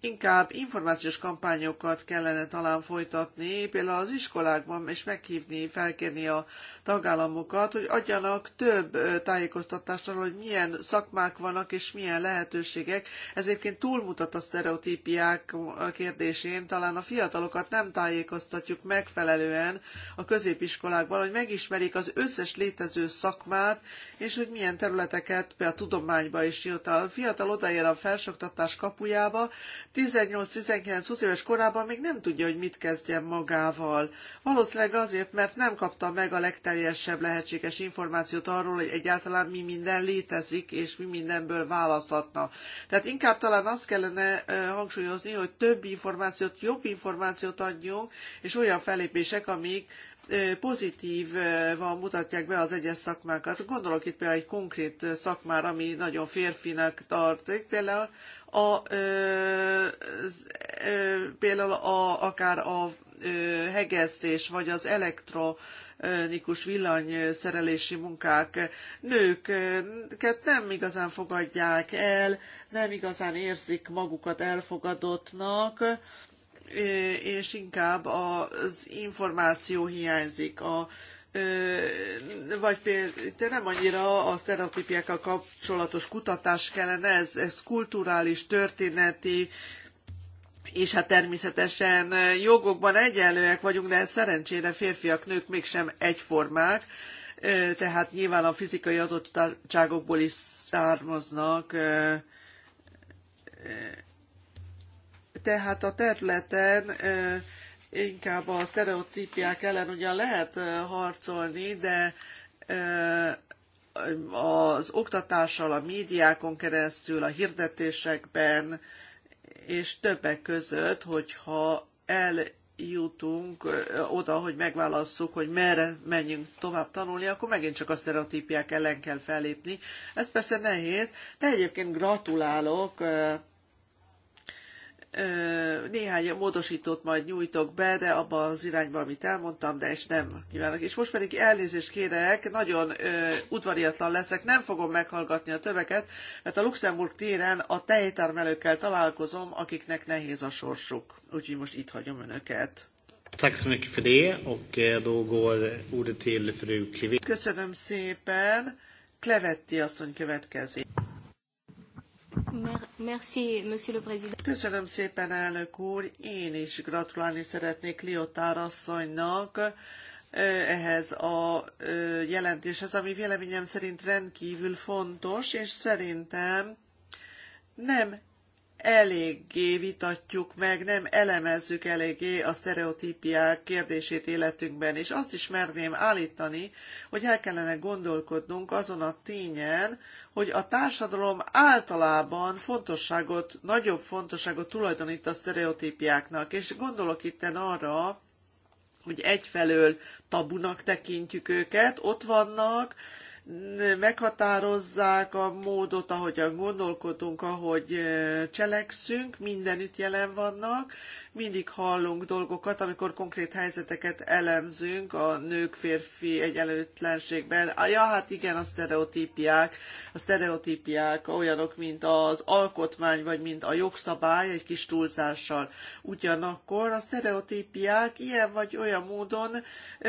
inkább információs kampányokat kellene talán folytatni, például az iskolákban, és meghívni, felkérni a tagállamokat, hogy adjanak több tájékoztatást arról, hogy milyen szakmák vannak, és milyen lehetőségek. Ez egyébként túlmutat a sztereotípiák kérdésén, talán a fiatalokat nem tájékoztatjuk megfelelően a középiskolákban, hogy megismerik az összes létező szakmát, és hogy milyen területeket, például a tudományba is jut. A fiatal odaér a felsoktatás kapujába, 18-19-20 éves korában még nem tudja, hogy mit kezdjen magával. Valószínűleg azért, mert nem kapta meg a legteljesebb lehetséges információt arról, hogy egyáltalán mi minden létezik, és mi mindenből választhatna. Tehát inkább talán azt kellene hangsúlyozni, hogy több információt, jobb információt adjunk, és olyan felépések, amik pozitívan mutatják be az egyes szakmákat. Gondolok itt például egy konkrét szakmára, ami nagyon férfinak tartik, például a, ö, ö, például a, akár a ö, hegesztés, vagy az elektro elektronikus villanyszerelési munkák nőket nem igazán fogadják el, nem igazán érzik magukat elfogadottnak, és inkább az információ hiányzik. A vagy például nem annyira a sztereotípiákkal kapcsolatos kutatás kellene, ez, ez kulturális, történeti, és hát természetesen jogokban egyenlőek vagyunk, de szerencsére férfiak, nők mégsem egyformák, tehát nyilván a fizikai adottságokból is származnak. Tehát a területen inkább a sztereotípiák ellen ugyan lehet harcolni, de az oktatással, a médiákon keresztül, a hirdetésekben, és többek között, hogyha eljutunk oda, hogy megválasszuk, hogy merre menjünk tovább tanulni, akkor megint csak a sztereotípiák ellen kell fellépni. Ez persze nehéz, de egyébként gratulálok néhány módosítót majd nyújtok be, de abba az irányba, amit elmondtam, de és nem kívánok. És most pedig elnézést kérek, nagyon ö, udvariatlan leszek, nem fogom meghallgatni a töveket, mert a Luxemburg téren a tejtermelőkkel találkozom, akiknek nehéz a sorsuk. Úgyhogy most itt hagyom önöket. Tack så mycket för det och eh, då går ordet till fru Köszönöm szépen. Klevetti asszony következik. Köszönöm szépen, elnök úr. Én is gratulálni szeretnék Liotár asszonynak ehhez a jelentéshez, ami véleményem szerint rendkívül fontos, és szerintem nem eléggé vitatjuk meg, nem elemezzük eléggé a sztereotípiák kérdését életünkben, és azt is merném állítani, hogy el kellene gondolkodnunk azon a tényen, hogy a társadalom általában fontosságot, nagyobb fontosságot tulajdonít a sztereotípiáknak, és gondolok itten arra, hogy egyfelől tabunak tekintjük őket, ott vannak, meghatározzák a módot, ahogyan gondolkodunk, ahogy eh, cselekszünk, mindenütt jelen vannak, mindig hallunk dolgokat, amikor konkrét helyzeteket elemzünk a nők-férfi egyenlőtlenségben. Ah, ja, hát igen, a sztereotípiák. A sztereotípiák olyanok, mint az alkotmány, vagy mint a jogszabály egy kis túlzással. Ugyanakkor a sztereotípiák ilyen vagy olyan módon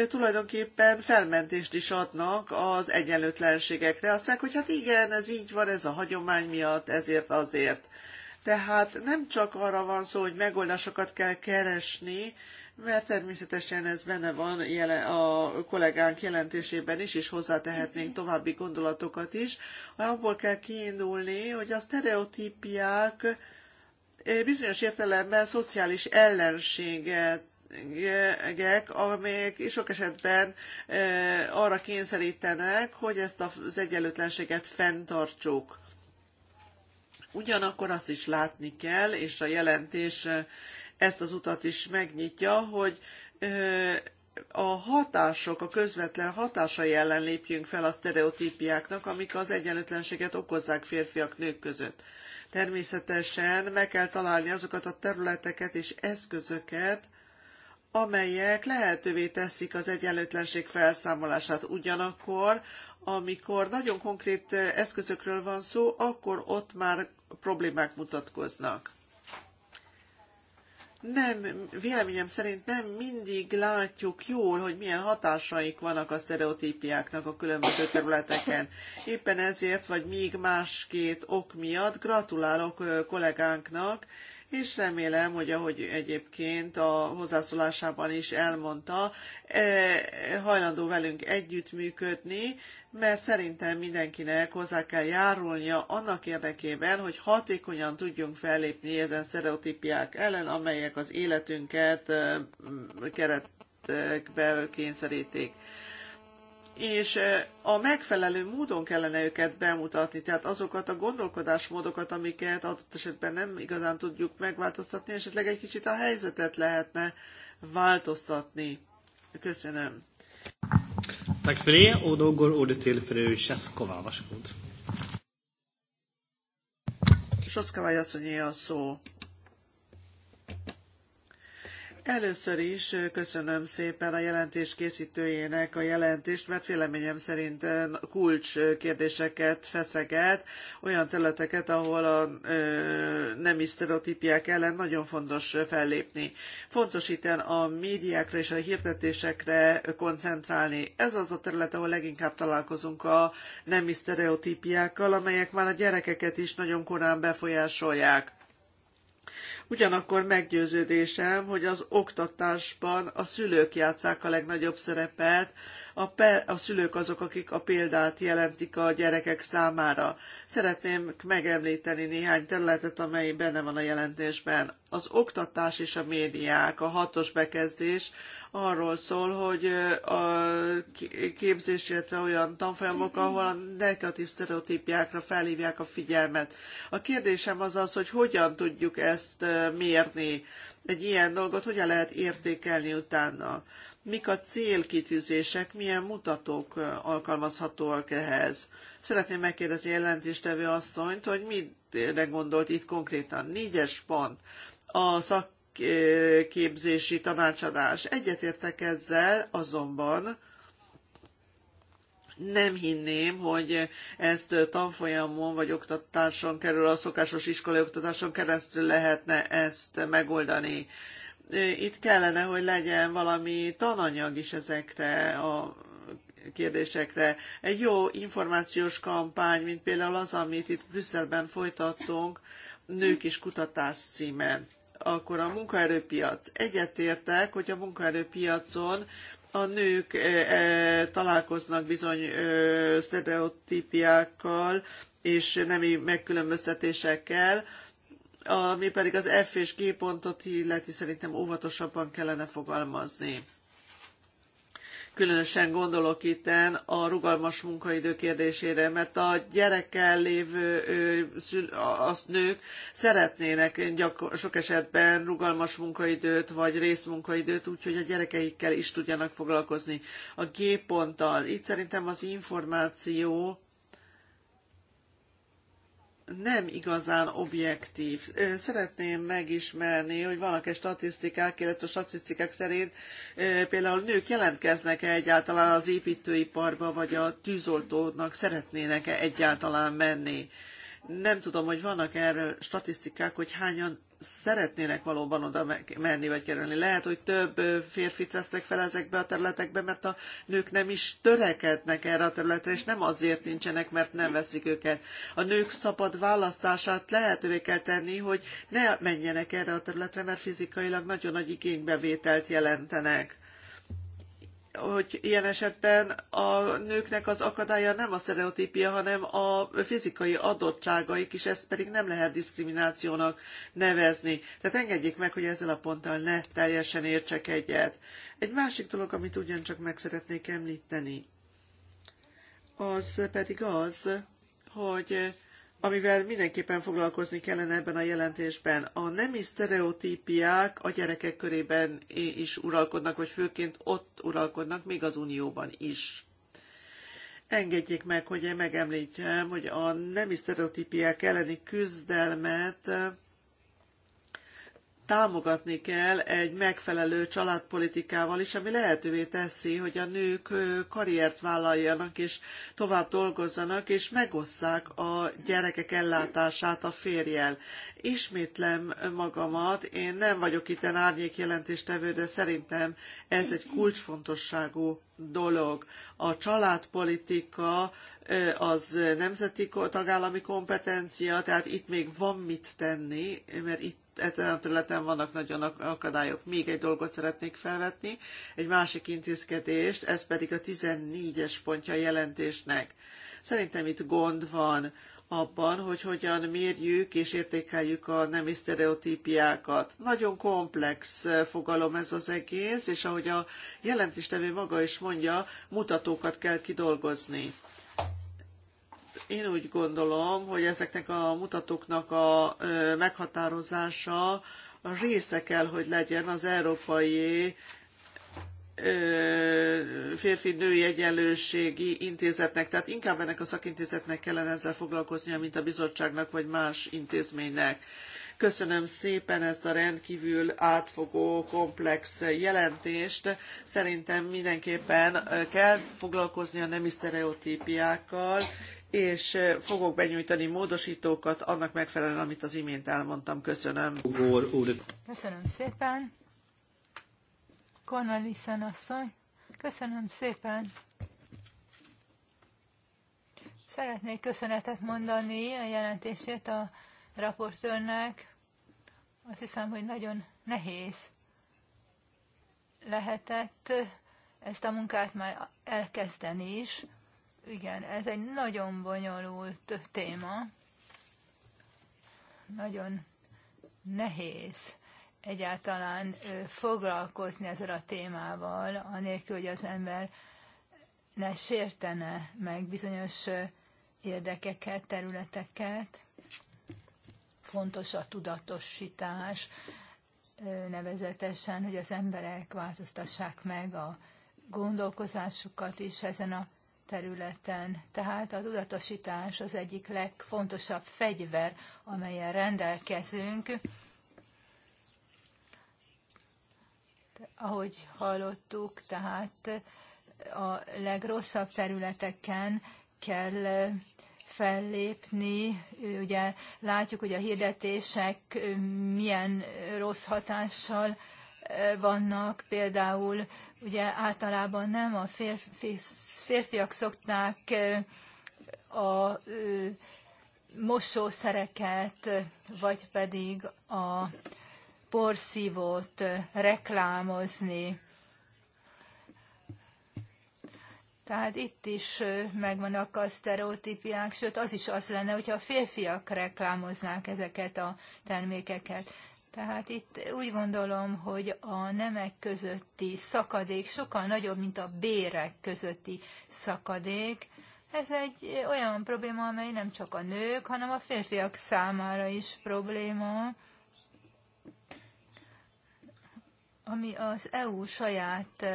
tulajdonképpen felmentést is adnak az egyenlőtlenségekre. Aztán, hogy hát igen, ez így van, ez a hagyomány miatt, ezért azért. Tehát nem csak arra van szó, hogy megoldásokat kell keresni, mert természetesen ez benne van jele, a kollégánk jelentésében is, és hozzátehetnénk további gondolatokat is. Abból kell kiindulni, hogy a sztereotípiák eh, bizonyos értelemben szociális ellenséget amelyek sok esetben eh, arra kényszerítenek, hogy ezt az egyenlőtlenséget fenntartsuk. Ugyanakkor azt is látni kell, és a jelentés ezt az utat is megnyitja, hogy a hatások, a közvetlen hatásai ellen lépjünk fel a sztereotípiáknak, amik az egyenlőtlenséget okozzák férfiak nők között. Természetesen meg kell találni azokat a területeket és eszközöket, amelyek lehetővé teszik az egyenlőtlenség felszámolását. Ugyanakkor, amikor nagyon konkrét eszközökről van szó, akkor ott már problémák mutatkoznak. Nem, véleményem szerint nem mindig látjuk jól, hogy milyen hatásaik vannak a sztereotípiáknak a különböző területeken. Éppen ezért, vagy még más két ok miatt gratulálok kollégánknak, és remélem, hogy ahogy egyébként a hozzászólásában is elmondta, e, hajlandó velünk együttműködni, mert szerintem mindenkinek hozzá kell járulnia annak érdekében, hogy hatékonyan tudjunk fellépni ezen sztereotípiák ellen, amelyek az életünket e, keretbe kényszeríték és a megfelelő módon kellene őket bemutatni, tehát azokat a gondolkodásmódokat, amiket adott esetben nem igazán tudjuk megváltoztatni, esetleg egy kicsit a helyzetet lehetne változtatni. Köszönöm. Tack för det och då går ordet till fru Cheskova. Varsågod. Soszkavai asszonyé a szó. Először is köszönöm szépen a jelentés készítőjének a jelentést, mert véleményem szerint kulcs kérdéseket feszeget, olyan területeket, ahol a nemi sztereotípiák ellen nagyon fontos fellépni. Fontos itt a médiákra és a hirdetésekre koncentrálni. Ez az a terület, ahol leginkább találkozunk a nemi sztereotípiákkal, amelyek már a gyerekeket is nagyon korán befolyásolják Ugyanakkor meggyőződésem, hogy az oktatásban a szülők játszák a legnagyobb szerepet, a, pe, a szülők azok, akik a példát jelentik a gyerekek számára. Szeretném megemlíteni néhány területet, amely benne van a jelentésben. Az oktatás és a médiák, a hatos bekezdés arról szól, hogy a képzés, illetve olyan tanfolyamok, ahol a negatív sztereotípiákra felhívják a figyelmet. A kérdésem az az, hogy hogyan tudjuk ezt mérni, egy ilyen dolgot hogyan lehet értékelni utána mik a célkitűzések, milyen mutatók alkalmazhatóak ehhez. Szeretném megkérdezni jelentéstevő asszonyt, hogy mire gondolt itt konkrétan. Négyes pont. A szakképzési tanácsadás. Egyetértek ezzel, azonban nem hinném, hogy ezt tanfolyamon vagy oktatáson kerül, a szokásos iskolai oktatáson keresztül lehetne ezt megoldani itt kellene, hogy legyen valami tananyag is ezekre a kérdésekre. Egy jó információs kampány, mint például az, amit itt Brüsszelben folytattunk, nők is kutatás címen. Akkor a munkaerőpiac. Egyetértek, hogy a munkaerőpiacon a nők találkoznak bizony sztereotípiákkal és nemi megkülönböztetésekkel, ami pedig az F és G pontot illeti szerintem óvatosabban kellene fogalmazni. Különösen gondolok itt a rugalmas munkaidő kérdésére, mert a gyerekkel lévő azt nők szeretnének gyakor, sok esetben rugalmas munkaidőt vagy részmunkaidőt, úgyhogy a gyerekeikkel is tudjanak foglalkozni. A G ponttal itt szerintem az információ nem igazán objektív. Szeretném megismerni, hogy vannak-e statisztikák, illetve statisztikák szerint például nők jelentkeznek-e egyáltalán az építőiparba, vagy a tűzoltónak szeretnének-e egyáltalán menni. Nem tudom, hogy vannak erről statisztikák, hogy hányan szeretnének valóban oda menni vagy kerülni. Lehet, hogy több férfit vesznek fel ezekbe a területekbe, mert a nők nem is törekednek erre a területre, és nem azért nincsenek, mert nem veszik őket. A nők szabad választását lehetővé kell tenni, hogy ne menjenek erre a területre, mert fizikailag nagyon nagy igénybevételt jelentenek hogy ilyen esetben a nőknek az akadálya nem a sztereotípia, hanem a fizikai adottságaik, és ezt pedig nem lehet diszkriminációnak nevezni. Tehát engedjék meg, hogy ezzel a ponttal ne teljesen értsek egyet. Egy másik dolog, amit ugyancsak meg szeretnék említeni, az pedig az, hogy amivel mindenképpen foglalkozni kellene ebben a jelentésben. A nemi sztereotípiák a gyerekek körében is uralkodnak, vagy főként ott uralkodnak, még az Unióban is. Engedjék meg, hogy én megemlítsem, hogy a nemi sztereotípiák elleni küzdelmet támogatni kell egy megfelelő családpolitikával is, ami lehetővé teszi, hogy a nők karriert vállaljanak és tovább dolgozzanak, és megosszák a gyerekek ellátását a férjel. Ismétlem magamat, én nem vagyok itt árnyék jelentéstevő, de szerintem ez egy kulcsfontosságú dolog. A családpolitika az nemzeti tagállami kompetencia, tehát itt még van mit tenni, mert itt ezen a területen vannak nagyon akadályok. Még egy dolgot szeretnék felvetni, egy másik intézkedést, ez pedig a 14-es pontja jelentésnek. Szerintem itt gond van abban, hogy hogyan mérjük és értékeljük a nemi sztereotípiákat. Nagyon komplex eh, fogalom ez az egész, és ahogy a jelentéstevő maga is mondja, mutatókat kell kidolgozni én úgy gondolom, hogy ezeknek a mutatóknak a meghatározása a része kell, hogy legyen az európai férfi-női egyenlőségi intézetnek, tehát inkább ennek a szakintézetnek kellene ezzel foglalkoznia, mint a bizottságnak vagy más intézménynek. Köszönöm szépen ezt a rendkívül átfogó, komplex jelentést. Szerintem mindenképpen kell foglalkozni a nemi sztereotípiákkal, és fogok benyújtani módosítókat annak megfelelően, amit az imént elmondtam. Köszönöm. Köszönöm szépen. Cornelissen asszony, köszönöm szépen. Szeretnék köszönetet mondani a jelentését a raportőrnek. Azt hiszem, hogy nagyon nehéz lehetett ezt a munkát már elkezdeni is. Igen, ez egy nagyon bonyolult téma, nagyon nehéz egyáltalán foglalkozni ezzel a témával, anélkül, hogy az ember ne sértene meg bizonyos érdekeket, területeket. Fontos a tudatosítás, nevezetesen, hogy az emberek változtassák meg a gondolkozásukat is ezen a területen. Tehát a tudatosítás az egyik legfontosabb fegyver, amelyen rendelkezünk. Ahogy hallottuk, tehát a legrosszabb területeken kell fellépni. Ugye látjuk, hogy a hirdetések milyen rossz hatással vannak, például ugye általában nem a férfi, férfiak szokták a mosószereket, vagy pedig a porszívót reklámozni. Tehát itt is megvannak a sztereotípiák, sőt az is az lenne, hogyha a férfiak reklámoznák ezeket a termékeket. Tehát itt úgy gondolom, hogy a nemek közötti szakadék sokkal nagyobb, mint a bérek közötti szakadék. Ez egy olyan probléma, amely nem csak a nők, hanem a férfiak számára is probléma, ami az EU saját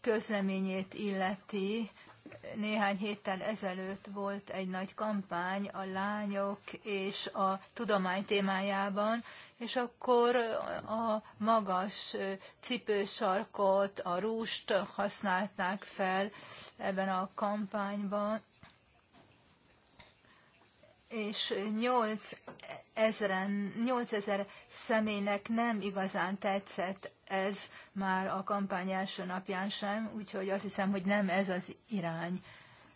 közleményét illeti néhány héttel ezelőtt volt egy nagy kampány a lányok és a tudomány témájában, és akkor a magas cipősarkot, a rúst használták fel ebben a kampányban, és 8000 8 ezer személynek nem igazán tetszett ez már a kampány első napján sem, úgyhogy azt hiszem, hogy nem ez az irány,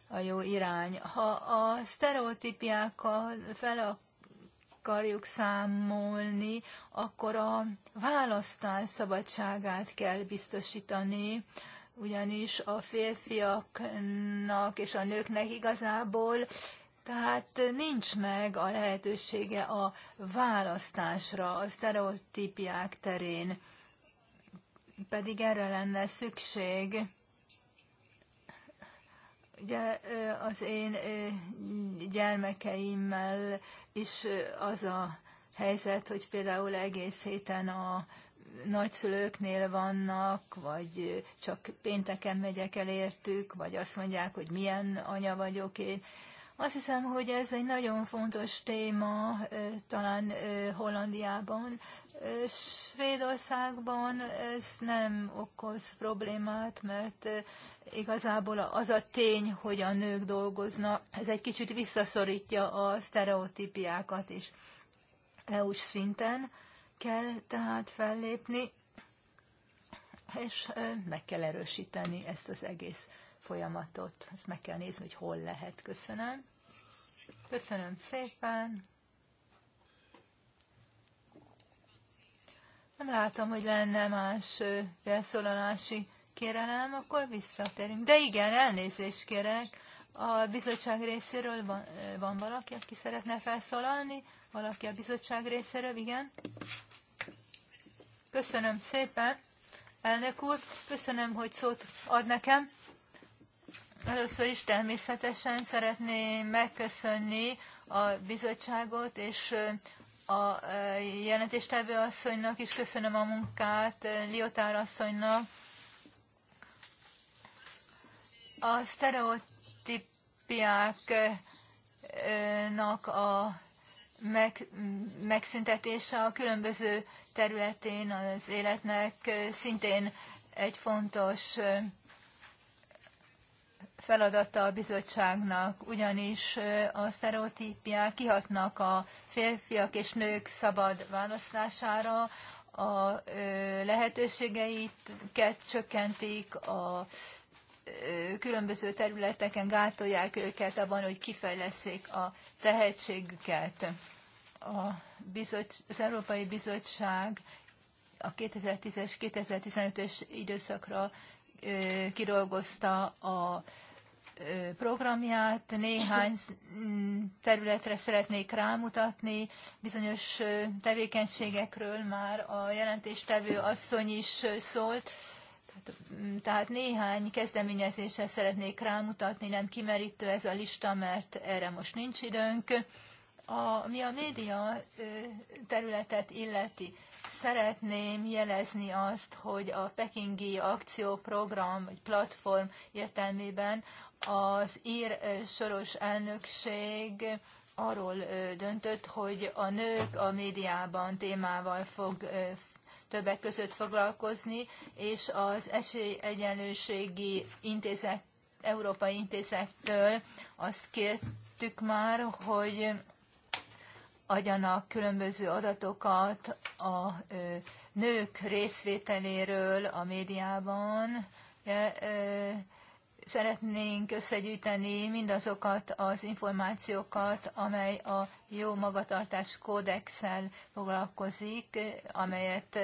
a jó irány. Ha a sztereotípiákkal fel akarjuk számolni, akkor a választás szabadságát kell biztosítani, ugyanis a férfiaknak és a nőknek igazából tehát nincs meg a lehetősége a választásra a sztereotípiák terén pedig erre lenne szükség. Ugye az én gyermekeimmel is az a helyzet, hogy például egész héten a nagyszülőknél vannak, vagy csak pénteken megyek el értük, vagy azt mondják, hogy milyen anya vagyok én. Azt hiszem, hogy ez egy nagyon fontos téma talán Hollandiában, Svédországban ez nem okoz problémát, mert eh, igazából az a tény, hogy a nők dolgoznak, ez egy kicsit visszaszorítja a sztereotípiákat is. EU-s szinten kell tehát fellépni, és eh, meg kell erősíteni ezt az egész folyamatot. Ezt meg kell nézni, hogy hol lehet. Köszönöm. Köszönöm szépen. Nem látom, hogy lenne más felszólalási kérelem, akkor visszatérünk. De igen, elnézést kérek. A bizottság részéről van, van valaki, aki szeretne felszólalni? Valaki a bizottság részéről, igen? Köszönöm szépen, elnök úr, köszönöm, hogy szót ad nekem. Először is természetesen szeretném megköszönni a bizottságot és a jelentéstevő asszonynak is köszönöm a munkát, Liotár asszonynak. A sztereotípiáknak a meg, megszüntetése a különböző területén az életnek szintén egy fontos feladata a bizottságnak, ugyanis a sztereotípiák kihatnak a férfiak és nők szabad választására, a lehetőségeiket csökkentik, a különböző területeken gátolják őket abban, hogy kifejleszék a tehetségüket. A bizot, az Európai Bizottság a 2010-es, 2015-ös időszakra kidolgozta a programját, néhány mm, területre szeretnék rámutatni, bizonyos tevékenységekről már a jelentéstevő asszony is szólt, mm, tehát néhány kezdeményezésre szeretnék rámutatni, nem kimerítő ez a lista, mert erre most nincs időnk. A, mi a média területet illeti, szeretném jelezni azt, hogy a Pekingi akcióprogram vagy platform értelmében az ír soros elnökség arról döntött, hogy a nők a médiában témával fog többek között foglalkozni, és az esélyegyenlőségi intézet, európai intézettől azt kértük már, hogy adjanak különböző adatokat a nők részvételéről a médiában szeretnénk összegyűjteni mindazokat az információkat, amely a jó magatartás kódexel foglalkozik, amelyet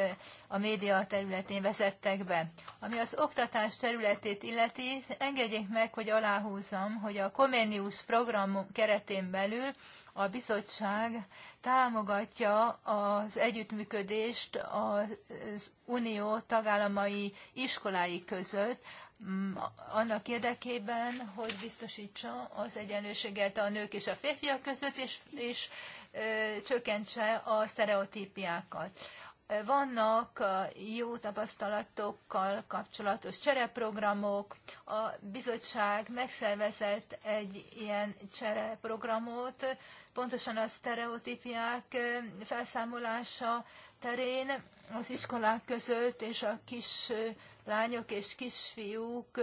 a média területén vezettek be. Ami az oktatás területét illeti, engedjék meg, hogy aláhúzzam, hogy a Comenius program keretén belül a bizottság támogatja az együttműködést az unió tagállamai iskolái között, Mm, annak érdekében, hogy biztosítsa az egyenlőséget a nők és a férfiak között, és, és ö, csökkentse a sztereotípiákat. Vannak jó tapasztalatokkal kapcsolatos csereprogramok, a bizottság megszervezett egy ilyen csereprogramot, pontosan a sztereotípiák felszámolása terén az iskolák között és a kis lányok és kisfiúk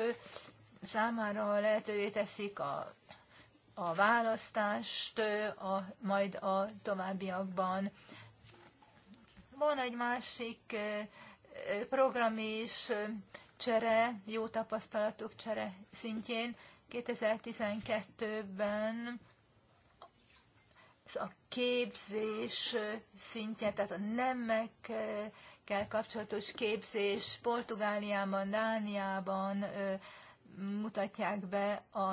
számára lehetővé teszik a, a választást, a, majd a továbbiakban. Van egy másik program is, csere, jó tapasztalatok csere szintjén. 2012-ben a képzés szintje, tehát a nemek kell kapcsolatos képzés Portugáliában, Dániában mutatják be a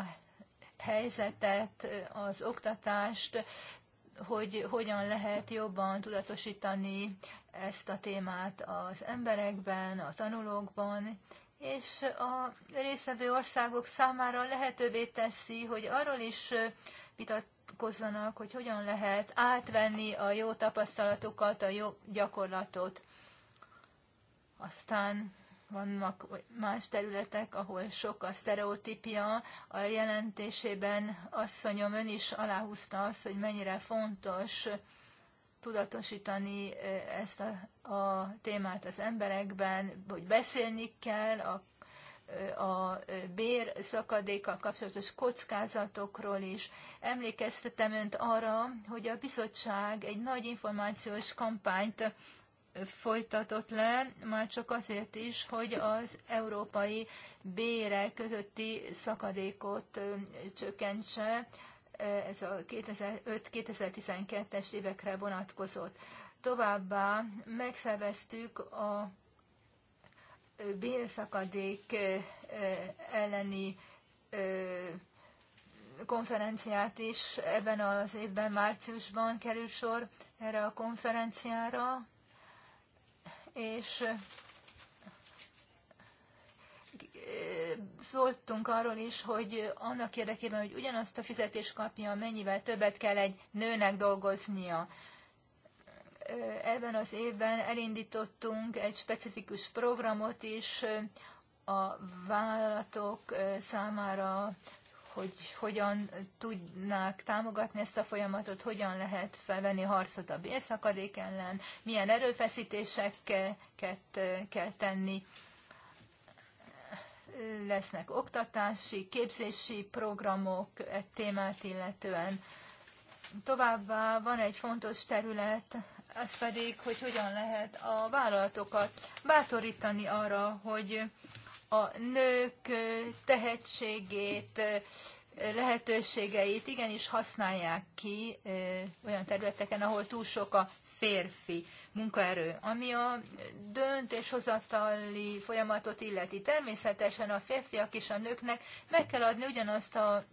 helyzetet, az oktatást, hogy hogyan lehet jobban tudatosítani ezt a témát az emberekben, a tanulókban, és a részvevő országok számára lehetővé teszi, hogy arról is vitatkozzanak, hogy hogyan lehet átvenni a jó tapasztalatokat, a jó gyakorlatot. Aztán vannak más területek, ahol sok a sztereotípia. A jelentésében asszonyom ön is aláhúzta azt, hogy mennyire fontos tudatosítani e, ezt a, a témát az emberekben, hogy beszélni kell a, e, a bér szakadékkal kapcsolatos kockázatokról is. Emlékeztetem önt arra, hogy a bizottság egy nagy információs kampányt folytatott le, már csak azért is, hogy az európai bére közötti szakadékot csökkentse, ez a 2005-2012-es évekre vonatkozott. Továbbá megszerveztük a bérszakadék elleni konferenciát is. Ebben az évben márciusban kerül sor erre a konferenciára és szóltunk arról is, hogy annak érdekében, hogy ugyanazt a fizetést kapja, mennyivel többet kell egy nőnek dolgoznia. Ebben az évben elindítottunk egy specifikus programot is a vállalatok számára hogy hogyan tudnák támogatni ezt a folyamatot, hogyan lehet felvenni harcot a bérszakadék ellen, milyen erőfeszítéseket kell tenni. Lesznek oktatási, képzési programok e témát illetően. Továbbá van egy fontos terület, az pedig, hogy hogyan lehet a vállalatokat bátorítani arra, hogy a nők tehetségét, lehetőségeit igenis használják ki olyan területeken, ahol túl sok a férfi munkaerő. Ami a döntéshozatali folyamatot illeti, természetesen a férfiak és a nőknek meg kell adni ugyanazt a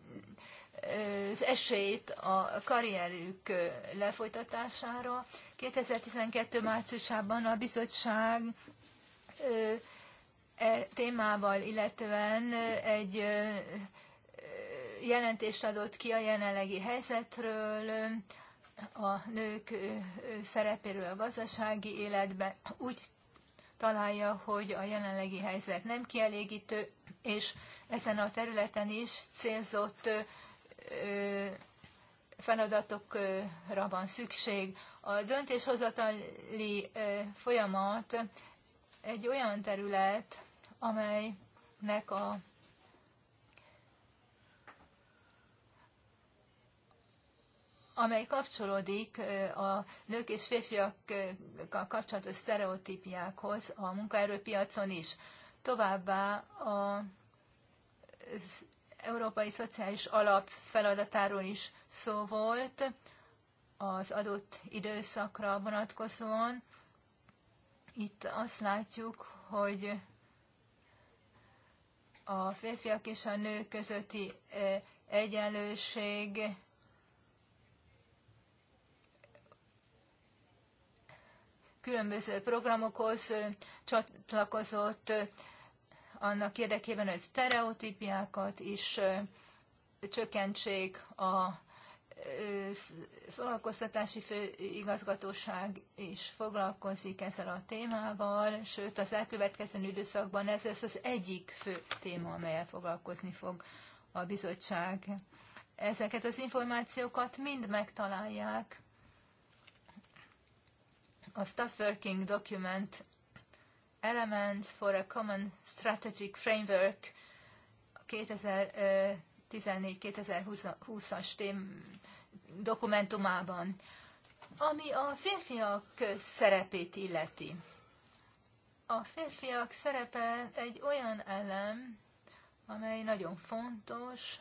az esélyt a karrierük lefolytatására. 2012. márciusában a bizottság E témával, illetően e, egy e, jelentést adott ki a jelenlegi helyzetről, a nők szerepéről a gazdasági életben. Úgy találja, hogy a jelenlegi helyzet nem kielégítő, és ezen a területen is célzott feladatokra van szükség. A döntéshozatali folyamat egy olyan terület, amelynek a amely kapcsolódik a nők és férfiakkal kapcsolatos sztereotípiákhoz a munkaerőpiacon is. Továbbá a az Európai Szociális Alap feladatáról is szó volt az adott időszakra vonatkozóan. Itt azt látjuk, hogy a férfiak és a nők közötti egyenlőség különböző programokhoz csatlakozott annak érdekében, hogy sztereotípiákat is csökkentsék a foglalkoztatási főigazgatóság is foglalkozik ezzel a témával, sőt az elkövetkező időszakban ez lesz az egyik fő téma, amelyel foglalkozni fog a bizottság. Ezeket az információkat mind megtalálják a Staff Working Document Elements for a Common Strategic Framework 2014 2020 as dokumentumában, ami a férfiak szerepét illeti. A férfiak szerepe egy olyan elem, amely nagyon fontos.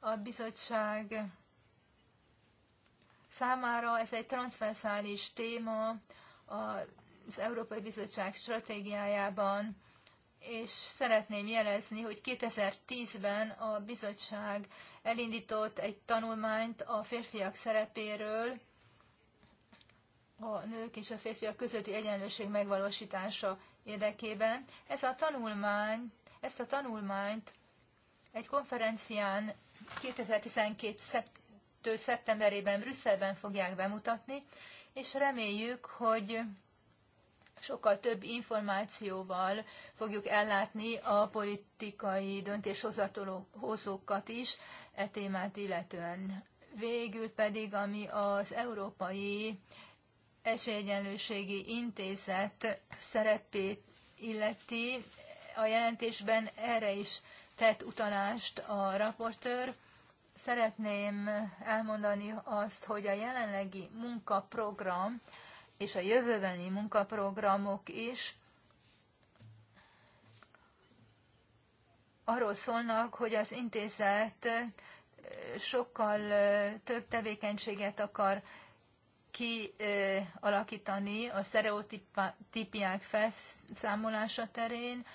A bizottság számára ez egy transzverszális téma az Európai Bizottság stratégiájában és szeretném jelezni, hogy 2010-ben a bizottság elindított egy tanulmányt a férfiak szerepéről, a nők és a férfiak közötti egyenlőség megvalósítása érdekében. Ez a tanulmány, ezt a tanulmányt egy konferencián 2012. szeptemberében Brüsszelben fogják bemutatni, és reméljük, hogy sokkal több információval fogjuk ellátni a politikai döntéshozókat is e témát illetően. Végül pedig, ami az Európai Esélyegyenlőségi Intézet szerepét illeti, a jelentésben erre is tett utalást a raportőr. Szeretném elmondani azt, hogy a jelenlegi munkaprogram és a jövőbeni munkaprogramok is arról szólnak, hogy az intézet eh, sokkal eh, több tevékenységet akar kialakítani a sztereotípiák felszámolása terén.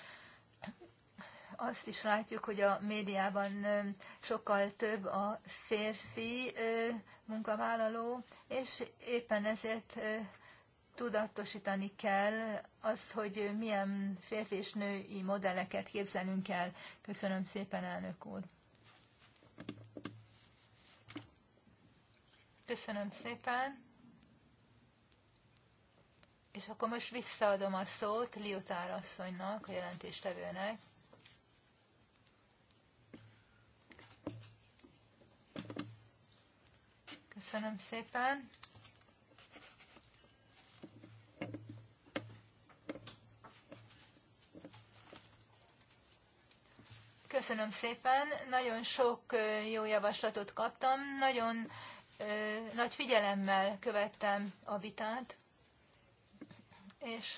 Azt is látjuk, hogy a médiában eh, sokkal több a férfi munkavállaló, és éppen ezért tudatosítani kell az, hogy milyen férfi és női modelleket képzelünk el. Köszönöm szépen, elnök úr. Köszönöm szépen. És akkor most visszaadom a szót Liutár asszonynak, a jelentéstevőnek. Köszönöm szépen. Köszönöm szépen, nagyon sok jó javaslatot kaptam, nagyon nagy figyelemmel követtem a vitát, és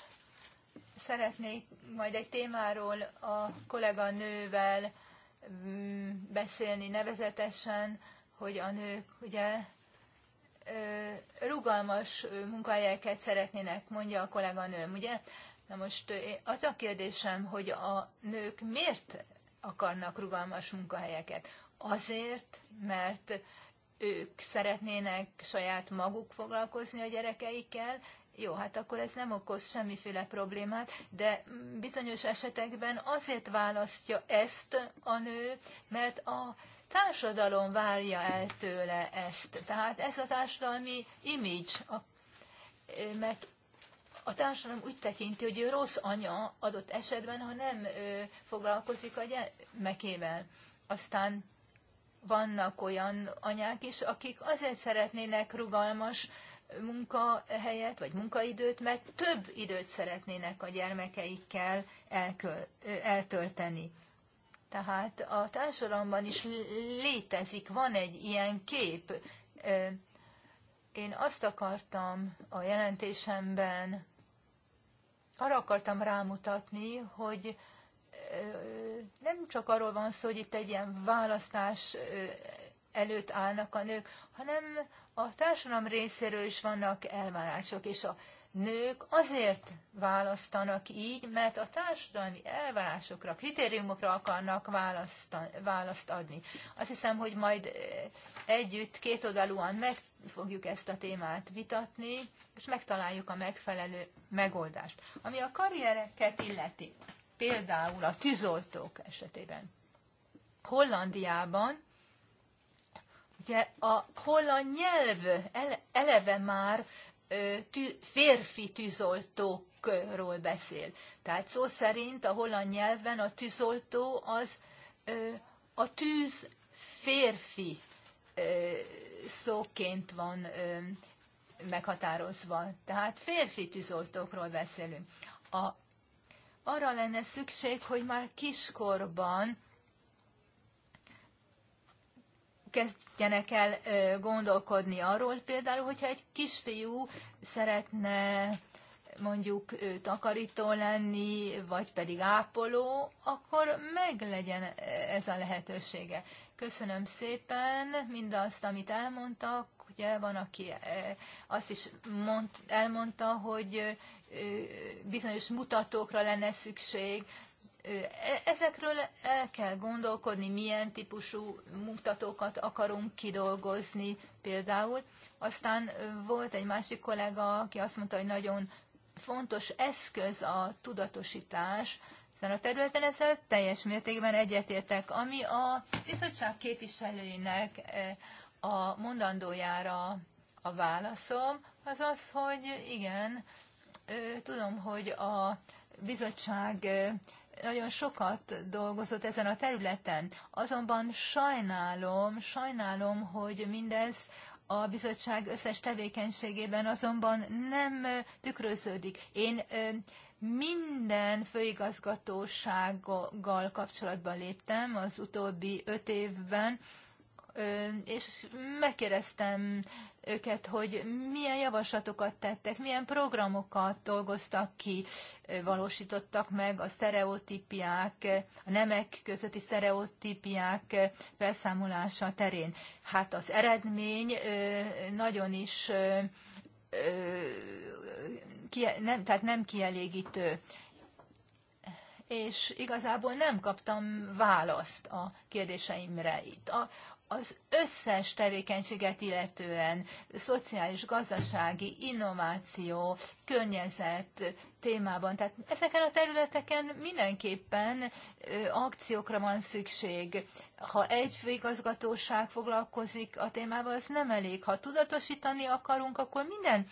szeretnék majd egy témáról a kolléganővel mm, beszélni nevezetesen, hogy a nők ugye rugalmas munkahelyeket szeretnének, mondja a kolléganőm, ugye? Na most az a kérdésem, hogy a nők miért akarnak rugalmas munkahelyeket. Azért, mert ők szeretnének saját maguk foglalkozni a gyerekeikkel, jó, hát akkor ez nem okoz semmiféle problémát, de bizonyos esetekben azért választja ezt a nő, mert a társadalom várja el tőle ezt. Tehát ez a társadalmi image, mert a társadalom úgy tekinti, hogy ő rossz anya adott esetben, ha nem foglalkozik a gyermekével. Aztán vannak olyan anyák is, akik azért szeretnének rugalmas munkahelyet vagy munkaidőt, mert több időt szeretnének a gyermekeikkel elköl, eltölteni. Tehát a társadalomban is létezik, van egy ilyen kép. Én azt akartam a jelentésemben arra akartam rámutatni, hogy nem csak arról van szó, hogy itt egy ilyen választás előtt állnak a nők, hanem a társadalom részéről is vannak elvárások, és a nők azért választanak így, mert a társadalmi elvárásokra, kritériumokra akarnak választ, választ adni. Azt hiszem, hogy majd eh, együtt, kétoldalúan meg fogjuk ezt a témát vitatni, és megtaláljuk a megfelelő megoldást. Ami a karriereket illeti, például a tűzoltók esetében. Hollandiában ugye a holland nyelv eleve már tű, férfi tűzoltókról beszél. Tehát szó szerint a holland nyelven a tűzoltó az a tűz férfi szóként van meghatározva. Tehát férfi tűzoltókról beszélünk. A, arra lenne szükség, hogy már kiskorban kezdjenek el gondolkodni arról például, hogyha egy kisfiú szeretne mondjuk takarító lenni, vagy pedig ápoló, akkor meg legyen ez a lehetősége. Köszönöm szépen mindazt, amit elmondtak. Ugye van, aki azt is mond, elmondta, hogy bizonyos mutatókra lenne szükség, E, ezekről el kell gondolkodni, milyen típusú mutatókat akarunk kidolgozni például. Aztán volt egy másik kollega, aki azt mondta, hogy nagyon fontos eszköz a tudatosítás, hiszen a területen ezzel teljes mértékben egyetértek, ami a bizottság képviselőinek a mondandójára a válaszom, az az, hogy igen, tudom, hogy a bizottság nagyon sokat dolgozott ezen a területen. Azonban sajnálom, sajnálom, hogy mindez a bizottság összes tevékenységében azonban nem tükröződik. Én minden főigazgatósággal kapcsolatban léptem az utóbbi öt évben, és megkérdeztem őket, hogy milyen javaslatokat tettek, milyen programokat dolgoztak ki, valósítottak meg a sztereotípiák, a nemek közötti sztereotípiák felszámolása terén. Hát az eredmény nagyon is nem, tehát nem kielégítő és igazából nem kaptam választ a kérdéseimre itt. A, az összes tevékenységet illetően, szociális, gazdasági, innováció, környezet témában. Tehát ezeken a területeken mindenképpen akciókra van szükség. Ha egy főigazgatóság foglalkozik a témával, az nem elég. Ha tudatosítani akarunk, akkor minden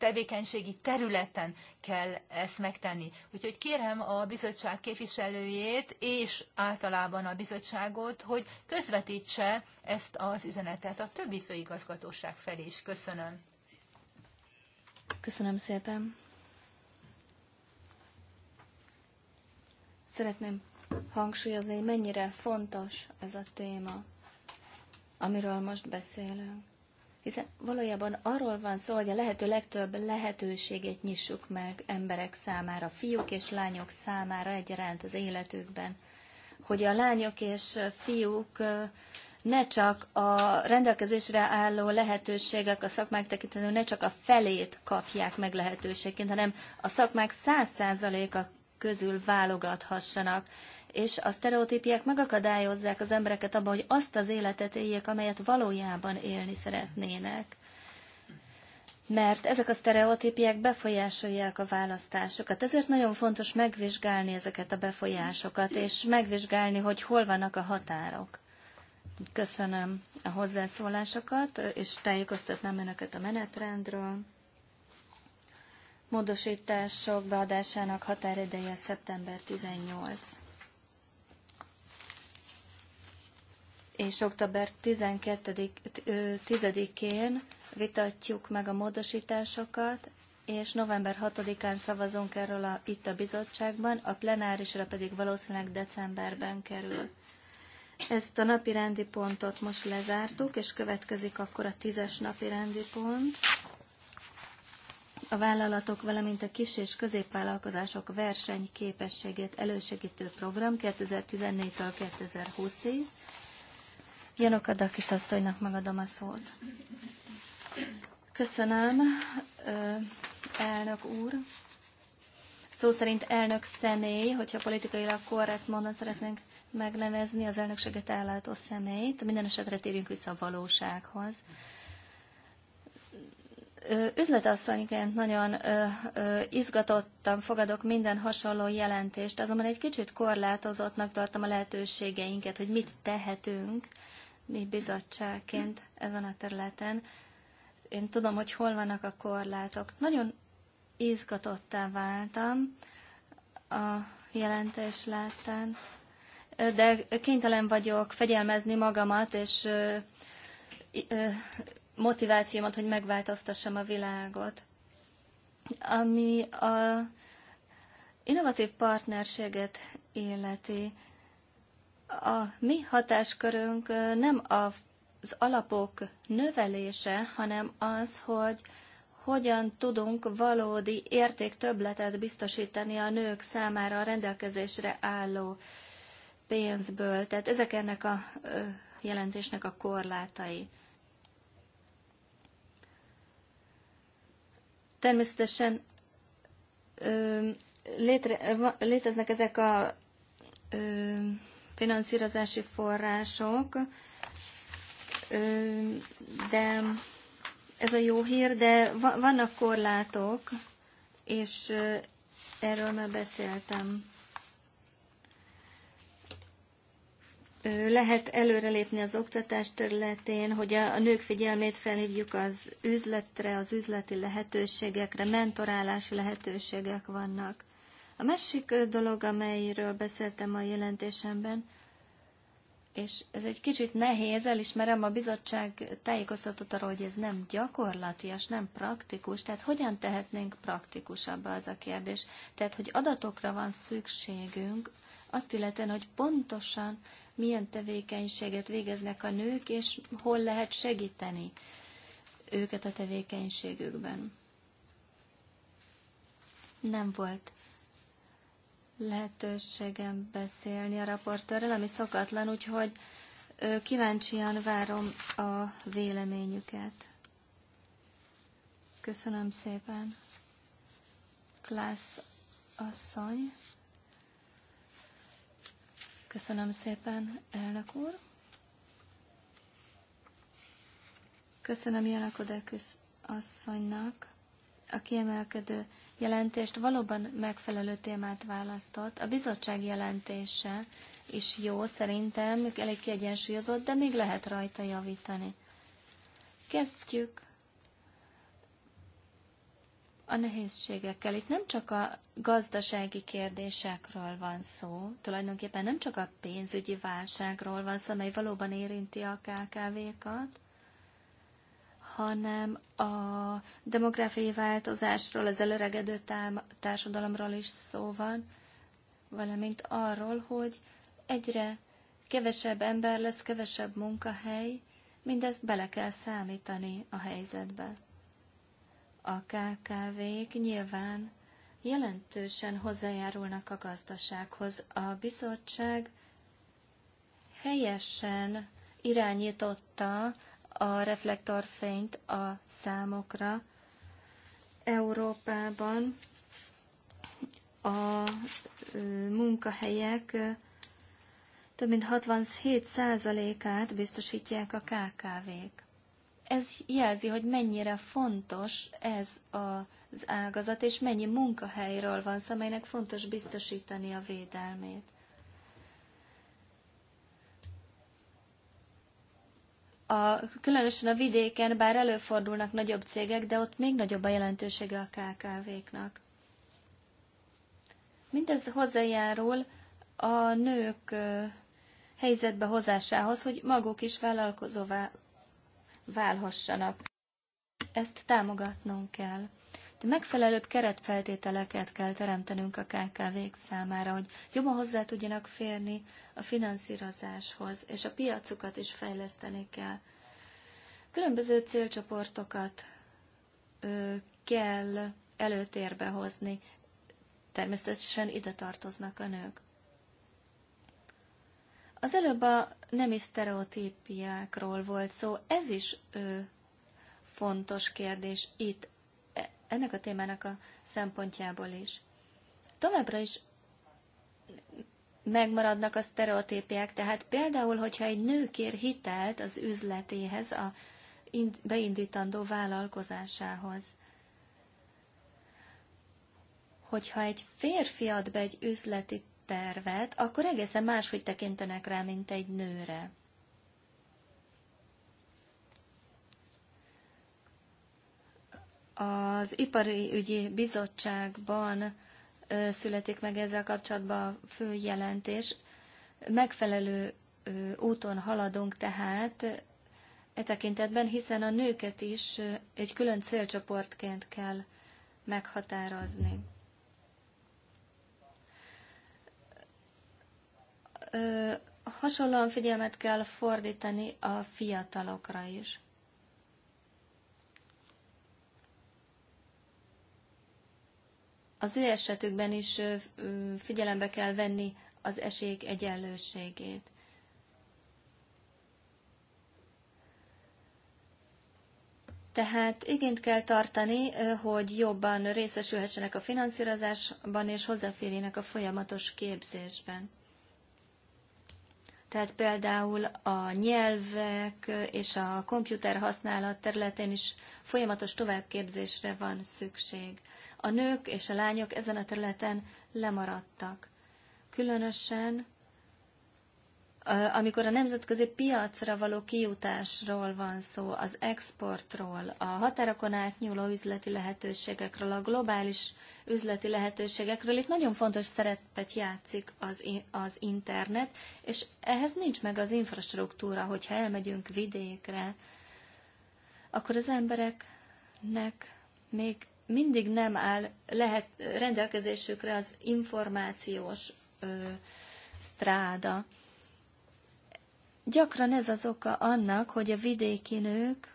tevékenységi területen kell ezt megtenni. Úgyhogy kérem a bizottság képviselőjét és általában a bizottságot, hogy közvetítse ezt az üzenetet a többi főigazgatóság felé is. Köszönöm. Köszönöm szépen. Szeretném hangsúlyozni, mennyire fontos ez a téma, amiről most beszélünk hiszen valójában arról van szó, hogy a lehető legtöbb lehetőségét nyissuk meg emberek számára, fiúk és lányok számára egyaránt az életükben. Hogy a lányok és fiúk ne csak a rendelkezésre álló lehetőségek a szakmák tekintetében ne csak a felét kapják meg lehetőségként, hanem a szakmák száz százaléka közül válogathassanak, és a sztereotípiek megakadályozzák az embereket abban, hogy azt az életet éljék, amelyet valójában élni szeretnének. Mert ezek a sztereotípiek befolyásolják a választásokat. Ezért nagyon fontos megvizsgálni ezeket a befolyásokat, és megvizsgálni, hogy hol vannak a határok. Köszönöm a hozzászólásokat, és tájékoztatnám önöket a menetrendről. Módosítások beadásának határideje szeptember 18. És október 12-én vitatjuk meg a módosításokat, és november 6-án szavazunk erről a, itt a bizottságban, a plenárisra pedig valószínűleg decemberben kerül. Ezt a napi rendi pontot most lezártuk, és következik akkor a tízes napi rendi pont a vállalatok, valamint a kis és középvállalkozások versenyképességét elősegítő program 2014-től 2020-ig. Janok Adakis asszonynak megadom a szót. Köszönöm, elnök úr. Szó szerint elnök személy, hogyha politikailag korrekt mondan szeretnénk megnevezni az elnökséget ellátó személyt, minden esetre térjünk vissza a valósághoz. Üzletasszonyként nagyon izgatottan fogadok minden hasonló jelentést, azonban egy kicsit korlátozottnak tartom a lehetőségeinket, hogy mit tehetünk mi bizottságként ezen a területen. Én tudom, hogy hol vannak a korlátok. Nagyon izgatottá váltam a jelentés láttán, de kénytelen vagyok fegyelmezni magamat, és motivációmat, hogy megváltoztassam a világot. Ami a innovatív partnerséget életi, a mi hatáskörünk nem az alapok növelése, hanem az, hogy hogyan tudunk valódi értéktöbletet biztosítani a nők számára a rendelkezésre álló pénzből. Tehát ezek ennek a jelentésnek a korlátai. Természetesen létre, léteznek ezek a finanszírozási források, de ez a jó hír, de vannak korlátok, és erről már beszéltem. lehet előrelépni az oktatás területén, hogy a nők figyelmét felhívjuk az üzletre, az üzleti lehetőségekre, mentorálási lehetőségek vannak. A másik dolog, amelyről beszéltem a jelentésemben, és ez egy kicsit nehéz, elismerem, a bizottság tájékoztatott arról, hogy ez nem gyakorlatias, nem praktikus, tehát hogyan tehetnénk praktikusabb az a kérdés. Tehát, hogy adatokra van szükségünk, azt illetően, hogy pontosan milyen tevékenységet végeznek a nők, és hol lehet segíteni őket a tevékenységükben. Nem volt lehetőségem beszélni a raportőrrel, ami szokatlan, úgyhogy kíváncsian várom a véleményüket. Köszönöm szépen. Klász asszony. Köszönöm szépen, elnök úr. Köszönöm Jelakodekus asszonynak a kiemelkedő jelentést. Valóban megfelelő témát választott. A bizottság jelentése is jó, szerintem elég kiegyensúlyozott, de még lehet rajta javítani. Kezdjük a nehézségekkel. Itt nem csak a gazdasági kérdésekről van szó, tulajdonképpen nem csak a pénzügyi válságról van szó, amely valóban érinti a KKV-kat, hanem a demográfiai változásról, az előregedő társadalomról is szó van, valamint arról, hogy egyre kevesebb ember lesz, kevesebb munkahely, mindezt bele kell számítani a helyzetbe. A KKV-k nyilván jelentősen hozzájárulnak a gazdasághoz. A bizottság helyesen irányította a reflektorfényt a számokra. Európában a munkahelyek több mint 67%-át biztosítják a KKV-k ez jelzi, hogy mennyire fontos ez az ágazat, és mennyi munkahelyről van szó, amelynek fontos biztosítani a védelmét. A, különösen a vidéken, bár előfordulnak nagyobb cégek, de ott még nagyobb a jelentősége a KKV-knak. Mindez hozzájárul a nők helyzetbe hozásához, hogy maguk is vállalkozóvá válhassanak. Ezt támogatnunk kell. De megfelelőbb keretfeltételeket kell teremtenünk a KKV-k számára, hogy jobban hozzá tudjanak férni a finanszírozáshoz, és a piacukat is fejleszteni kell. Különböző célcsoportokat ö, kell előtérbe hozni. Természetesen ide tartoznak a nők. Az előbb a nemi sztereotípiákról volt szó, ez is ö, fontos kérdés itt, e, ennek a témának a szempontjából is. Továbbra is megmaradnak a sztereotípiák, tehát például, hogyha egy nő kér hitelt az üzletéhez, a beindítandó vállalkozásához, hogyha egy férfi ad be egy üzleti tervet, akkor egészen máshogy tekintenek rá, mint egy nőre. Az Ipari Ügyi Bizottságban születik meg ezzel kapcsolatban a fő jelentés. Megfelelő úton haladunk tehát e tekintetben, hiszen a nőket is egy külön célcsoportként kell meghatározni. hasonlóan figyelmet kell fordítani a fiatalokra is. Az ő esetükben is figyelembe kell venni az esélyek egyenlőségét. Tehát igényt kell tartani, hogy jobban részesülhessenek a finanszírozásban és hozzáférjenek a folyamatos képzésben. Tehát például a nyelvek és a komputer használat területén is folyamatos továbbképzésre van szükség. A nők és a lányok ezen a területen lemaradtak. Különösen amikor a nemzetközi piacra való kijutásról van szó, az exportról, a határokon átnyúló üzleti lehetőségekről, a globális üzleti lehetőségekről, itt nagyon fontos szerepet játszik az, az internet, és ehhez nincs meg az infrastruktúra, hogyha elmegyünk vidékre, akkor az embereknek még mindig nem áll lehet rendelkezésükre az információs ö, stráda Gyakran ez az oka annak, hogy a vidéki nők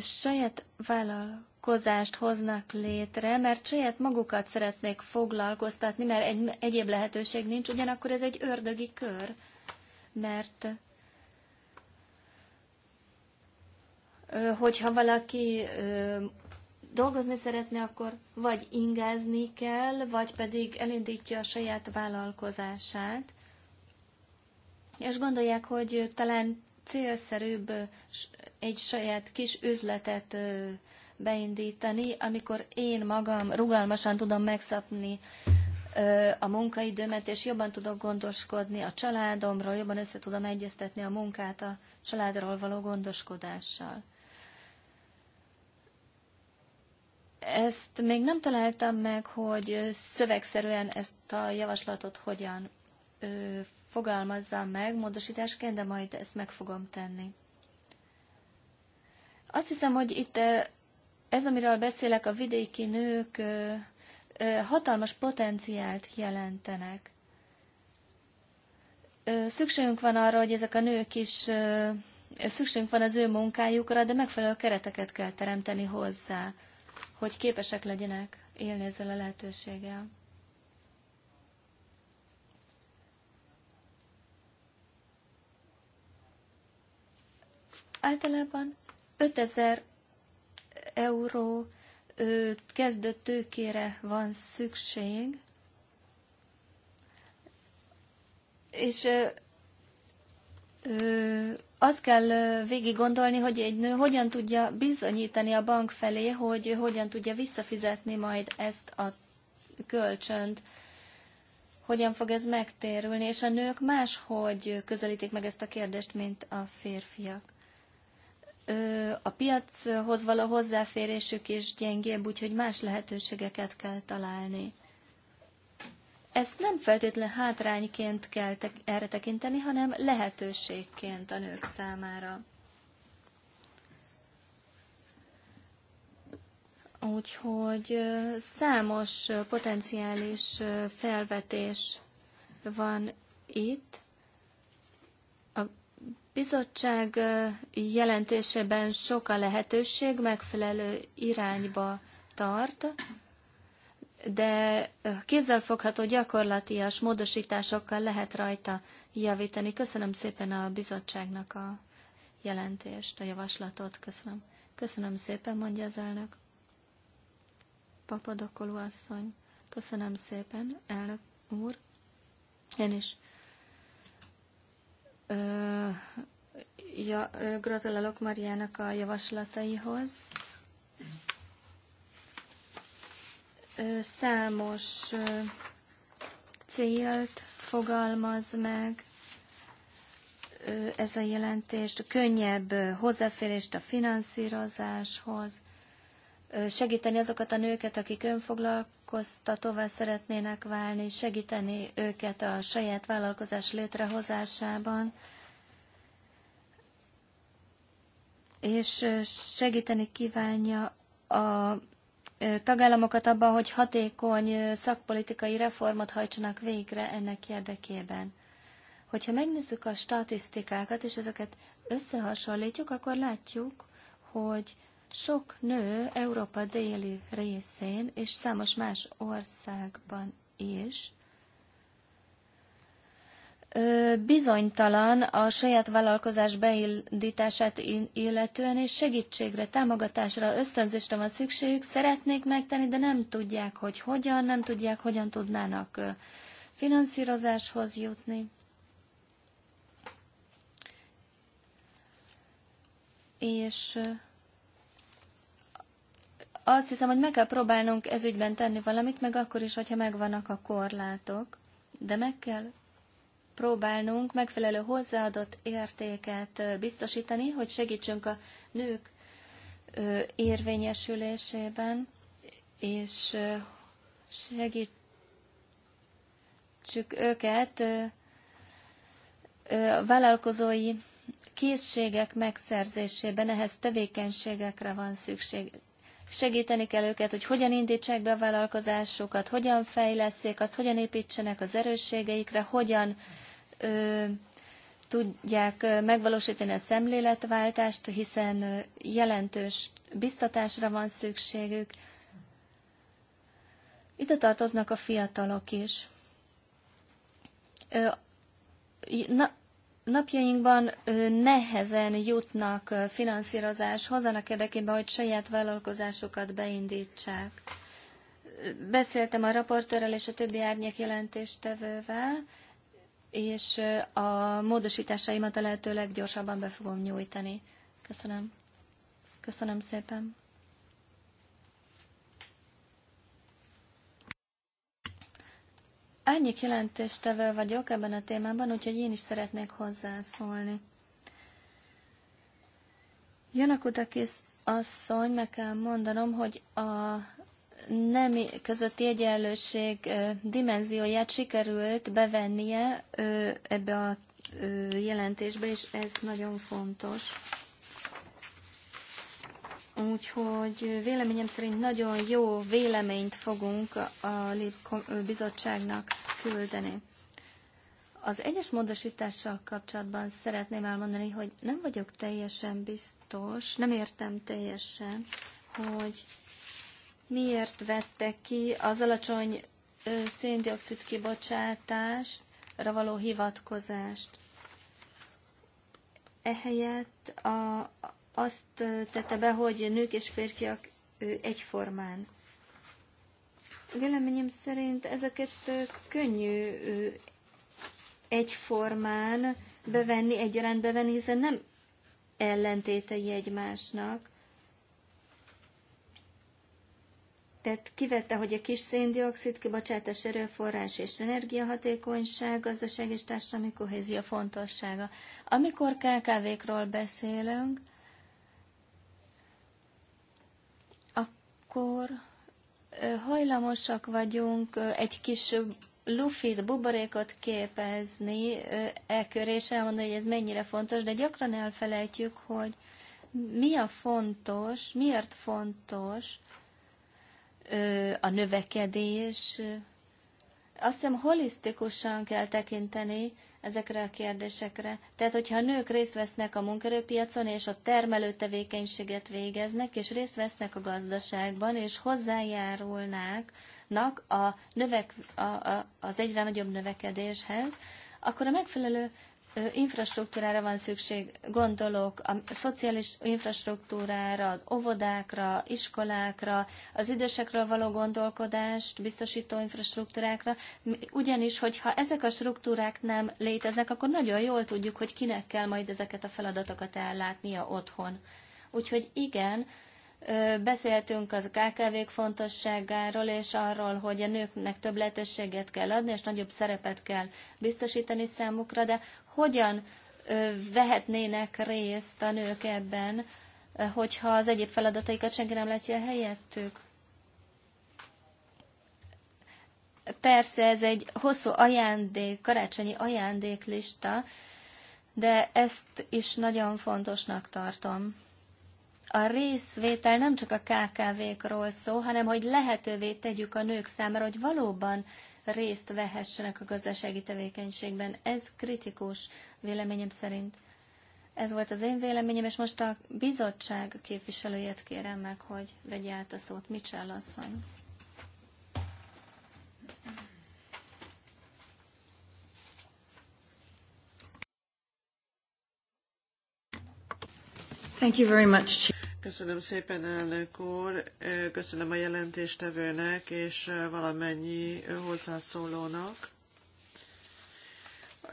saját vállalkozást hoznak létre, mert saját magukat szeretnék foglalkoztatni, mert egy, egyéb lehetőség nincs, ugyanakkor ez egy ördögi kör, mert hogyha valaki dolgozni szeretne, akkor vagy ingázni kell, vagy pedig elindítja a saját vállalkozását. És gondolják, hogy talán célszerűbb egy saját kis üzletet beindítani, amikor én magam rugalmasan tudom megszapni a munkaidőmet, és jobban tudok gondoskodni a családomról, jobban össze tudom egyeztetni a munkát a családról való gondoskodással. Ezt még nem találtam meg, hogy szövegszerűen ezt a javaslatot hogyan ö, fogalmazzam meg módosításként, de majd ezt meg fogom tenni. Azt hiszem, hogy itt ez, amiről beszélek, a vidéki nők ö, ö, hatalmas potenciált jelentenek. Ö, szükségünk van arra, hogy ezek a nők is, szükségünk van az ő munkájukra, de megfelelő kereteket kell teremteni hozzá hogy képesek legyenek élni ezzel a lehetőséggel. Általában 5000 euró kezdő tőkére van szükség, és azt kell végig gondolni, hogy egy nő hogyan tudja bizonyítani a bank felé, hogy hogyan tudja visszafizetni majd ezt a kölcsönt, hogyan fog ez megtérülni, és a nők máshogy közelítik meg ezt a kérdést, mint a férfiak. A piachoz való hozzáférésük is gyengébb, úgyhogy más lehetőségeket kell találni. Ezt nem feltétlenül hátrányként kell te erre tekinteni, hanem lehetőségként a nők számára. Úgyhogy számos potenciális felvetés van itt. A bizottság jelentésében sok a lehetőség, megfelelő irányba tart de kézzelfogható gyakorlatias módosításokkal lehet rajta javítani. Köszönöm szépen a bizottságnak a jelentést, a javaslatot. Köszönöm. Köszönöm szépen, mondja az elnök. Papadokoló asszony. Köszönöm szépen, elnök úr. Én is. Ö, ja, gratulálok Mariának a javaslataihoz. számos célt fogalmaz meg ez a jelentést, a könnyebb hozzáférést a finanszírozáshoz, segíteni azokat a nőket, akik önfoglalkoztatóvá szeretnének válni, segíteni őket a saját vállalkozás létrehozásában, és segíteni kívánja a tagállamokat abban, hogy hatékony szakpolitikai reformot hajtsanak végre ennek érdekében. Hogyha megnézzük a statisztikákat, és ezeket összehasonlítjuk, akkor látjuk, hogy sok nő Európa déli részén és számos más országban is bizonytalan a saját vállalkozás beindítását illetően, és segítségre, támogatásra, ösztönzésre van szükségük, szeretnék megtenni, de nem tudják, hogy hogyan, nem tudják, hogyan tudnának finanszírozáshoz jutni. És azt hiszem, hogy meg kell próbálnunk ezügyben tenni valamit, meg akkor is, hogyha megvannak a korlátok, de meg kell próbálnunk megfelelő hozzáadott értéket biztosítani, hogy segítsünk a nők érvényesülésében, és segítsük őket a vállalkozói készségek megszerzésében, ehhez tevékenységekre van szükség. Segíteni kell őket, hogy hogyan indítsák be a vállalkozásukat, hogyan fejleszék azt, hogyan építsenek az erősségeikre, hogyan tudják megvalósítani a szemléletváltást, hiszen jelentős biztatásra van szükségük. Ide tartoznak a fiatalok is. Na, napjainkban nehezen jutnak finanszírozáshoz, annak érdekében, hogy saját vállalkozásukat beindítsák. Beszéltem a raportőrrel és a többi árnyék jelentéstevővel, és a módosításaimat a lehető leggyorsabban be fogom nyújtani. Köszönöm. Köszönöm szépen. Ennyi jelentéstevő vagyok ebben a témában, úgyhogy én is szeretnék hozzászólni. kutakész asszony, meg kell mondanom, hogy a nemi közötti egyenlőség dimenzióját sikerült bevennie ebbe a jelentésbe, és ez nagyon fontos. Úgyhogy véleményem szerint nagyon jó véleményt fogunk a bizottságnak küldeni. Az egyes módosítással kapcsolatban szeretném elmondani, hogy nem vagyok teljesen biztos, nem értem teljesen, hogy miért vette ki az alacsony széndiokszid kibocsátásra való hivatkozást. Ehelyett a, azt tette be, hogy nők és férfiak egyformán. Véleményem szerint ezeket könnyű egyformán bevenni, egyaránt bevenni, hiszen nem ellentétei egymásnak. tehát kivette, hogy a kis széndiokszid kibocsátás erőforrás és energiahatékonyság, gazdaság és társadalmi kohézia fontossága. Amikor KKV-król beszélünk, akkor hajlamosak vagyunk egy kis lufit, buborékot képezni, elköré és elmondani, hogy ez mennyire fontos, de gyakran elfelejtjük, hogy mi a fontos, miért fontos, a növekedés. Azt hiszem holisztikusan kell tekinteni ezekre a kérdésekre. Tehát, hogyha a nők részt vesznek a munkerőpiacon, és a termelő tevékenységet végeznek, és részt vesznek a gazdaságban, és hozzájárulnak a növek, a, a, az egyre nagyobb növekedéshez, akkor a megfelelő infrastruktúrára van szükség, gondolok a szociális infrastruktúrára, az óvodákra, iskolákra, az idősekről való gondolkodást biztosító infrastruktúrákra, ugyanis, hogyha ezek a struktúrák nem léteznek, akkor nagyon jól tudjuk, hogy kinek kell majd ezeket a feladatokat ellátnia otthon. Úgyhogy igen, Beszéltünk az KKV-k fontosságáról, és arról, hogy a nőknek több lehetőséget kell adni, és nagyobb szerepet kell biztosítani számukra, de hogyan vehetnének részt a nők ebben, hogyha az egyéb feladataikat senki nem látja helyettük? Persze ez egy hosszú ajándék, karácsonyi ajándéklista, de ezt is nagyon fontosnak tartom a részvétel nem csak a KKV-król szól, hanem hogy lehetővé tegyük a nők számára, hogy valóban részt vehessenek a gazdasági tevékenységben. Ez kritikus véleményem szerint. Ez volt az én véleményem, és most a bizottság képviselőjét kérem meg, hogy vegye át a szót. Mitchell asszony. Thank you very much. Köszönöm szépen, elnök úr. Köszönöm a jelentéstevőnek és valamennyi hozzászólónak.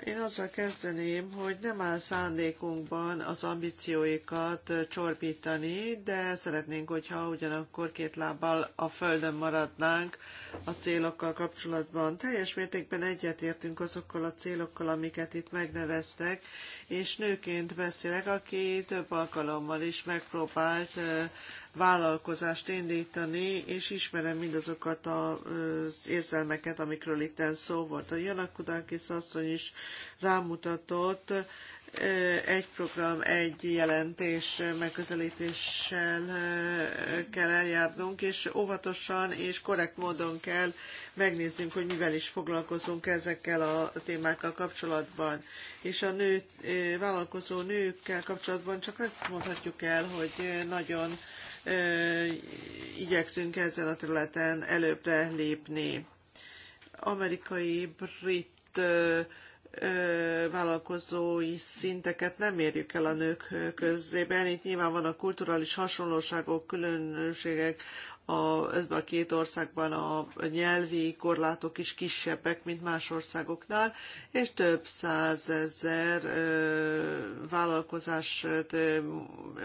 Én azzal kezdeném, hogy nem áll szándékunkban az ambícióikat csorbítani, de szeretnénk, hogyha ugyanakkor két lábbal a földön maradnánk a célokkal kapcsolatban. Teljes mértékben egyetértünk azokkal a célokkal, amiket itt megneveztek, és nőként beszélek, aki több alkalommal is megpróbált vállalkozást indítani, és ismerem mindazokat az érzelmeket, amikről itt szó volt. A Janakudákis asszony is rámutatott, egy program, egy jelentés megközelítéssel kell eljárnunk, és óvatosan és korrekt módon kell megnéznünk, hogy mivel is foglalkozunk ezekkel a témákkal kapcsolatban. És a nő, vállalkozó nőkkel kapcsolatban csak ezt mondhatjuk el, hogy nagyon igyekszünk ezen a területen előbbre lépni. Amerikai, brit vállalkozói szinteket nem érjük el a nők közében. Itt nyilván vannak kulturális hasonlóságok, különbségek a, ebben a két országban a nyelvi korlátok is kisebbek, mint más országoknál, és több százezer ö, vállalkozás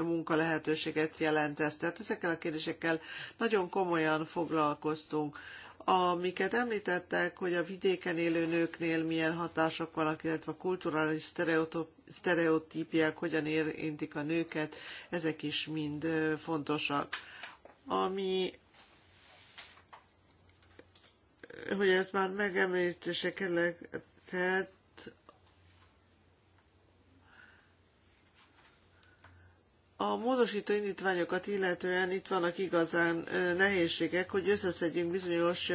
munkalehetőséget jelent ez. Tehát ezekkel a kérdésekkel nagyon komolyan foglalkoztunk. Amiket említettek, hogy a vidéken élő nőknél milyen hatások vannak, illetve a kulturális sztereotípiák hogyan érintik a nőket, ezek is mind fontosak ami hogy ez már megemlítése kellett, A módosító indítványokat illetően itt vannak igazán nehézségek, hogy összeszedjünk bizonyos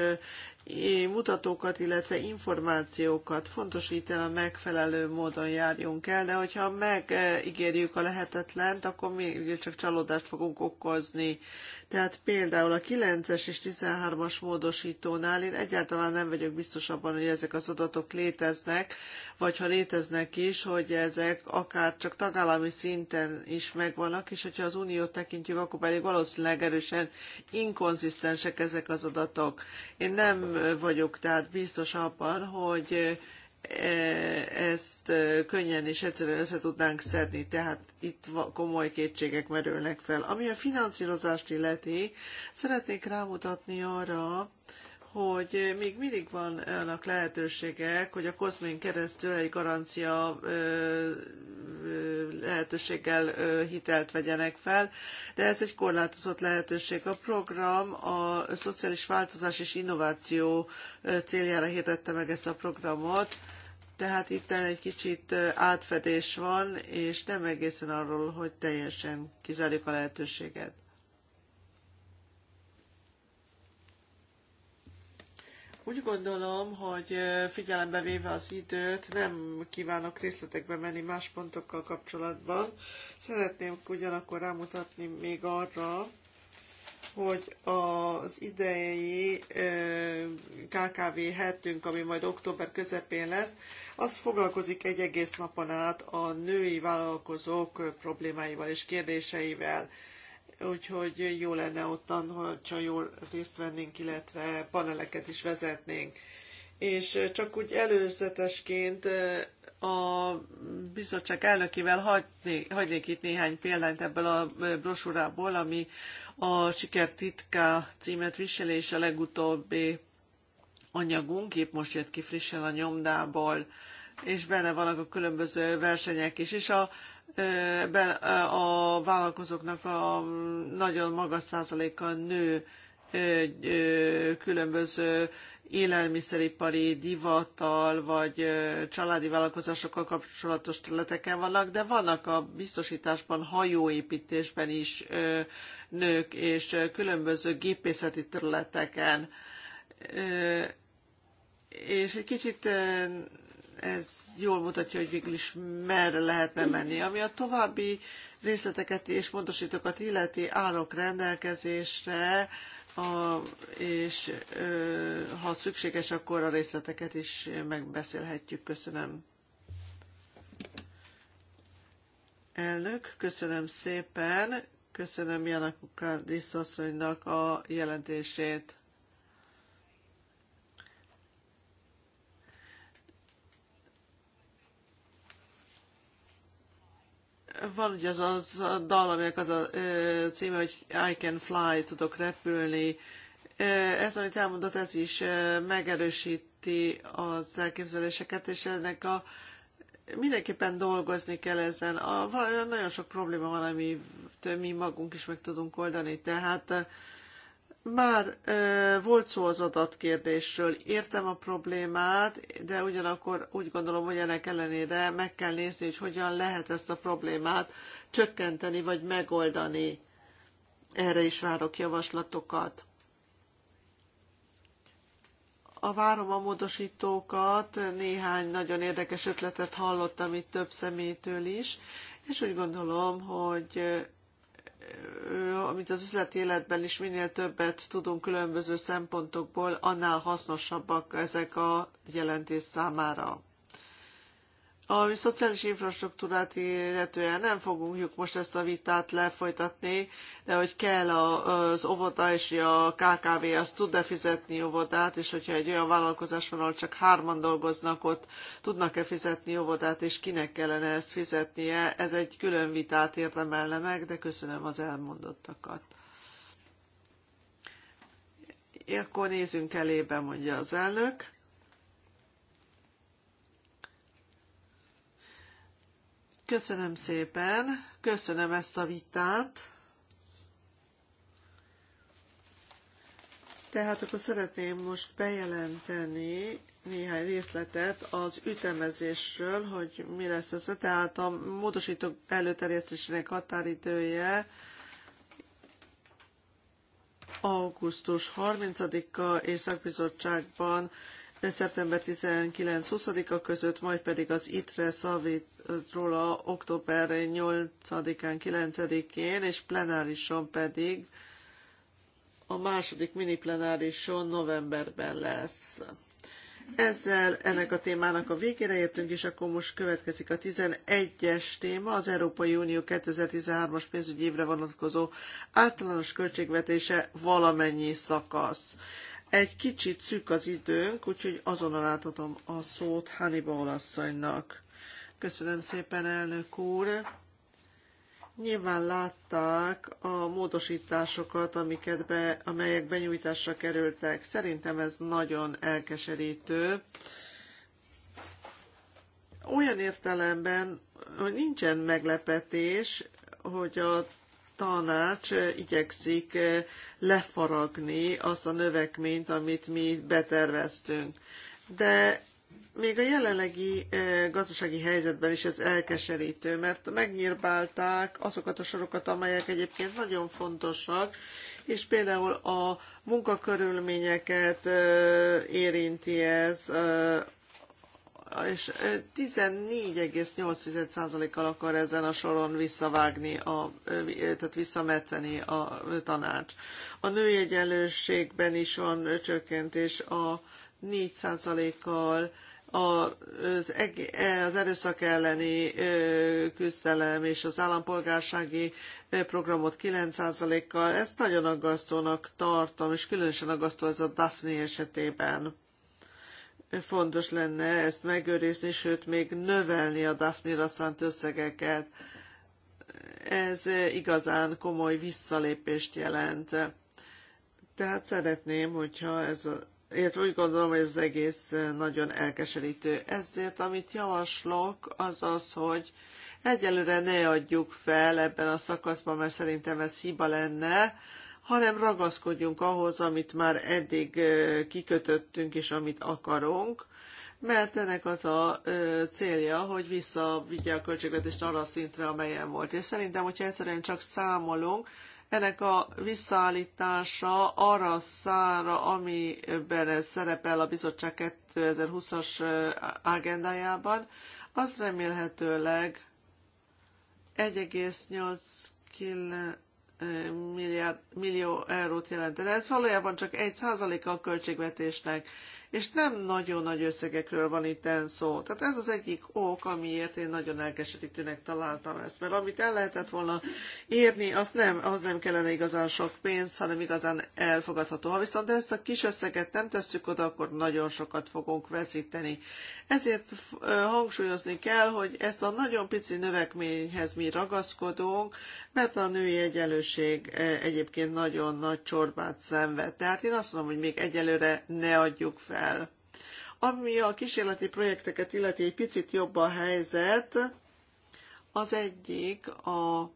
mutatókat, illetve információkat. Fontos, hogy itt a megfelelő módon járjunk el, de hogyha megígérjük a lehetetlent, akkor csak csalódást fogunk okozni. Tehát például a 9-es és 13-as módosítónál én egyáltalán nem vagyok biztos abban, hogy ezek az adatok léteznek, vagy ha léteznek is, hogy ezek akár csak tagállami szinten is megvannak, és hogyha az uniót tekintjük, akkor pedig valószínűleg erősen inkonzisztensek ezek az adatok. Én nem vagyok tehát biztos abban, hogy E, ezt e, könnyen és egyszerűen össze tudnánk szedni, tehát itt komoly kétségek merülnek fel. Ami a finanszírozást illeti, szeretnék rámutatni arra, hogy még mindig vannak lehetőségek, hogy a kozmén keresztül egy garancia lehetőséggel hitelt vegyenek fel, de ez egy korlátozott lehetőség. A program a szociális változás és innováció céljára hirdette meg ezt a programot, tehát itt egy kicsit átfedés van, és nem egészen arról, hogy teljesen kizárjuk a lehetőséget. Úgy gondolom, hogy figyelembe véve az időt, nem kívánok részletekbe menni más pontokkal kapcsolatban. Szeretném ugyanakkor rámutatni még arra, hogy az idei KKV hetünk, ami majd október közepén lesz, az foglalkozik egy egész napon át a női vállalkozók problémáival és kérdéseivel úgyhogy jó lenne ottan, ha csak jól részt vennénk, illetve paneleket is vezetnénk. És csak úgy előzetesként eh, a bizottság elnökével hagynék, hagynék itt néhány példányt ebből a eh, brosúrából, ami a Sikertitka címet viseli, és a legutóbbi anyagunk, épp most jött ki frissen a nyomdából, és benne vannak a különböző versenyek is, és a Eh, a vállalkozóknak a nagyon magas százaléka nő eh, eh, különböző élelmiszeripari divattal vagy családi vállalkozásokkal kapcsolatos területeken vannak, de vannak a biztosításban, hajóépítésben is nők és különböző gépészeti területeken. És egy kicsit ez jól mutatja, hogy végül is merre lehetne menni. Ami a további részleteket és pontosítókat illeti, állok rendelkezésre, a, és ö, ha szükséges, akkor a részleteket is megbeszélhetjük. Köszönöm. Elnök, köszönöm szépen. Köszönöm Janakuka Diszasszonynak a jelentését. Van ugye az, az a dal, aminek az a ö, címe, hogy I can fly, tudok repülni. Ez, amit elmondott, ez is megerősíti az elképzeléseket, és ennek a mindenképpen dolgozni kell ezen. A, nagyon sok probléma van, amit mi magunk is meg tudunk oldani, tehát már volt szó az adatkérdésről, értem a problémát, de ugyanakkor úgy gondolom, hogy ennek ellenére meg kell nézni, hogy hogyan lehet ezt a problémát csökkenteni vagy megoldani. Erre is várok javaslatokat. A várom a módosítókat, néhány nagyon érdekes ötletet hallottam itt több szemétől is, és úgy gondolom, hogy amit az üzleti életben is minél többet tudunk különböző szempontokból, annál hasznosabbak ezek a jelentés számára. A szociális infrastruktúrát illetően nem fogunk most ezt a vitát lefolytatni, de hogy kell az óvoda és a KKV, az tud-e fizetni óvodát, és hogyha egy olyan vállalkozás van, ahol csak hárman dolgoznak, ott tudnak-e fizetni óvodát, és kinek kellene ezt fizetnie, ez egy külön vitát érdemelne meg, de köszönöm az elmondottakat. Akkor nézzünk elébe, mondja az elnök. Köszönöm szépen, köszönöm ezt a vitát. Tehát akkor szeretném most bejelenteni néhány részletet az ütemezésről, hogy mi lesz ez. Tehát a módosítók előterjesztésének határidője augusztus 30-a és szakbizottságban szeptember 19-20-a között, majd pedig az ITRE szavít október 8-án, 9-én, és plenárison pedig a második mini plenárison novemberben lesz. Ezzel ennek a témának a végére értünk, és akkor most következik a 11-es téma, az Európai Unió 2013-as pénzügyi évre vonatkozó általános költségvetése valamennyi szakasz. Egy kicsit szűk az időnk, úgyhogy azonnal átadom a szót Hannibal asszonynak. Köszönöm szépen, elnök úr! Nyilván látták a módosításokat, amiket be, amelyek benyújtásra kerültek. Szerintem ez nagyon elkeserítő. Olyan értelemben, hogy nincsen meglepetés, hogy a tanács igyekszik lefaragni azt a növekményt, amit mi beterveztünk. De még a jelenlegi gazdasági helyzetben is ez elkeserítő, mert megnyírbálták azokat a sorokat, amelyek egyébként nagyon fontosak, és például a munkakörülményeket érinti ez, és 14,8%-kal akar ezen a soron visszavágni, a, tehát visszametszeni a tanács. A női egyenlőségben is van csökkentés a 4%-kal, az, e, az erőszak elleni küzdelem és az állampolgársági programot 9%-kal, ezt nagyon aggasztónak tartom, és különösen aggasztó ez a Daphne esetében fontos lenne ezt megőrizni, sőt még növelni a Daphne-ra szánt összegeket. Ez igazán komoly visszalépést jelent. Tehát szeretném, hogyha ez a, én úgy gondolom, hogy ez egész nagyon elkeserítő. Ezért, amit javaslok, az az, hogy egyelőre ne adjuk fel ebben a szakaszban, mert szerintem ez hiba lenne, hanem ragaszkodjunk ahhoz, amit már eddig kikötöttünk és amit akarunk, mert ennek az a célja, hogy visszavigye a költségvetést arra a szintre, amelyen volt. És szerintem, hogyha egyszerűen csak számolunk, ennek a visszaállítása arra a szára, amiben ez szerepel a bizottság 2020-as agendájában, az remélhetőleg 1,89 milliárd, millió eurót jelentene. ez valójában csak egy százaléka a költségvetésnek és nem nagyon nagy összegekről van itt szó. Tehát ez az egyik ok, amiért én nagyon elkeserítőnek találtam ezt, mert amit el lehetett volna érni, az nem, az nem kellene igazán sok pénz, hanem igazán elfogadható. Ha viszont ezt a kis összeget nem tesszük oda, akkor nagyon sokat fogunk veszíteni. Ezért hangsúlyozni kell, hogy ezt a nagyon pici növekményhez mi ragaszkodunk, mert a női egyenlőség egyébként nagyon nagy csorbát szenved. Tehát én azt mondom, hogy még egyelőre ne adjuk fel el. Ami a kísérleti projekteket illeti egy picit jobb a helyzet, az egyik a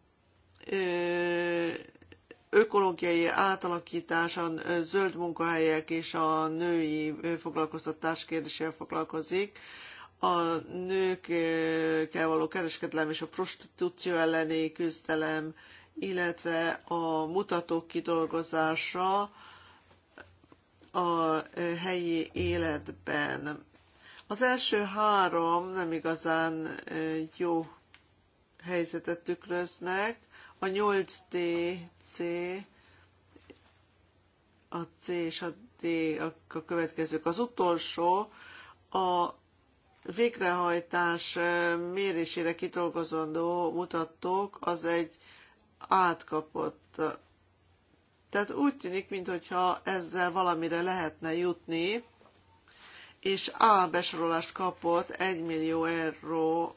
ökológiai átalakításon zöld munkahelyek és a női foglalkoztatás kérdésével foglalkozik. A nőkkel való kereskedelem és a prostitúció elleni küzdelem, illetve a mutatók kidolgozása, a helyi életben. Az első három nem igazán jó helyzetet tükröznek. A 8D, C, a C és a D a következők. Az utolsó a végrehajtás mérésére kidolgozandó mutatók, az egy átkapott tehát úgy tűnik, mintha ezzel valamire lehetne jutni, és A besorolást kapott 1 millió euró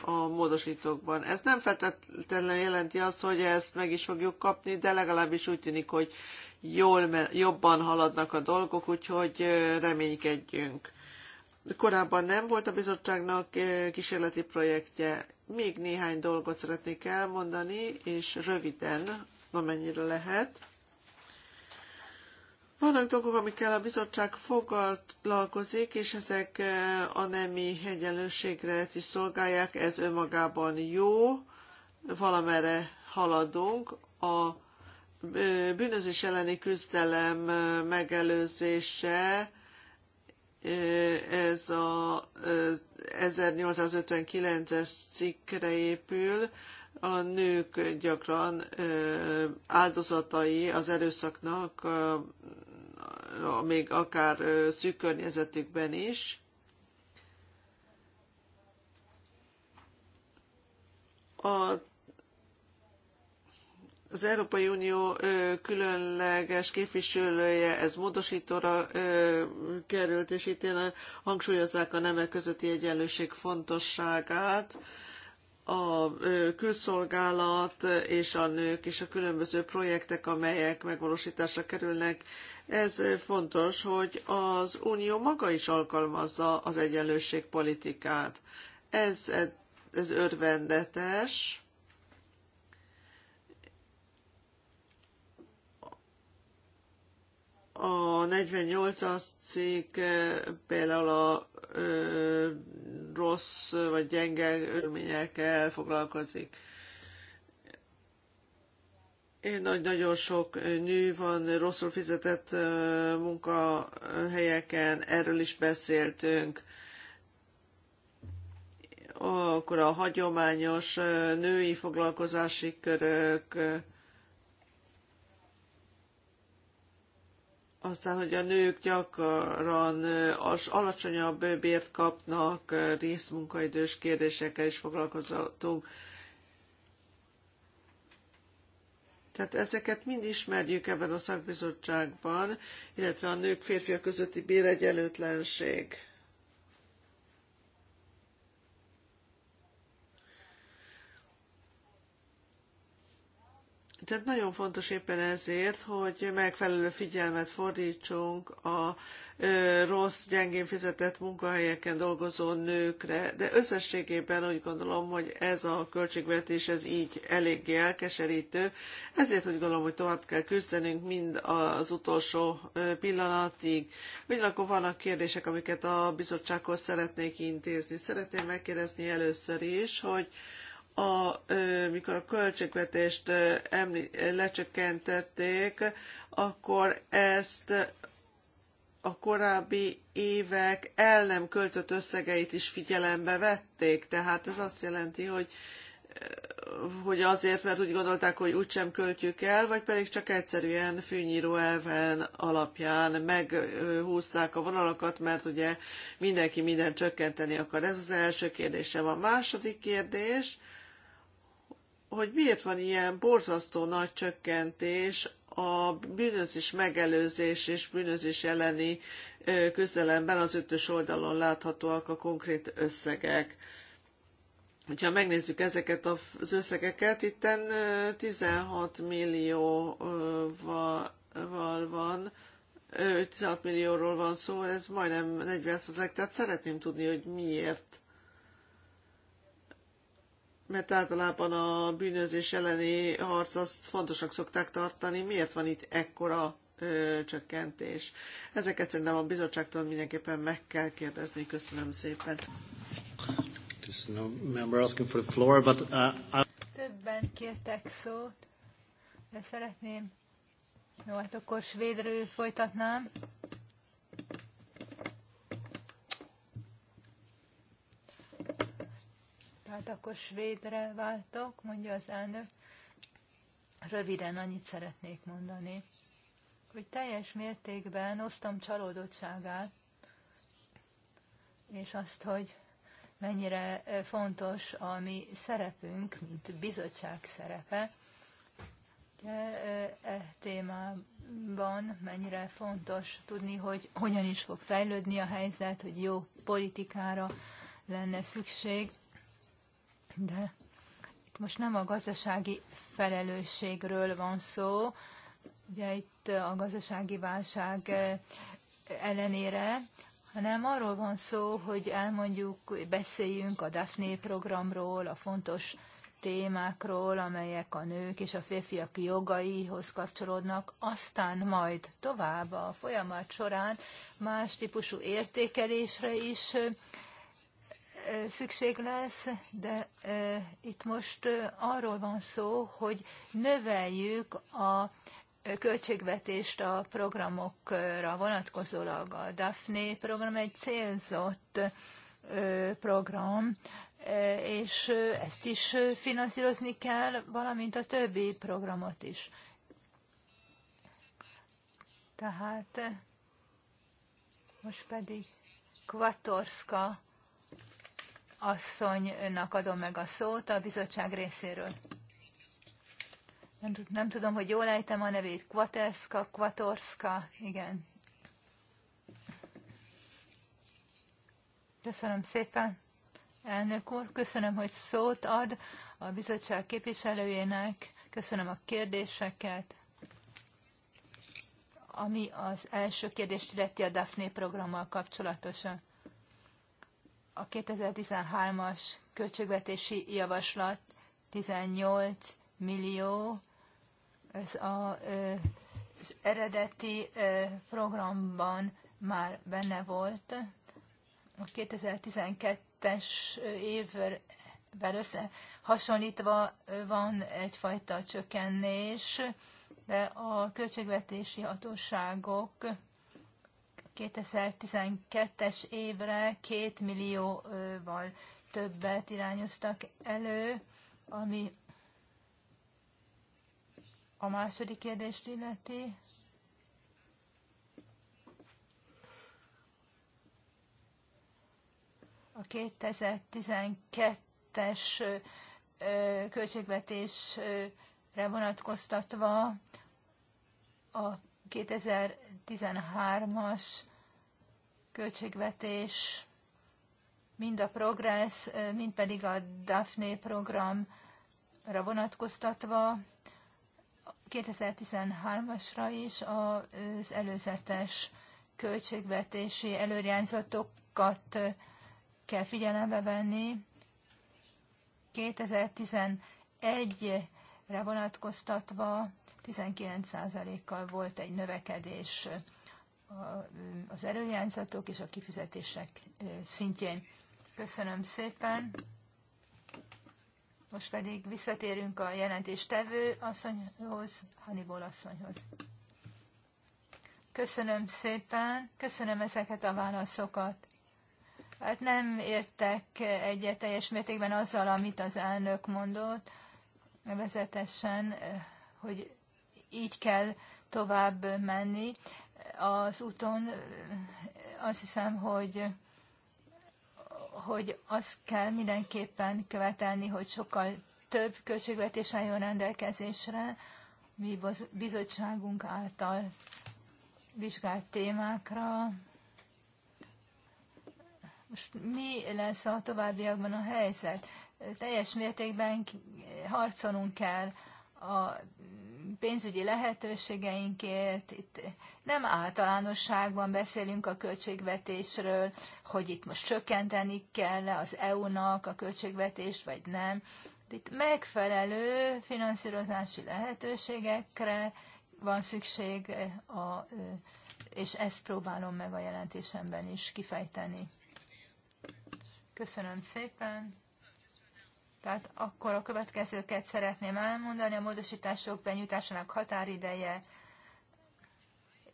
a módosítókban. Ez nem feltétlenül jelenti azt, hogy ezt meg is fogjuk kapni, de legalábbis úgy tűnik, hogy jól, jobban haladnak a dolgok, úgyhogy reménykedjünk. Korábban nem volt a bizottságnak kísérleti projektje. Még néhány dolgot szeretnék elmondani, és röviden amennyire lehet. Vannak dolgok, amikkel a bizottság foglalkozik, és ezek eh, a nemi egyenlőségre is szolgálják, ez önmagában jó, valamere haladunk. A eh, bűnözés elleni küzdelem eh, megelőzése ez a 1859-es cikkre épül, a nők gyakran áldozatai az erőszaknak, még akár szűk környezetükben is. A az Európai Unió különleges képviselője, ez módosítóra került, és itt hangsúlyozzák a nemek közötti egyenlőség fontosságát a külszolgálat és a nők és a különböző projektek, amelyek megvalósításra kerülnek. Ez fontos, hogy az Unió maga is alkalmazza az egyenlőségpolitikát. Ez, ez örvendetes A 48-as cég eh, például a ö, rossz vagy gyenge örményekkel foglalkozik. Én nagy, nagyon sok nő van rosszul fizetett munkahelyeken, erről is beszéltünk. Akkor a hagyományos női foglalkozási körök, aztán, hogy a nők gyakran az alacsonyabb bért kapnak, részmunkaidős kérdésekkel is foglalkozhatunk. Tehát ezeket mind ismerjük ebben a szakbizottságban, illetve a nők férfiak közötti béregyenlőtlenség. Tehát nagyon fontos éppen ezért, hogy megfelelő figyelmet fordítsunk a ö, rossz, gyengén fizetett munkahelyeken dolgozó nőkre, de összességében úgy gondolom, hogy ez a költségvetés ez így eléggé elkeserítő, ezért úgy gondolom, hogy tovább kell küzdenünk mind az utolsó pillanatig. Ugyanakkor vannak kérdések, amiket a bizottsághoz szeretnék intézni. Szeretném megkérdezni először is, hogy a, mikor a költségvetést emli, lecsökkentették, akkor ezt a korábbi évek el nem költött összegeit is figyelembe vették. Tehát ez azt jelenti, hogy hogy azért, mert úgy gondolták, hogy úgysem költjük el, vagy pedig csak egyszerűen fűnyíró elven alapján meghúzták a vonalakat, mert ugye mindenki mindent csökkenteni akar. Ez az első kérdésem. A második kérdés, hogy miért van ilyen borzasztó nagy csökkentés a bűnözés megelőzés és bűnözés elleni közelemben az ötös oldalon láthatóak a konkrét összegek. Ha megnézzük ezeket az összegeket, itt 16 millióval van, 16 millióról van szó, ez majdnem 40 százalék, tehát szeretném tudni, hogy miért mert általában a bűnözés elleni harc azt fontosak szokták tartani. Miért van itt ekkora ö, csökkentés? Ezeket szerintem a bizottságtól mindenképpen meg kell kérdezni. Köszönöm szépen. Uh, Többen kértek szót, de szeretném. Jó, hát akkor svédről folytatnám. Tehát akkor svédre váltok, mondja az elnök. Röviden annyit szeretnék mondani, hogy teljes mértékben osztom csalódottságát, és azt, hogy mennyire fontos a mi szerepünk, mint bizottság szerepe, e, e témában mennyire fontos tudni, hogy hogyan is fog fejlődni a helyzet, hogy jó politikára lenne szükség de itt most nem a gazdasági felelősségről van szó, ugye itt a gazdasági válság eh, ellenére, hanem arról van szó, hogy elmondjuk, beszéljünk a Daphne programról, a fontos témákról, amelyek a nők és a férfiak jogaihoz kapcsolódnak, aztán majd tovább a folyamat során más típusú értékelésre is eh, szükség lesz, de itt most arról van szó, hogy növeljük a költségvetést a programokra vonatkozólag. A DAFNE program egy célzott program, és ezt is finanszírozni kell, valamint a többi programot is. Tehát most pedig Kvatorska asszonynak adom meg a szót a bizottság részéről. Nem, nem tudom, hogy jól ejtem a nevét. Kvaterska, Kvatorska, igen. Köszönöm szépen, elnök úr. Köszönöm, hogy szót ad a bizottság képviselőjének. Köszönöm a kérdéseket. Ami az első kérdést illeti a DAFNE programmal kapcsolatosan a 2013-as költségvetési javaslat 18 millió, ez a, az eredeti programban már benne volt. A 2012-es évvel össze hasonlítva van egyfajta csökkenés, de a költségvetési hatóságok 2012-es évre 2 millióval többet irányoztak elő, ami a második kérdést illeti. A 2012-es költségvetésre vonatkoztatva a 2000 13-as költségvetés, mind a Progress, mind pedig a Daphne programra vonatkoztatva, 2013-asra is az előzetes költségvetési előirányzatokat kell figyelembe venni. 2011-re vonatkoztatva 19%-kal volt egy növekedés az előjányzatok és a kifizetések szintjén. Köszönöm szépen! Most pedig visszatérünk a jelentéstevő asszonyhoz, Hannibal asszonyhoz. Köszönöm szépen, köszönöm ezeket a válaszokat. Hát nem értek egyet teljes mértékben azzal, amit az elnök mondott, nevezetesen, hogy így kell tovább menni az úton. Azt hiszem, hogy hogy azt kell mindenképpen követelni, hogy sokkal több költségvetés álljon rendelkezésre mi bizottságunk által vizsgált témákra. Most mi lesz a továbbiakban a helyzet? Teljes mértékben harcolunk kell a pénzügyi lehetőségeinkért. Itt nem általánosságban beszélünk a költségvetésről, hogy itt most csökkenteni kell az EU-nak a költségvetést, vagy nem. Itt megfelelő finanszírozási lehetőségekre van szükség, a, és ezt próbálom meg a jelentésemben is kifejteni. Köszönöm szépen! Tehát akkor a következőket szeretném elmondani. A módosítások benyújtásának határideje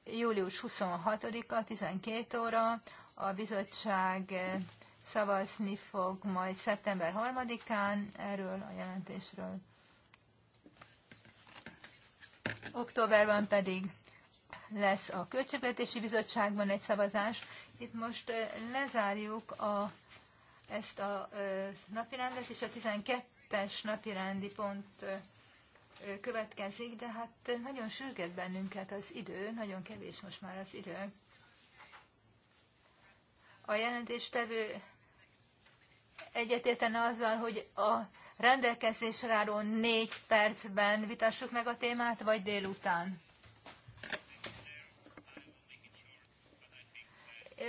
július 26-a, 12 óra. A bizottság szavazni fog majd szeptember 3-án erről a jelentésről. Októberben pedig lesz a Költségvetési Bizottságban egy szavazás. Itt most eh, lezárjuk a ezt a napirendet, és a 12-es napirendi pont következik, de hát nagyon sürget bennünket az idő, nagyon kevés most már az idő. A jelentéstevő egyetértene azzal, hogy a rendelkezésre álló négy percben vitassuk meg a témát, vagy délután?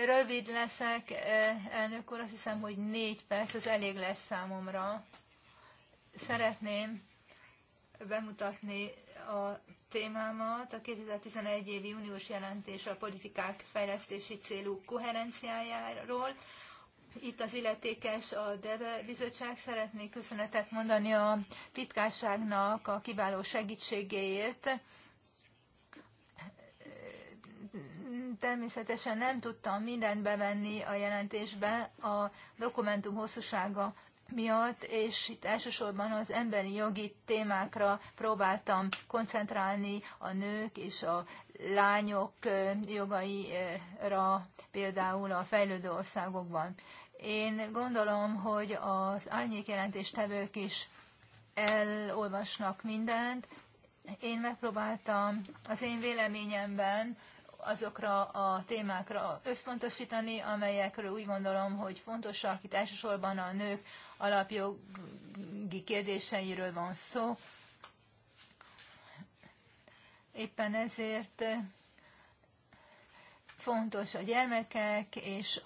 Rövid leszek, eh, elnök úr, azt hiszem, hogy négy perc az elég lesz számomra. Szeretném bemutatni a témámat, a 2011 évi uniós jelentés a politikák fejlesztési célú koherenciájáról. Itt az illetékes a DEVE bizottság. Szeretnék köszönetet mondani a titkárságnak a kiváló segítségéért. Természetesen nem tudtam mindent bevenni a jelentésbe a dokumentum hosszúsága miatt, és itt elsősorban az emberi jogi témákra próbáltam koncentrálni a nők és a lányok jogaira, például a fejlődő országokban. Én gondolom, hogy az árnyék jelentéstevők is elolvasnak mindent. Én megpróbáltam az én véleményemben azokra a témákra összpontosítani, amelyekről úgy gondolom, hogy fontosak. Itt elsősorban a nők alapjogi kérdéseiről van szó. Éppen ezért fontos a gyermekek és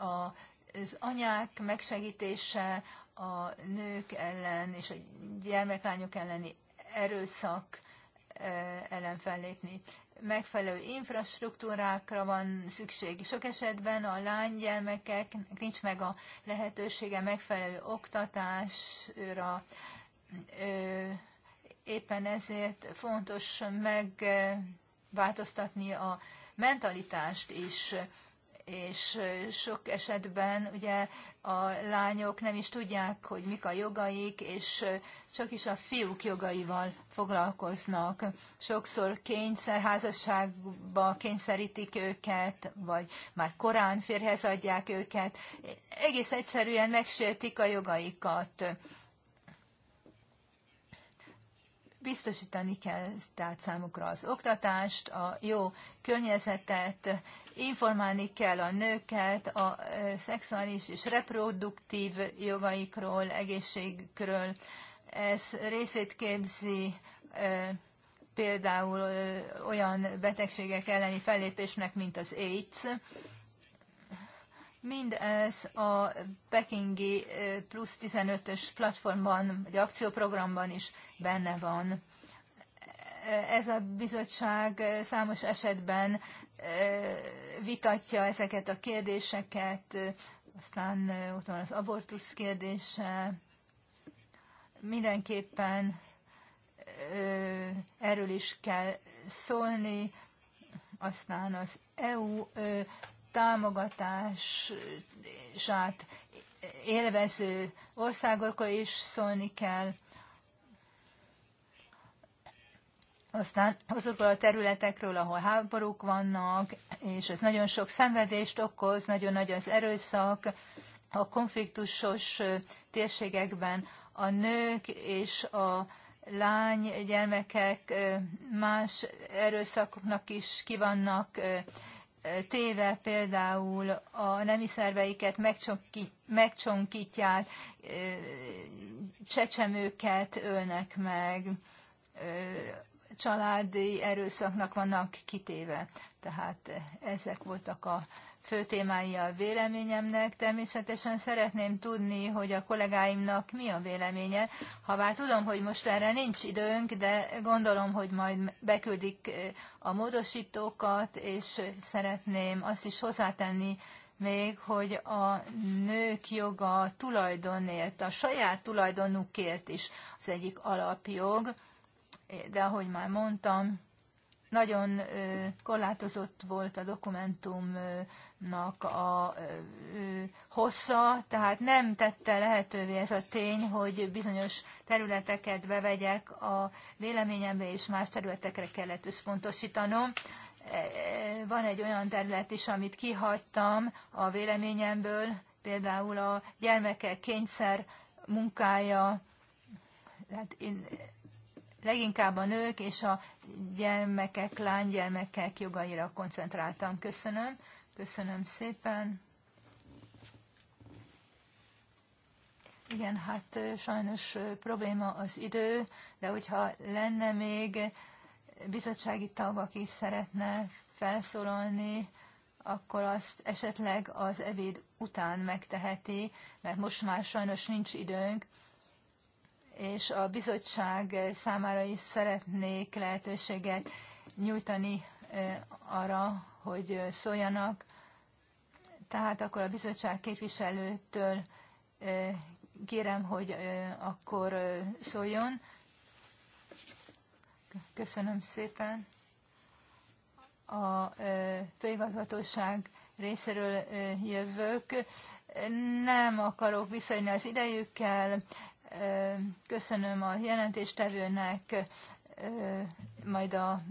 az anyák megsegítése a nők ellen és a gyermeklányok elleni erőszak eh, ellen fellépni megfelelő infrastruktúrákra van szükség. Sok esetben a lánygyermekek nincs meg a lehetősége megfelelő oktatásra. Éppen ezért fontos megváltoztatni a mentalitást is és sok esetben ugye a lányok nem is tudják, hogy mik a jogaik, és csak is a fiúk jogaival foglalkoznak. Sokszor kényszer házasságba kényszerítik őket, vagy már korán férhez adják őket. Egész egyszerűen megsértik a jogaikat. Biztosítani kell tehát számukra az oktatást, a jó környezetet, informálni kell a nőket a szexuális és reproduktív jogaikról, egészségükről, ez részét képzi például olyan betegségek elleni fellépésnek, mint az AIDS. Mindez a Pekingi plusz 15-ös platformban, vagy akcióprogramban is benne van. Ez a bizottság számos esetben vitatja ezeket a kérdéseket, aztán ott van az abortusz kérdése, mindenképpen erről is kell szólni, aztán az EU támogatását élvező országokról is szólni kell, aztán azokról a területekről, ahol háborúk vannak, és ez nagyon sok szenvedést okoz, nagyon nagy az erőszak a konfliktusos térségekben a nők és a lány gyermekek más erőszakoknak is kivannak téve, például a nemi szerveiket megcsonkítják, csecsemőket ölnek meg, családi erőszaknak vannak kitéve. Tehát ezek voltak a fő témái a véleményemnek. Természetesen szeretném tudni, hogy a kollégáimnak mi a véleménye. Habár tudom, hogy most erre nincs időnk, de gondolom, hogy majd beküldik eh, a módosítókat, és szeretném azt is hozzátenni, még, hogy a nők joga tulajdonért, a saját tulajdonukért is az egyik alapjog, de ahogy már mondtam, nagyon korlátozott volt a dokumentumnak a hossza, tehát nem tette lehetővé ez a tény, hogy bizonyos területeket bevegyek a véleményembe, és más területekre kellett összpontosítanom. E, e, van egy olyan terület is, amit kihagytam a véleményemből, például a gyermekek kényszer munkája, hát én leginkább a nők és a gyermekek, lánygyermekek jogaira koncentráltam. Köszönöm. Köszönöm szépen. Igen, hát sajnos probléma az idő, de hogyha lenne még bizottsági tag, aki szeretne felszólalni, akkor azt esetleg az ebéd után megteheti, mert most már sajnos nincs időnk és a bizottság számára is szeretnék lehetőséget nyújtani arra, hogy szóljanak. Tehát akkor a bizottság képviselőtől kérem, hogy akkor szóljon. Köszönöm szépen. A főigazgatóság részéről jövök. Nem akarok visszajönni az idejükkel, Köszönöm a jelentéstevőnek, majd a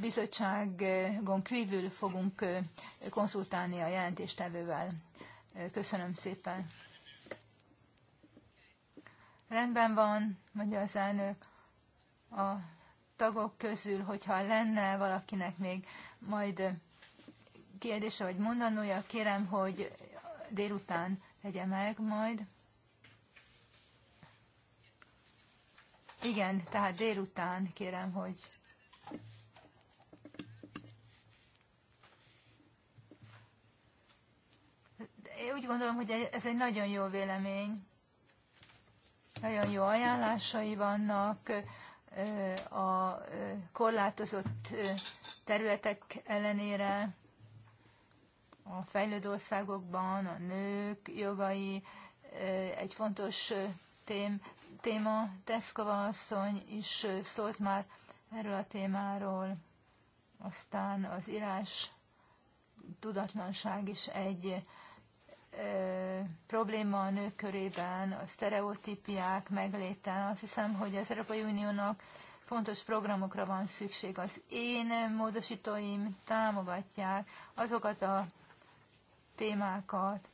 bizottságon kívül fogunk konzultálni a jelentéstevővel. Köszönöm szépen. Rendben van, mondja az elnök. A tagok közül, hogyha lenne valakinek még majd kérdése vagy mondanója, kérem, hogy délután legyen meg majd. Igen, tehát délután kérem, hogy Én úgy gondolom, hogy ez egy nagyon jó vélemény. Nagyon jó ajánlásai vannak a korlátozott területek ellenére a fejlődő országokban a nők jogai egy fontos tém, téma, Teszkova asszony is szólt már erről a témáról, aztán az írás tudatlanság is egy ö, probléma a nők körében, a sztereotípiák megléte. Azt hiszem, hogy az Európai Uniónak fontos programokra van szükség. Az én módosítóim támogatják azokat a témákat,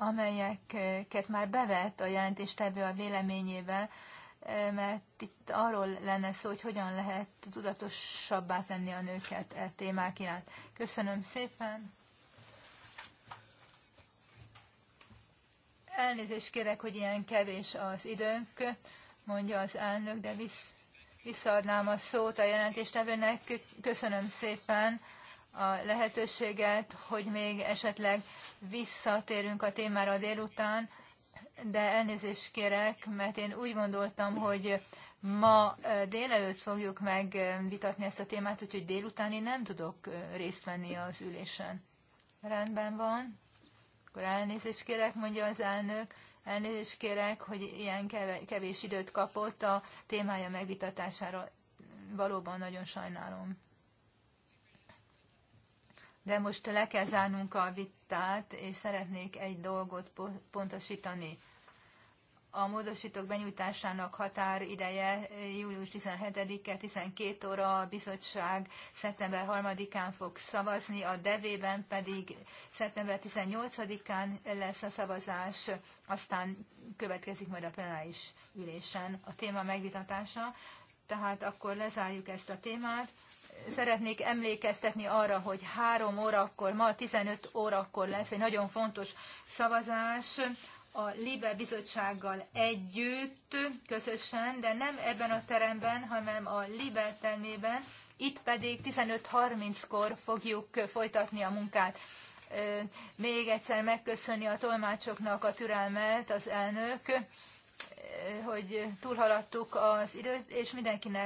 amelyeket már bevett a jelentéstevő a véleményével, eh, mert itt arról lenne szó, hogy hogyan lehet tudatosabbá tenni a nőket e témák iránt. Köszönöm szépen! Elnézést kérek, hogy ilyen kevés az időnk, mondja az elnök, de visz, visszaadnám a szót a jelentéstevőnek. Köszönöm szépen! a lehetőséget, hogy még esetleg visszatérünk a témára délután, de elnézést kérek, mert én úgy gondoltam, hogy ma délelőtt fogjuk megvitatni ezt a témát, úgyhogy délután én nem tudok részt venni az ülésen. Rendben van. Akkor elnézést kérek, mondja az elnök. Elnézést kérek, hogy ilyen kevés időt kapott a témája megvitatására. Valóban nagyon sajnálom de most le kell zárnunk a vitát, és szeretnék egy dolgot pontosítani. A módosítók benyújtásának határideje július 17-e, 12 óra a bizottság szeptember 3-án fog szavazni, a devében pedig szeptember 18-án lesz a szavazás, aztán következik majd a plenáris ülésen a téma megvitatása. Tehát akkor lezárjuk ezt a témát szeretnék emlékeztetni arra, hogy három órakor, ma 15 órakor lesz egy nagyon fontos szavazás a LIBE bizottsággal együtt, közösen, de nem ebben a teremben, hanem a LIBE termében, itt pedig 15.30-kor fogjuk folytatni a munkát. Még egyszer megköszöni a tolmácsoknak a türelmet az elnök, hogy túlhaladtuk az időt, és mindenkinek